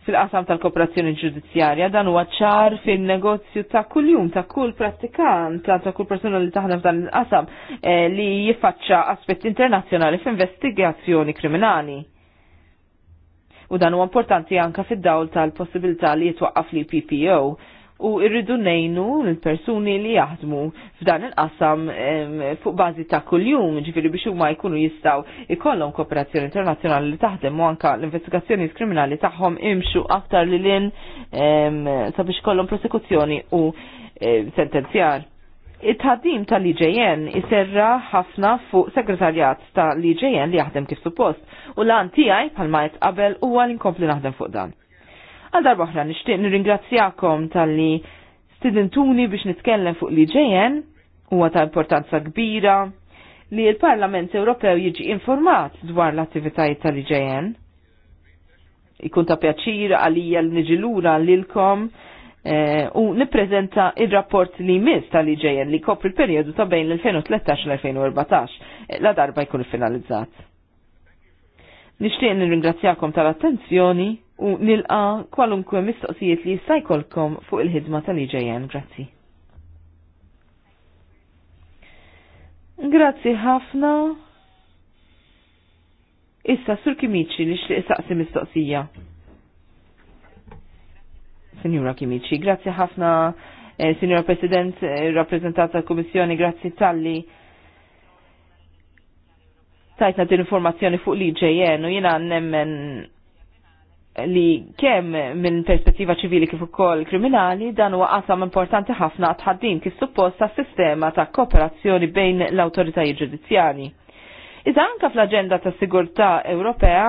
fil-qasam tal-kooperazzjoni ġudizzjarja dan huwa ċar fin-negozju ta' kuljum ta' kull prattikant ta' kull persuna li taħdem dan il-qasam eh, li jiffaċċa aspetti internazzjonali f'investigazzjoni kriminali. U dan huwa importanti anka fid-dawl tal-possibilità li jitwaqqaf li PPO u irridu nejnu l-persuni li jaħdmu f'dan il-qasam fuq bażi ta' kuljum, ġifiri biex huma jkunu jistaw ikollhom kooperazzjoni internazzjonali li taħdem u anka l-investigazzjoni kriminali tagħhom imxu aktar li lin sabiex kollhom prosekuzzjoni u eh, sentenzjar it-ħaddim tal-IJN iserra ħafna fuq segretarjat tal-IJN li jaħdem kif suppost u l-għan tijaj palma jitqabel u għal inkompli naħdem fuq dan. Għal darba oħra nishtiq nirringrazzjakom tal-li stidentuni biex nitkellem fuq l-IJN u ta' importanza kbira li il-Parlament Ewropew jiġi informat dwar l-attivitajiet tal-IJN. Ikun ta' pjaċir għalija l nġilura l-ilkom Eh, u niprezenta il-rapport li mis tal-IJN li kopri l-periodu ta' bejn l-2013 l-2014 eh, la darba jkun finalizzat. Nishtiqni nirringrazzjakom tal-attenzjoni u nilqa kwalunkwe mistoqsijiet li jistajkolkom fuq il-ħidma tal-IJN. Grazzi. Grazzi ħafna. Issa, Sur li nixtieq saqsi mistoqsija. Signora Kimici. Grazzi ħafna, eh, Signora President, eh, rappresentata l-Komissjoni, grazzi tal-li tajtna din informazzjoni fuq li ġejjen u jena nemmen li kemm minn perspettiva ċivili kif ukoll kriminali dan huwa qasam importanti ħafna tħaddim kif suppost sistema ta' kooperazzjoni bejn l-awtoritajiet ġudizzjali. Iżda anka fl-aġenda ta' sigurtà Ewropea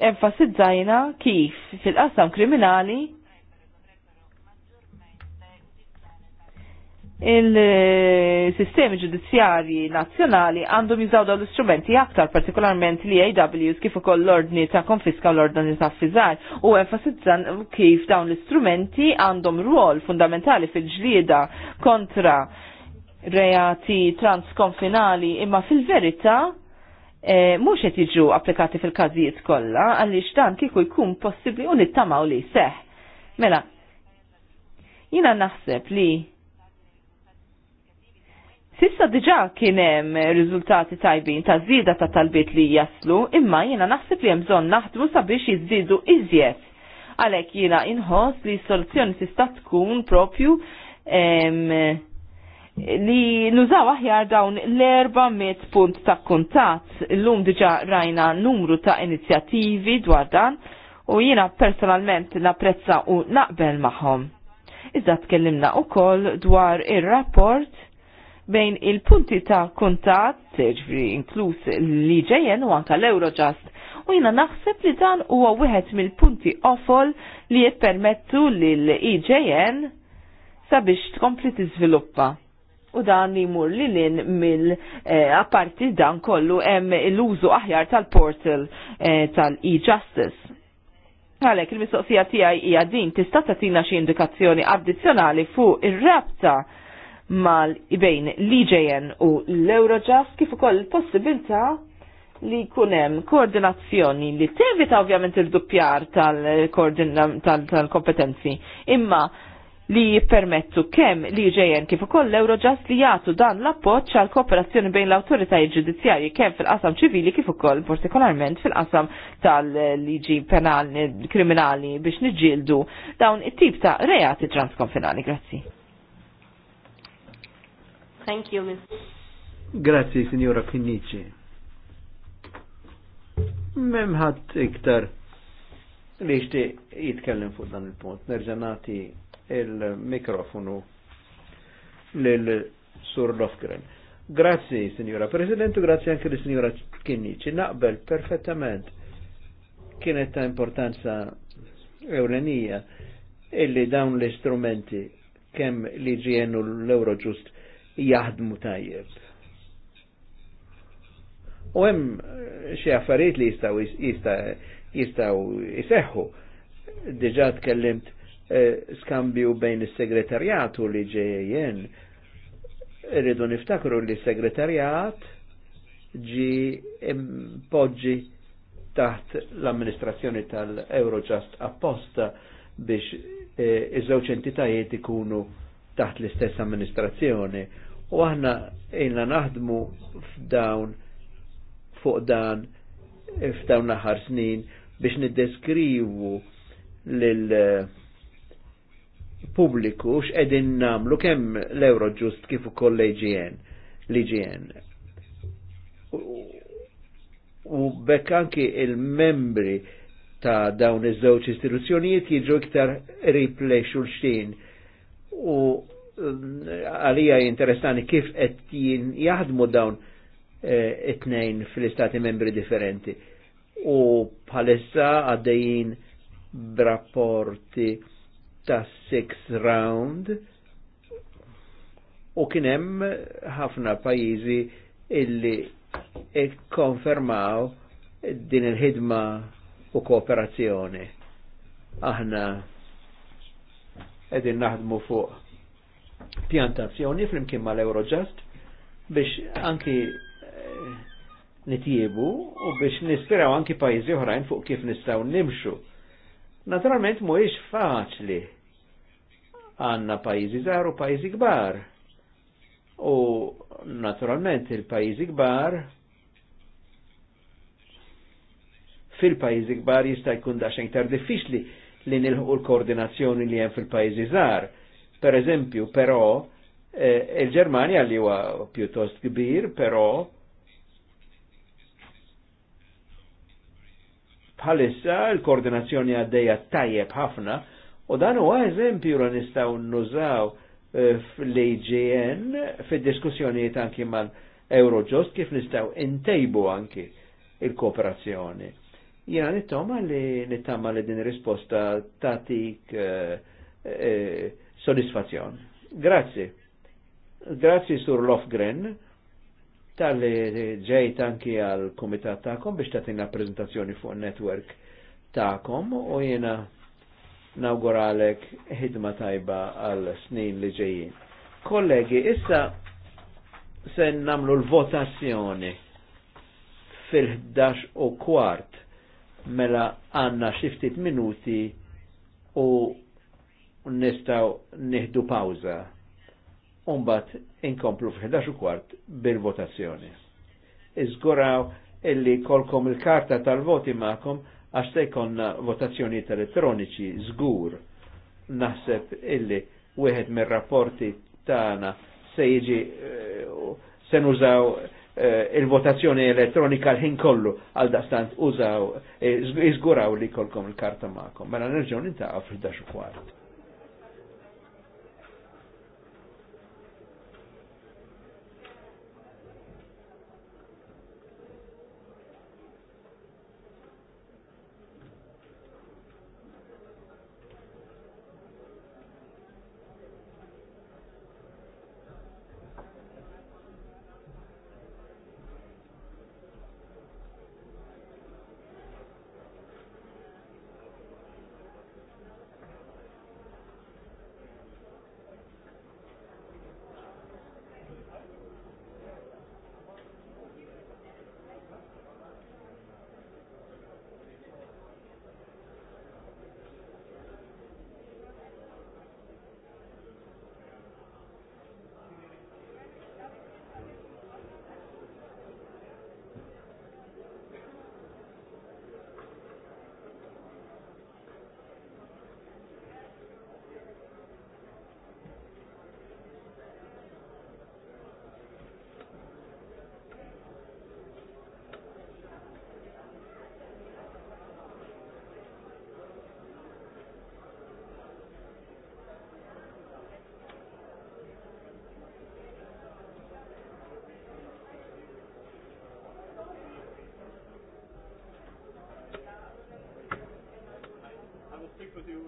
enfasizzajna kif fil-qasam kriminali il-sistemi ġudizzjarji nazzjonali għandhom jużaw dawn l-istrumenti aktar partikolarment li AWs kif ukoll l-ordni ta' konfiska l-ordni ta' fizzar u enfasizzan kif dawn l-istrumenti għandhom rwol fundamentali fil-ġlieda kontra reati transkonfinali imma fil-verita Eh, mux qed jiġu applikati fil-każijiet kollha għaliex dan kieku jkun possibbli u nittamaw li seħ. Mela, jina naħseb li Sissa diġa kien hemm riżultati tajbin ta' żieda ta' talbiet li jaslu, imma jiena naħseb li hemm bżonn naħdmu sabiex jiżdiedu iżjed. Għalhekk jiena inħoss li soluzzjoni tista' tkun propju em, li nużaw aħjar dawn l-400 punt ta' kontat l-lum diġa rajna numru ta' inizjattivi dwar dan u jina personalment napprezza u naqbel maħom. Iżda tkellimna u koll dwar il-rapport bejn il-punti ta' kontat, ġifri inklus li ġejen u anka l-Eurojust, u jina naħseb li dan huwa wieħed mill-punti ofol li jippermettu l ijn sabiex tkompli tiżviluppa u dan jimur li lin mill eh, apparti dan kollu hemm l-użu aħjar tal-portal eh, tal-e-justice. Għalek, il-mistoqsija tijaj hija din tista' tagħtina xi indikazzjoni addizzjonali fuq ir-rabta mal bejn l-IJN u l-Eurojust kif ukoll il-possibilità li kunem koordinazzjoni li tevita ovvjament il-dupjar tal-kompetenzi tal tal imma li jippermettu kemm li ġejjen kif ukoll l-Eurojust li jagħtu dan l-appoġġ għal kooperazzjoni bejn l-awtoritajiet ġudizzjarji kemm fil-qasam ċivili kif ukoll partikolarment fil-qasam tal-liġi penali kriminali biex niġġieldu dawn it-tip ta' reati transkonfinali. Grazzi. Thank you, Miss. Grazzi, Signora Kinnici. Memħat iktar li jitkellem fuq dan il-punt. Nerġanati il-mikrofonu lil Sur Lofgren. Grazzi, Signora President, grazie anche li Signora Kinnici. Naqbel perfettament kienet ta' importanza ewlenija illi dawn l-istrumenti kemm li ġienu l-Euroġust jaħdmu tajjeb. U hemm xi affarijiet li jistgħu jistgħu jiseħħu, Diġà tkellimt skambju bejn is-segretarjat u li ġejjen. Irridu niftakru li segretarjat ġi poġġi taħt l-amministrazzjoni tal-Eurojust apposta biex e, iż-żewġ entitajiet ikunu taħt l-istess amministrazzjoni. U aħna jina naħdmu f'dawn fuq dan f'dawn naħar snin biex niddeskrivu lil pubbliku x'qegħdin namlu kemm l-euro ġust kif ukoll l-IGN l-IGN. U bekk anki il-membri ta' dawn iż-żewġ istituzzjonijiet jiġu iktar riplej xulxin u għalija interessani kif qed jaħdmu dawn e, it-tnejn fl-istati membri differenti u bħalissa għaddejjin b'rapporti ta' six round u kienem ħafna pajizi illi ikkonfermaw din il-ħidma u kooperazzjoni. Aħna edin naħdmu fuq pjantazzjoni fl-imkien mal-Eurojust biex anki eh, nitjibu u biex nispiraw anki pajizi oħrajn fuq kif nistaw nimxu. Naturalment mhuwiex faċli għanna pajizi u pajizi gbar. U naturalment il-pajizi gbar fil-pajizi gbar jista' jkun daċen iktar diffiċli li nilħu l-koordinazzjoni li hemm fil-pajizi zar. Per eżempju, però, eh, il-Germania li huwa pjuttost kbir, però, bħalissa l-koordinazzjoni għaddeja tajjeb ħafna U dan huwa eżempju ra nistgħu nużaw eh, fl-AGN fid-diskussjonijiet anki mal Eurojust kif nistgħu intejbu anki il-kooperazzjoni. Jiena nittama li nittama li din risposta tatik sodisfazzjon. Eh, eh, soddisfazzjon. Grazzi. Grazzi sur Lofgren tal-li ġejt anki għal komitat ta'kom biex tatina prezentazzjoni fuq network ta'kom u jena nawguralek ħidma tajba għal snin li ġejjin. Kollegi, issa se namlu l-votazzjoni fil-11 u kwart mela għanna xiftit minuti u nistaw nihdu pawza. Umbat inkomplu fil-11 u kwart bil-votazzjoni. Izguraw illi kolkom il-karta tal-voti ma'kom għax se jkollna votazzjonijiet elettroniċi żgur naħseb illi wieħed mir-rapporti tagħna se jiġi eh, se nużaw eh, il-votazzjoni elettronika l-ħin kollu għal dastant użaw, izguraw eh, li kolkom il-karta maħkom. Mela nerġaw nintaqaw fil daċu kwart.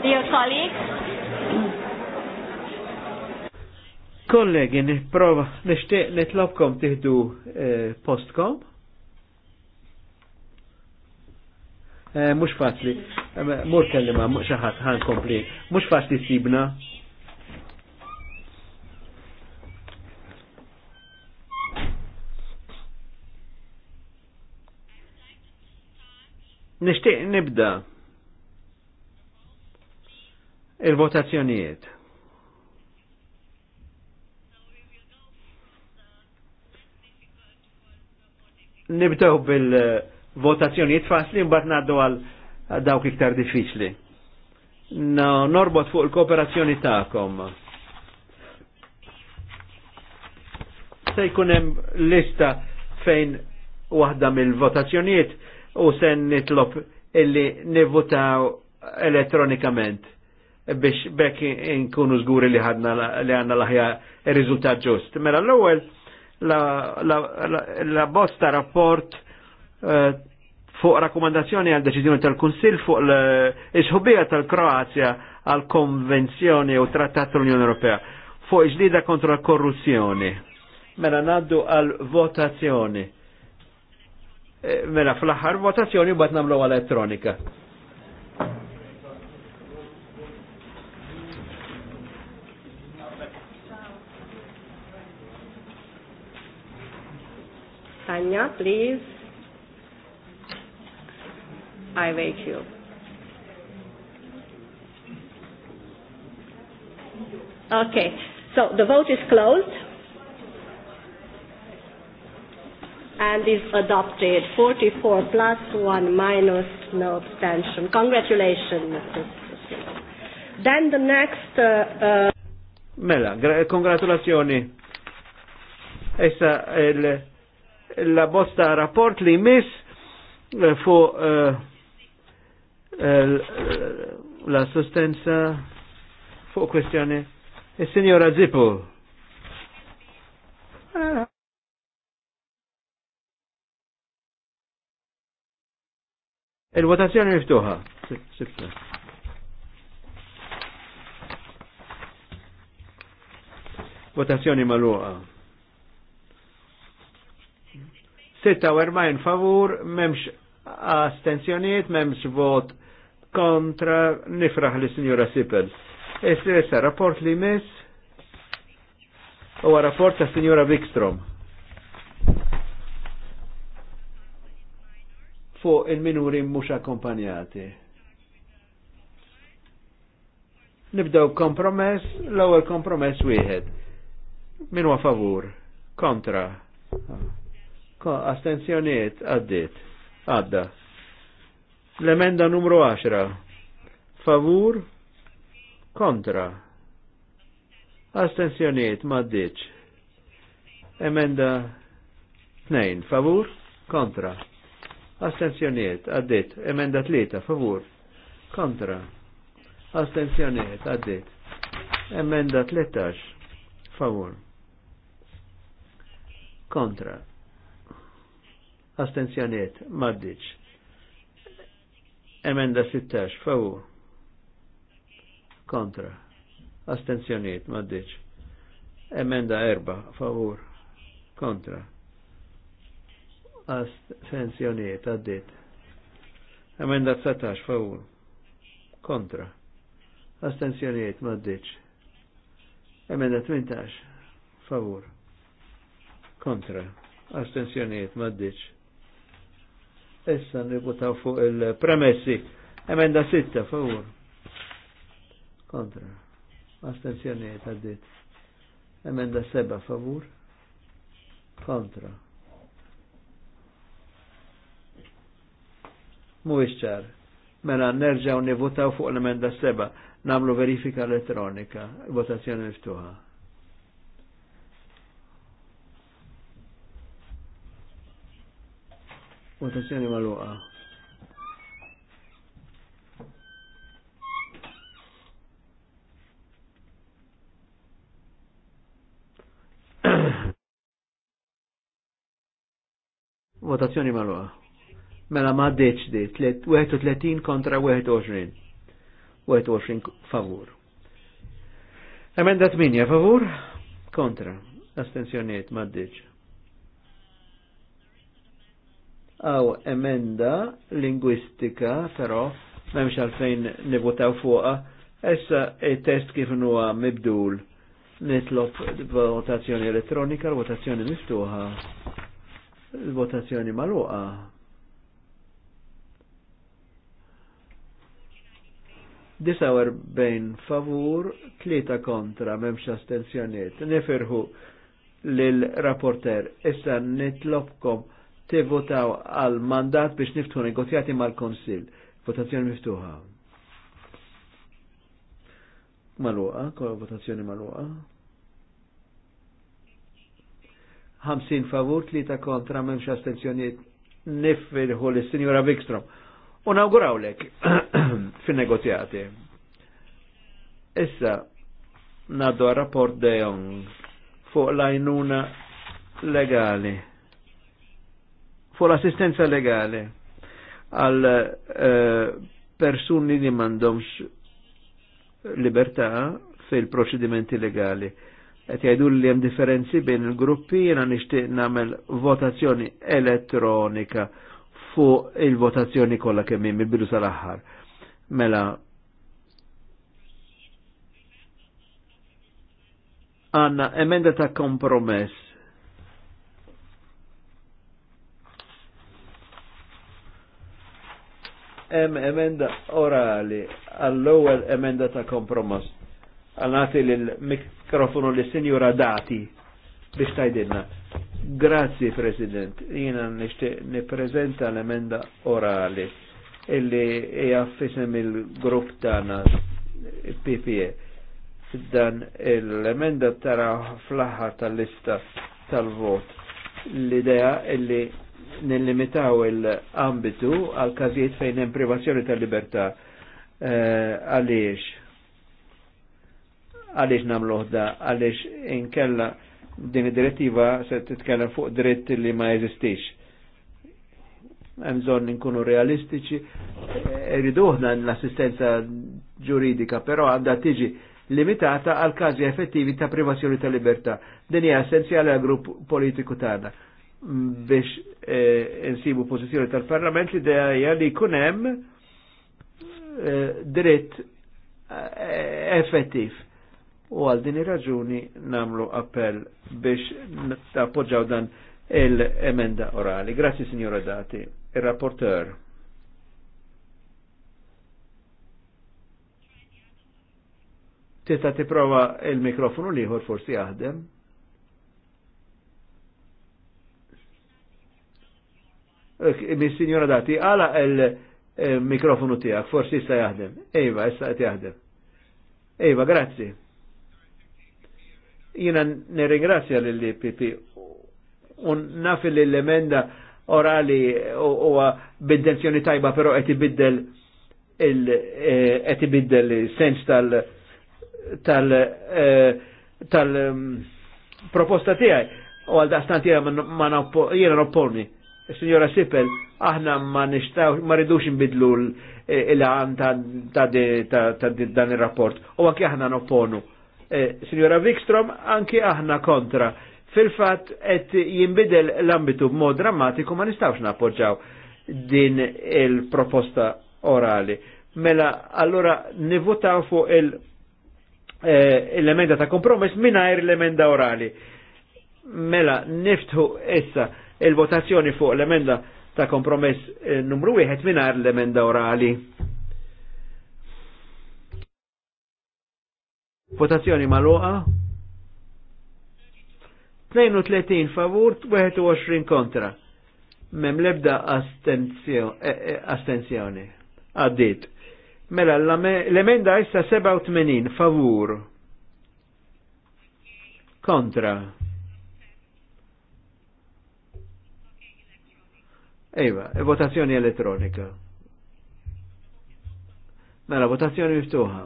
Dear colleagues. Kollegi, niprova, nishtiq nitlobkom tiħdu postkom. Eh, mux eh, faċli, eh, mur kellima, mux ħadd ħan kompli, mux faċli sibna. Nishtiq nibda il-votazzjonijiet. Nibdew bil-votazzjonijiet fasli mbagħad ngħaddu għal dawk iktar diffiċli. No, norbot fuq il-kooperazzjoni tagħkom. Se jkun hemm lista fejn waħda mill-votazzjonijiet u sen nitlob illi nivvotaw elettronikament biex bekk nkunu zguri li ħadna li għandna laħja il-rizultat ġust. Mela l-ewwel la, bosta rapport eh, fuq rakkomandazzjoni għal deċiżjoni tal-Kunsill fuq l-isħubija tal-Kroazja għal konvenzjoni u trattat tal unjoni Ewropea fuq iġlida kontra korruzzjoni. Mela naddu għal votazzjoni. Eh, mela fl-aħħar votazzjoni bat namlu elettronika. Tanya, please. I wait you. Okay, so the vote is closed and is adopted 44 plus 1 minus no abstention. Congratulations, Mr. Then the next... Uh, uh, Mela, congratulazioni. Essa el, la bosta rapport li mis eh, fu eh, eh, la sostenza fu questione. e signora Zippo. Il-votazzjoni miftuħa. votazione maluqa. 46 favur, memx astenzjoniet, memx vot kontra, nifraħ li signora Sipel. Issa rapport li mis u rapport ta' signora Wikstrom. Fuq il-minuri mhux akkompanjati. Nibdew kompromess, l-ewwel kompromess wieħed. Min huwa favur? Kontra. Astenzjoniet għaddit. Għadda. L-emenda numru 10. Favur kontra. Astenzjoniet maddiċ. Emenda 2. Favur kontra. Astenzjoniet għaddit. Emenda 3. Favur kontra. Astenzjoniet għaddit. Emenda 13. Favur. Kontra astenzjoniet maddiċ. Emenda 16 fawu kontra astenzjoniet maddiċ. Emenda 4 favur kontra astenzjoniet għaddit. Emenda 17, favur kontra astenzjoniet maddiċ. Emenda 18 favur kontra astenzjoniet maddiċ Issa nivutaw fuq il-premessi. Emenda sitta, favur. Kontra. Astenzjoniet għaddit. Emenda seba, favor. Kontra. Mhuwiex ċar. Mela nerġaw nivutaw fuq l-emenda seba. Namlu verifika elettronika. Votazzjoni miftuħa. Votazzjoni maluqa. Votazzjoni maluqa. Mela ma deċ di, 31 kontra 21. 21 favur. Emenda 8 favur, kontra. Astenzjoniet ma deċ. għaw emenda lingwistika, però memx għalfejn nivotaw fuqa, essa il-test kif nuwa mibdul nitlob votazzjoni elettronika, votazzjoni miftuħa, votazzjoni maluqa. Disawar bejn favur, tlita kontra, memx astenzjoniet. Nifirħu lil rapporter issa nitlobkom tivvotaw għal mandat biex niftu negozjati mal-Konsil. Votazzjoni miftuħa. Maluqa, kol votazzjoni maluqa. 50 favur, 3 kontra, memx astenzjoniet nifirħu l-Sinjora Wikstrom. Unawgurawlek fin-negozjati. Issa, naddu rapport dejon fuq lajnuna legali fuq l-assistenza legali għal eh, persuni li mandomx libertà fil-proċedimenti legali. Et jajdu li jem differenzi bejn il-gruppi jena nishtiq namel votazzjoni elettronika fuq il-votazzjoni kolla kemmim il-bidu sal-axħar. Mela, għanna emenda ta' kompromess hemm emenda orali għall-ewwel emenda ta' kompromess. Għalnati l-mikrofonu li sinjura dati biex tajdilna. Grazzi, President. Jina nishtiq niprezenta l-emenda orali illi hija fisem il-grupp tagħna PPE. Dan l-emenda tara fl-aħħar tal-lista tal-vot. L-idea illi nillimitaw il-ambitu għal każijiet fejn hemm privazzjoni tal-libertà eh, għaliex għaliex namluħ da għaliex inkella din id-direttiva se titkellem fuq dritt li ma jeżistix. Hemm bżonn inkunu realistiċi, irridu l-assistenza ġuridika, però għandha tiġi limitata għal każi effettivi ta' privazzjoni ta' libertà. Din hija essenzjali għal grupp politiku tagħna biex e, insibu pozizjoni tal-Parlament li d-għajja li kunem e, dritt e, effettiv. U għal din raġuni namlu appell biex tappoġġaw dan il-emenda orali. Grazie signora Dati, il-rapporteur. Tista' tipprova il-mikrofonu liħor forsi jaħdem. Eh, mis-sinjora dati, għala il-mikrofonu eh, tijak, forsi jista' jaħdem. Ejva, issa jahdem. Ejva, grazzi. Jina nirringrazzja l-PP un naf l-emenda orali u bid-denzjoni tajba, pero għet ibiddel qed ibiddel eh, sens tal tal tal mm, proposta tiegħi u għal daqstan jiena ma jiena nopponi. Signora Sipel, aħna ma nishtaw, ma ridux nbidlu e, il-għan ta' dan il-rapport. U għanki aħna nopponu. E, Signora Wikstrom, anki aħna kontra. Fil-fat, et jimbidel l-ambitu b'mod drammatiku ma nistawx nappoġġaw din il-proposta orali. Mela, allora nivutaw fuq il-emenda e, ta' kompromess minna l-emenda orali. Mela, niftħu issa il-votazzjoni fuq l-emenda ta' kompromess eh, numru 1 minar l-emenda orali. Votazzjoni maluqa. 32 favur, 21 kontra. Mem lebda eh, eh, astenzjoni. Għaddit. Mela l-emenda issa 87 favur. Kontra. Iva, Ejwa, votazzjoni elettronika. Mela, votazzjoni miftuħa.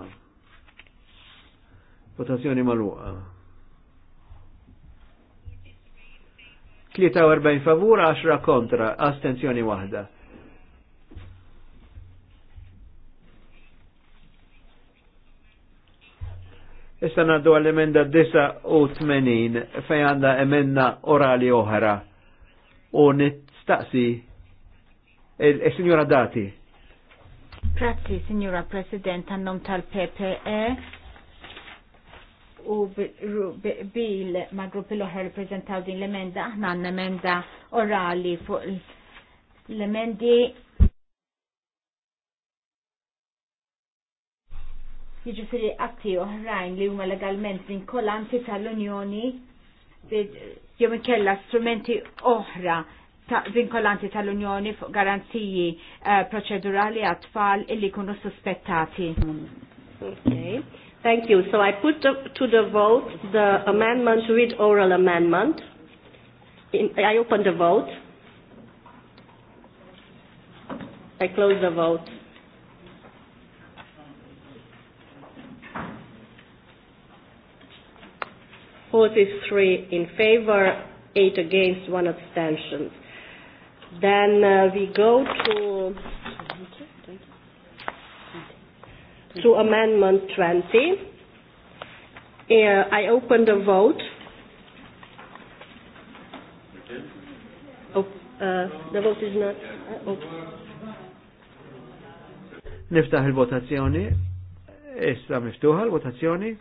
Votazzjoni maluqa. 43 favur, 10 kontra, astenzjoni wahda. Issa naddu għall-emenda 89 fej għanda emenda orali oħra u nistaqsi il-Signora eh, eh, Dati. Grazie, Signora President, għannom tal-PPE e u bil ma' gruppi l-oħra reprezentaw din l-emenda, aħna għanna emenda orali fuq l-emendi jiġifiri atti oħrajn li huma legalment kolanti tal-Unjoni jew kella strumenti oħra ta' vinkolanti tal-Unjoni fuq garanziji uh, eh, proċedurali għat-tfal illi kunu suspettati. Okay. Thank you. So I put the, to the vote the amendment to read oral amendment. In, I open the vote. I close the vote. Forty-three in favor, eight against, one abstention. Then uh, we go to, to Amendment 20. Uh, I open the vote. Oh, uh, the vote is not. Uh, oh. Niftaħ il-votazzjoni. Issa miftuħa l-votazzjoni.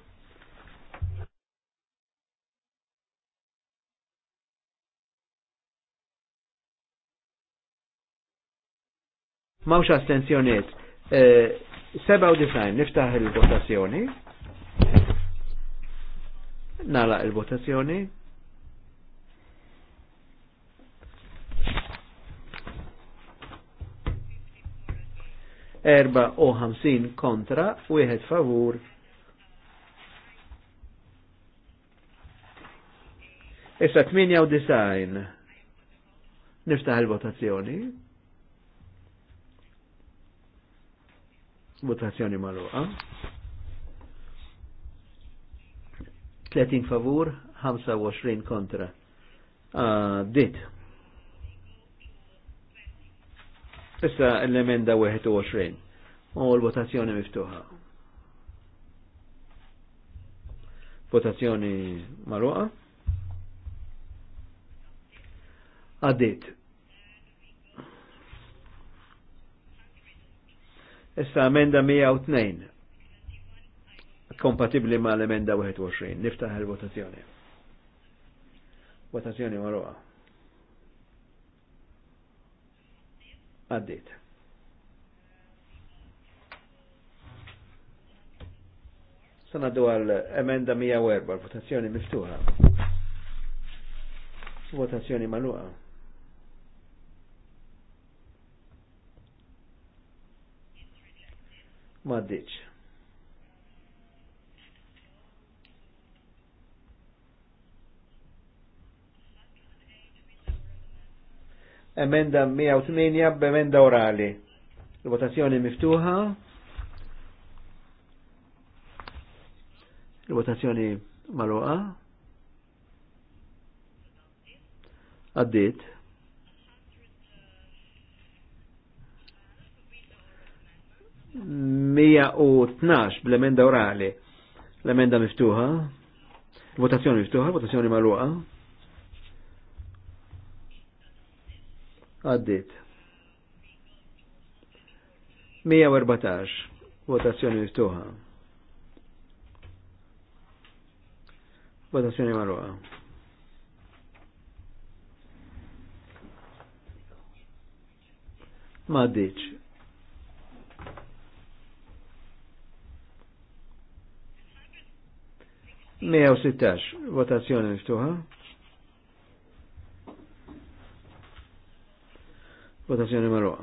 Mawx astensjoniet. 97 eh, niftaħ il-votazzjoni. Nala il-votazzjoni. Erba u ħamsin kontra, wieħed favur. Issa design? Niftaħ il-votazzjoni. Votazzjoni maluqa. 30 favur, 25 kontra. Ah, dit. Issa l-emenda 21. U l-votazzjoni miftuħa. Votazzjoni maluqa. Għaddit. Issa emenda 102. Kompatibli ma l-emenda 21. Niftaħ il-votazzjoni. Votazzjoni marruqa. Għaddit. Sanaddu għal emenda 104, votazzjoni miftuħa. Votazzjoni maluqa. ddiċ. Emenda 108 b'emenda orali. Il-votazzjoni miftuħa. Il-votazzjoni maluqa. Addit. 112 bl-emenda orali. L-emenda miftuħa. Votazzjoni miftuħa, votazzjoni marruqa. Għaddit. 114. Votazzjoni miftuħa. Votazzjoni marruqa. Ma 116 votazzjoni miftuħa. Votazzjoni marwa.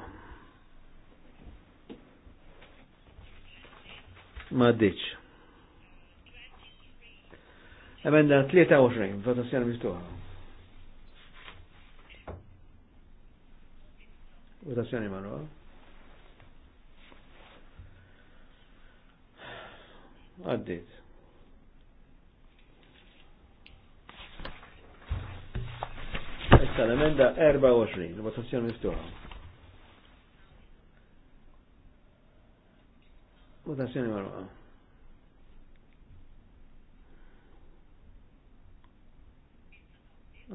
Ma ddiċ. Emenda 23 votazzjoni miftuħa. Votazzjoni marruqa. Għaddit. tal-emenda 24, l votazzjoni miftuħa. Votazzjoni marruqa.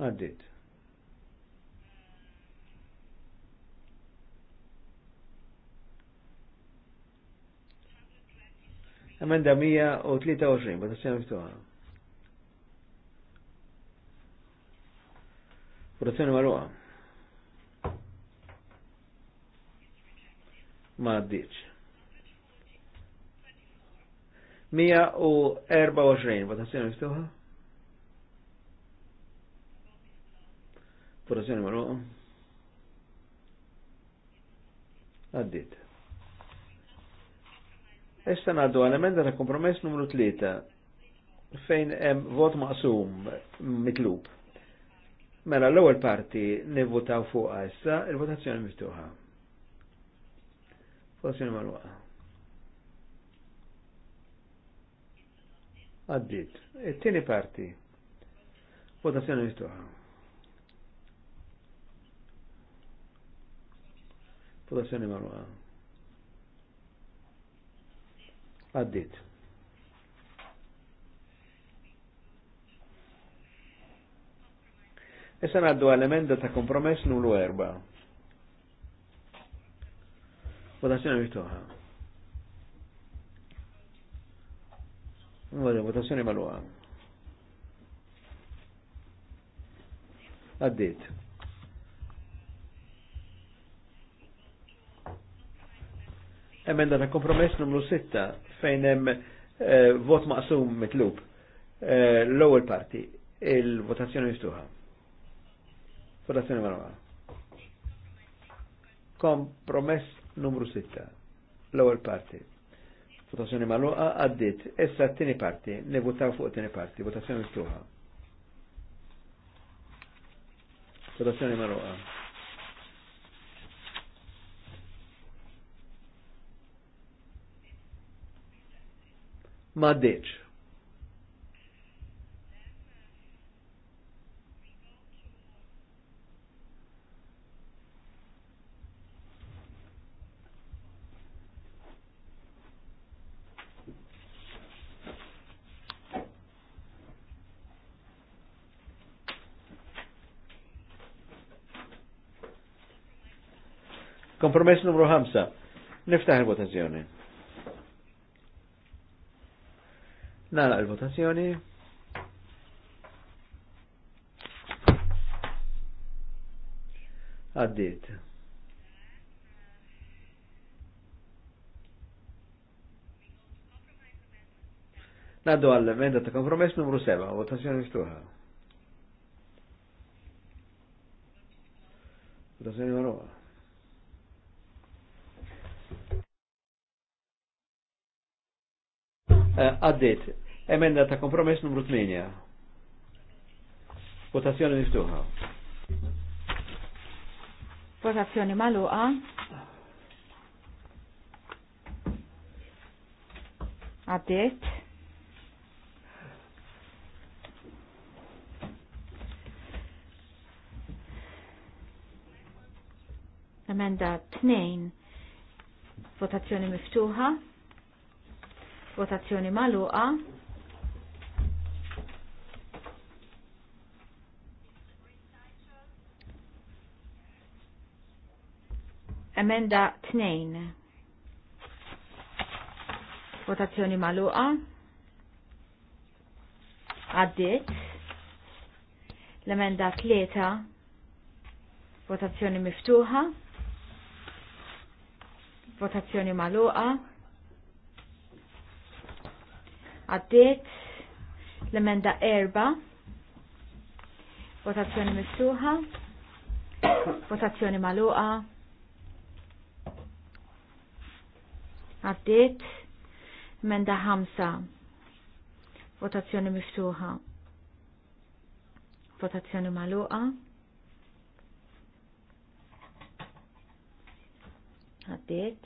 Għaddit. Emenda 123, votazzjoni miftuħa. Votazzjoni marruqa. Ma għaddiċ. 124 votazzjoni miftuħa. Votazzjoni marruqa. Għaddiċ. Issa għaddu għal-emenda ta' kompromess numru 3 fejn hemm vot maqsum mitlub. Mela l-ewwel parti nivvutaw fuqha issa, il-votazzjoni miftuħa. Votazzjoni magħluqa. Għaddit. It-tieni parti. Votazzjoni miftuħa. Votazzjoni magħluqa. Għaddit. Issa e għaddu għal-emenda ta' kompromess nullu erba. Votazzjoni miftuħa. Votazzjoni mal-għu. Għaddit. Emenda ta' kompromess numru sitta fejn hemm eh, vot maqsum mitlub. Eh, l-ewwel parti, il-votazzjoni miftuħa. Votazione manuale. Compromess numru 6. Lower ewwel parti. Votazzjoni magħluqa għaddit. Essa t-tieni parti, nivutaw fuq it-tieni parti, Votazione miftuħa. Votazione magħluqa. Ma ddeċ. Kompromess numru 5. Niftaħ il-votazzjoni. Nara il-votazzjoni. Għaddit. Naddu għall-emenda ta' kompromess numru 7, votazzjoni miftuħa. Votazzjoni numru 8. Eh, għaddit. Emenda ta' kompromess numru 8. Votazzjoni miftuħa. Votazzjoni maluqa. Għaddit. Emenda 2. Votazzjoni miftuħa. Votazzjoni maluqa. Emenda 2. Votazzjoni maluqa. Għaddit. L-emenda 3. Votazzjoni miftuħa. Votazzjoni maluqa. Għaddiet l-emenda erba. Votazzjoni mistuħa Votazzjoni maluqa. Għaddiet emenda ħamsa. Votazzjoni miftuħa. Votazzjoni maluqa. Għaddiet.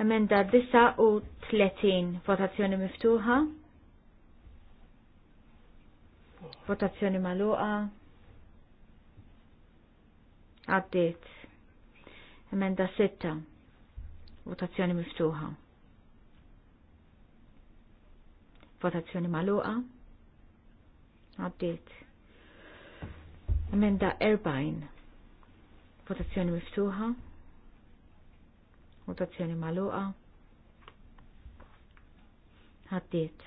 Emenda 39, votazzjoni miftuħa. Votazzjoni maluqa. Għaddit. Emenda 6, votazzjoni miftuħa. Votazzjoni maluqa. Għaddit. Emenda 40, votazzjoni miftuħa. Votazzjoni maluqa. Għaddiet.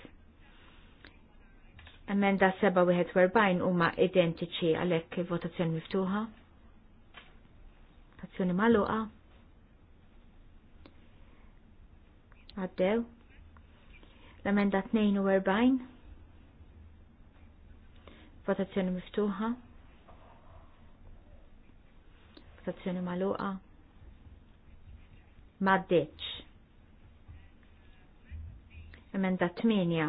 Emenda 47 huma identiċi għalhekk votazzjoni miftuħa. Votazzjoni maluqa. Għaddew. L-emenda 42. Votazzjoni miftuħa. Votazzjoni maluqa maddeċ. Emenda 8,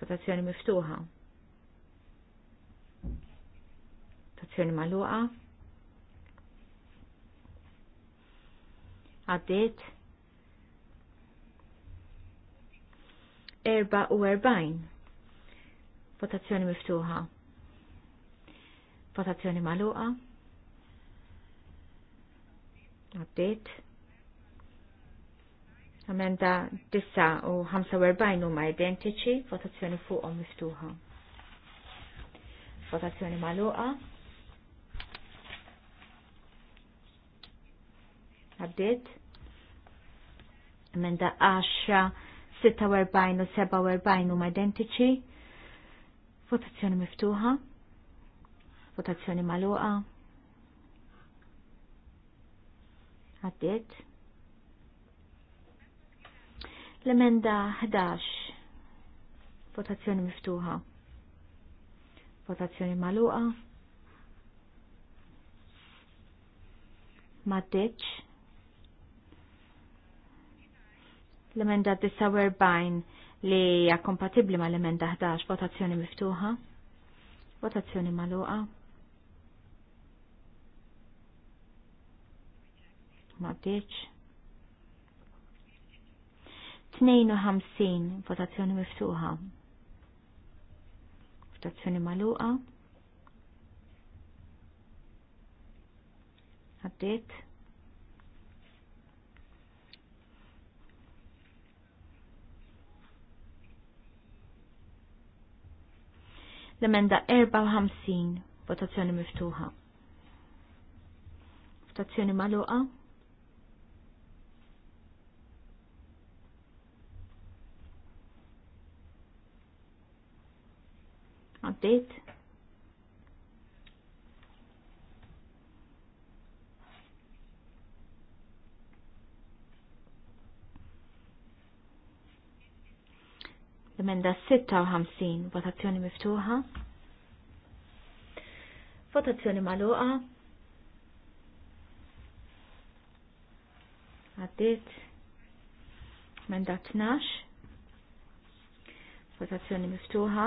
votazzjoni miftuħa. Votazzjoni maluqa. Għaddit. 44. Votazzjoni miftuħa. Votazzjoni maluqa. Għaddit. Amenda 9 u 45 huma identiċi, votazzjoni fuq u miftuħa. Votazzjoni maluqa. Għaddiet. Amenda 10, 46 u 47 huma identiċi. Votazzjoni miftuħa. Votazzjoni magħluqa. Għaddiet. L-emenda 11. Votazzjoni miftuħa. Votazzjoni maluqa. Maddeċ. L-emenda 49 li hija kompatibbli ma l-emenda 11. Votazzjoni miftuħa. Votazzjoni maluqa. Maddeċ. 52 votazzjoni miftuħa. Votazzjoni maluqa. Għaddit. L-emenda 54 votazzjoni miftuħa. Votazzjoni maluqa. għaddit. Emenda 56, votazzjoni miftuħa. Votazzjoni maluqa. Għaddit. Emenda 12, votazzjoni miftuħa.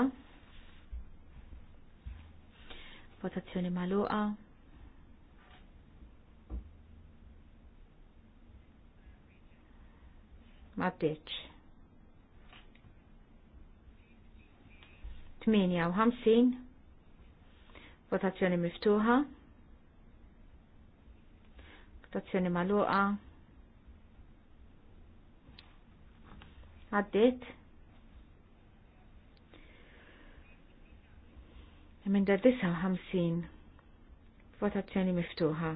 Votazzjoni maluqa. Ma bdiċ. 58. Votazzjoni miftuħa. Votazzjoni maluqa. Għaddit. Emenda 59. Votazzjoni miftuħa.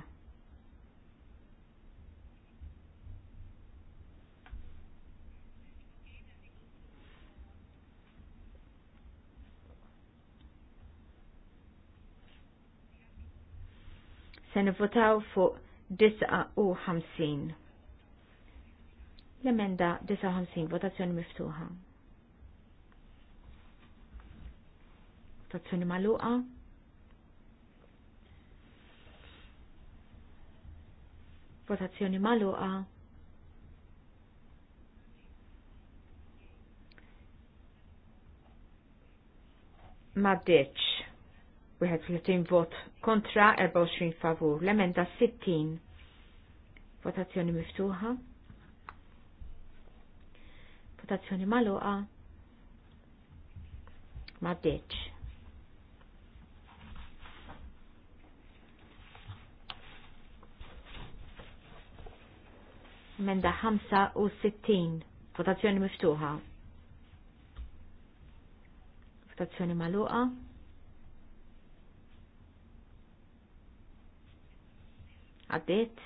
Se nivvotaw fuq 59. L-emenda 59, votazzjoni miftuħa. tazzjoni maluqa. Votazzjoni maluqa. Ma bdeċ. 31 vot kontra 24 favur. L-emenda 60. Votazzjoni miftuħa. Votazzjoni maluqa. Ma bdeċ. Menda 65. Votazzjoni miftuħa. Votazzjoni maluqa. Għaddit.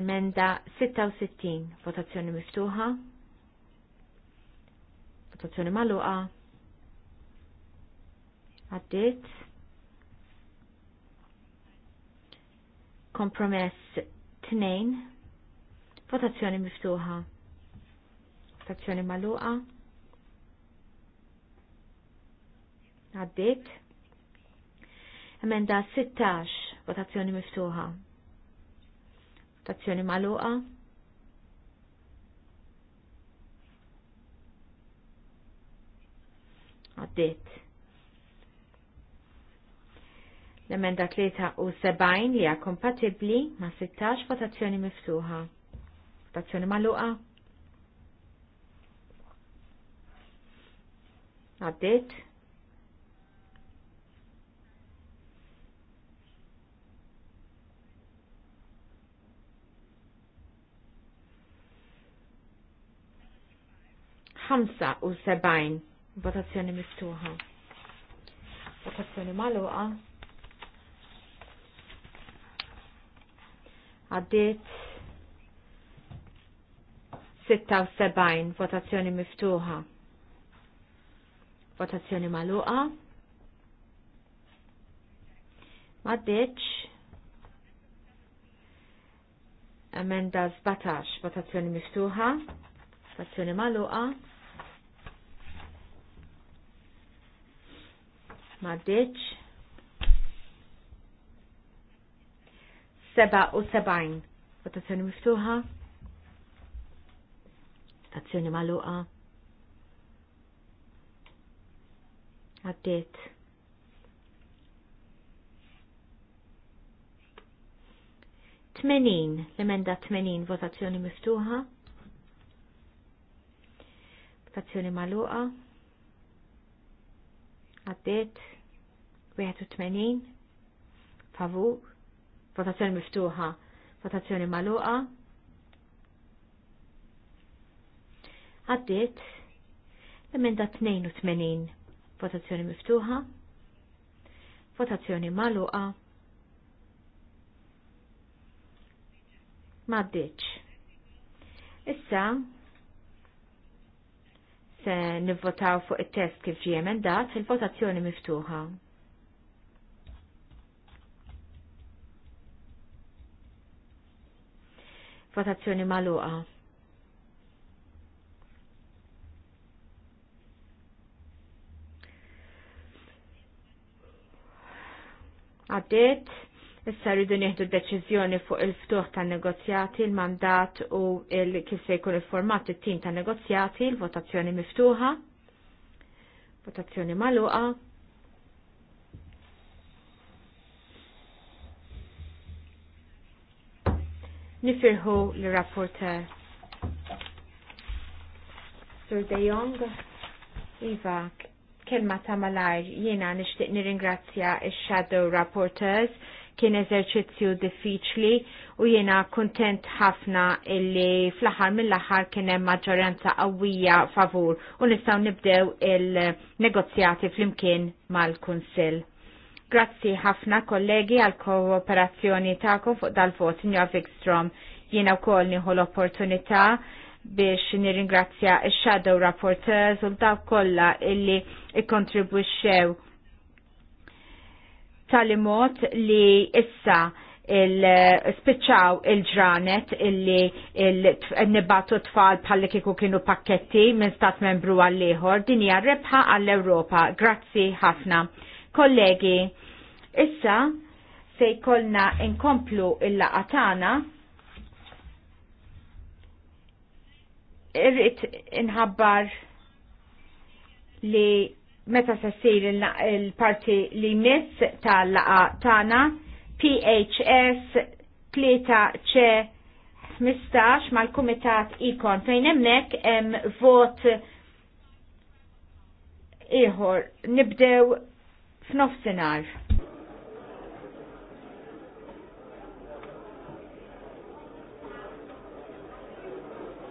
Emenda 66. Votazzjoni miftuħa. Votazzjoni maluqa. Għaddit. Kompromess 2 Votazzjoni miftuħa. Votazzjoni maluqa. Għaddit. Emenda 16. Votazzjoni miftuħa. Votazzjoni maluqa. Għaddit. L-emenda 73 li hija kompatibbli ma' 16 votazzjoni miftuħa stazzjoni maluqa. Għaddit. ħamsa u sebajn votazzjoni miftuħa. Votazzjoni maluqa. Għaddit 76 votazzjoni miftuħa. Votazzjoni maluqa. Maddiċ. Emenda 17 votazzjoni miftuħa. Votazzjoni maluqa. u 77 votazzjoni miftuħa azzjoni maluqa. Għaddiet. Tmenin, l-emenda tmenin, votazzjoni miftuħa. Votazzjoni maluqa. Għaddiet. 81. Favur. Votazzjoni miftuħa. Votazzjoni maluqa. Għaddit emenda 82 votazzjoni miftuħa, votazzjoni maluqa, maddiċ. Issa, se nivvotaw fuq il-test kif ġie emendat, il-votazzjoni miftuħa. Votazzjoni maluqa. għaddiet. Issa rridu nieħdu deċiżjoni fuq il-ftuħ ta' negozjati, il-mandat u il kif se jkun il-format it-tim ta' negozjati, il-votazzjoni miftuħa, votazzjoni magħluqa. Nifirħu l-rapporter. Sur De Jong, Ivak, kelma ta' malajr jiena nixtieq nirringrazzja il shadow Rapporteurs kien eżerċizzju diffiċli u jiena kuntent ħafna illi fl-aħħar mill-aħħar kien hemm maġġoranza qawwija favur u nistgħu nibdew il-negozjati flimkien mal-Kunsill. Grazzi ħafna kollegi għal kooperazzjoni ta'kom fuq dal-vot, Signor Vikstrom. Jiena wkoll nieħu l-opportunità biex nirringrazzja il-Shadow Rapporteurs u l-daw kolla illi ikkontribwixxew tal-imot li issa il spiċaw il-ġranet illi il-nibatu tfal bħalli kiku kienu pakketti minn stat membru għall-ieħor din hija rebħa għall-Ewropa. Grazzi ħafna. Kollegi, issa se jkollna inkomplu il-laqatana irrit inħabbar li meta se il-parti li miss tal-laqa tana PHS 3 c 15 mal-Kumitat Ikon fejn hemmhekk hemm vot ieħor nibdew f'nofsinhar.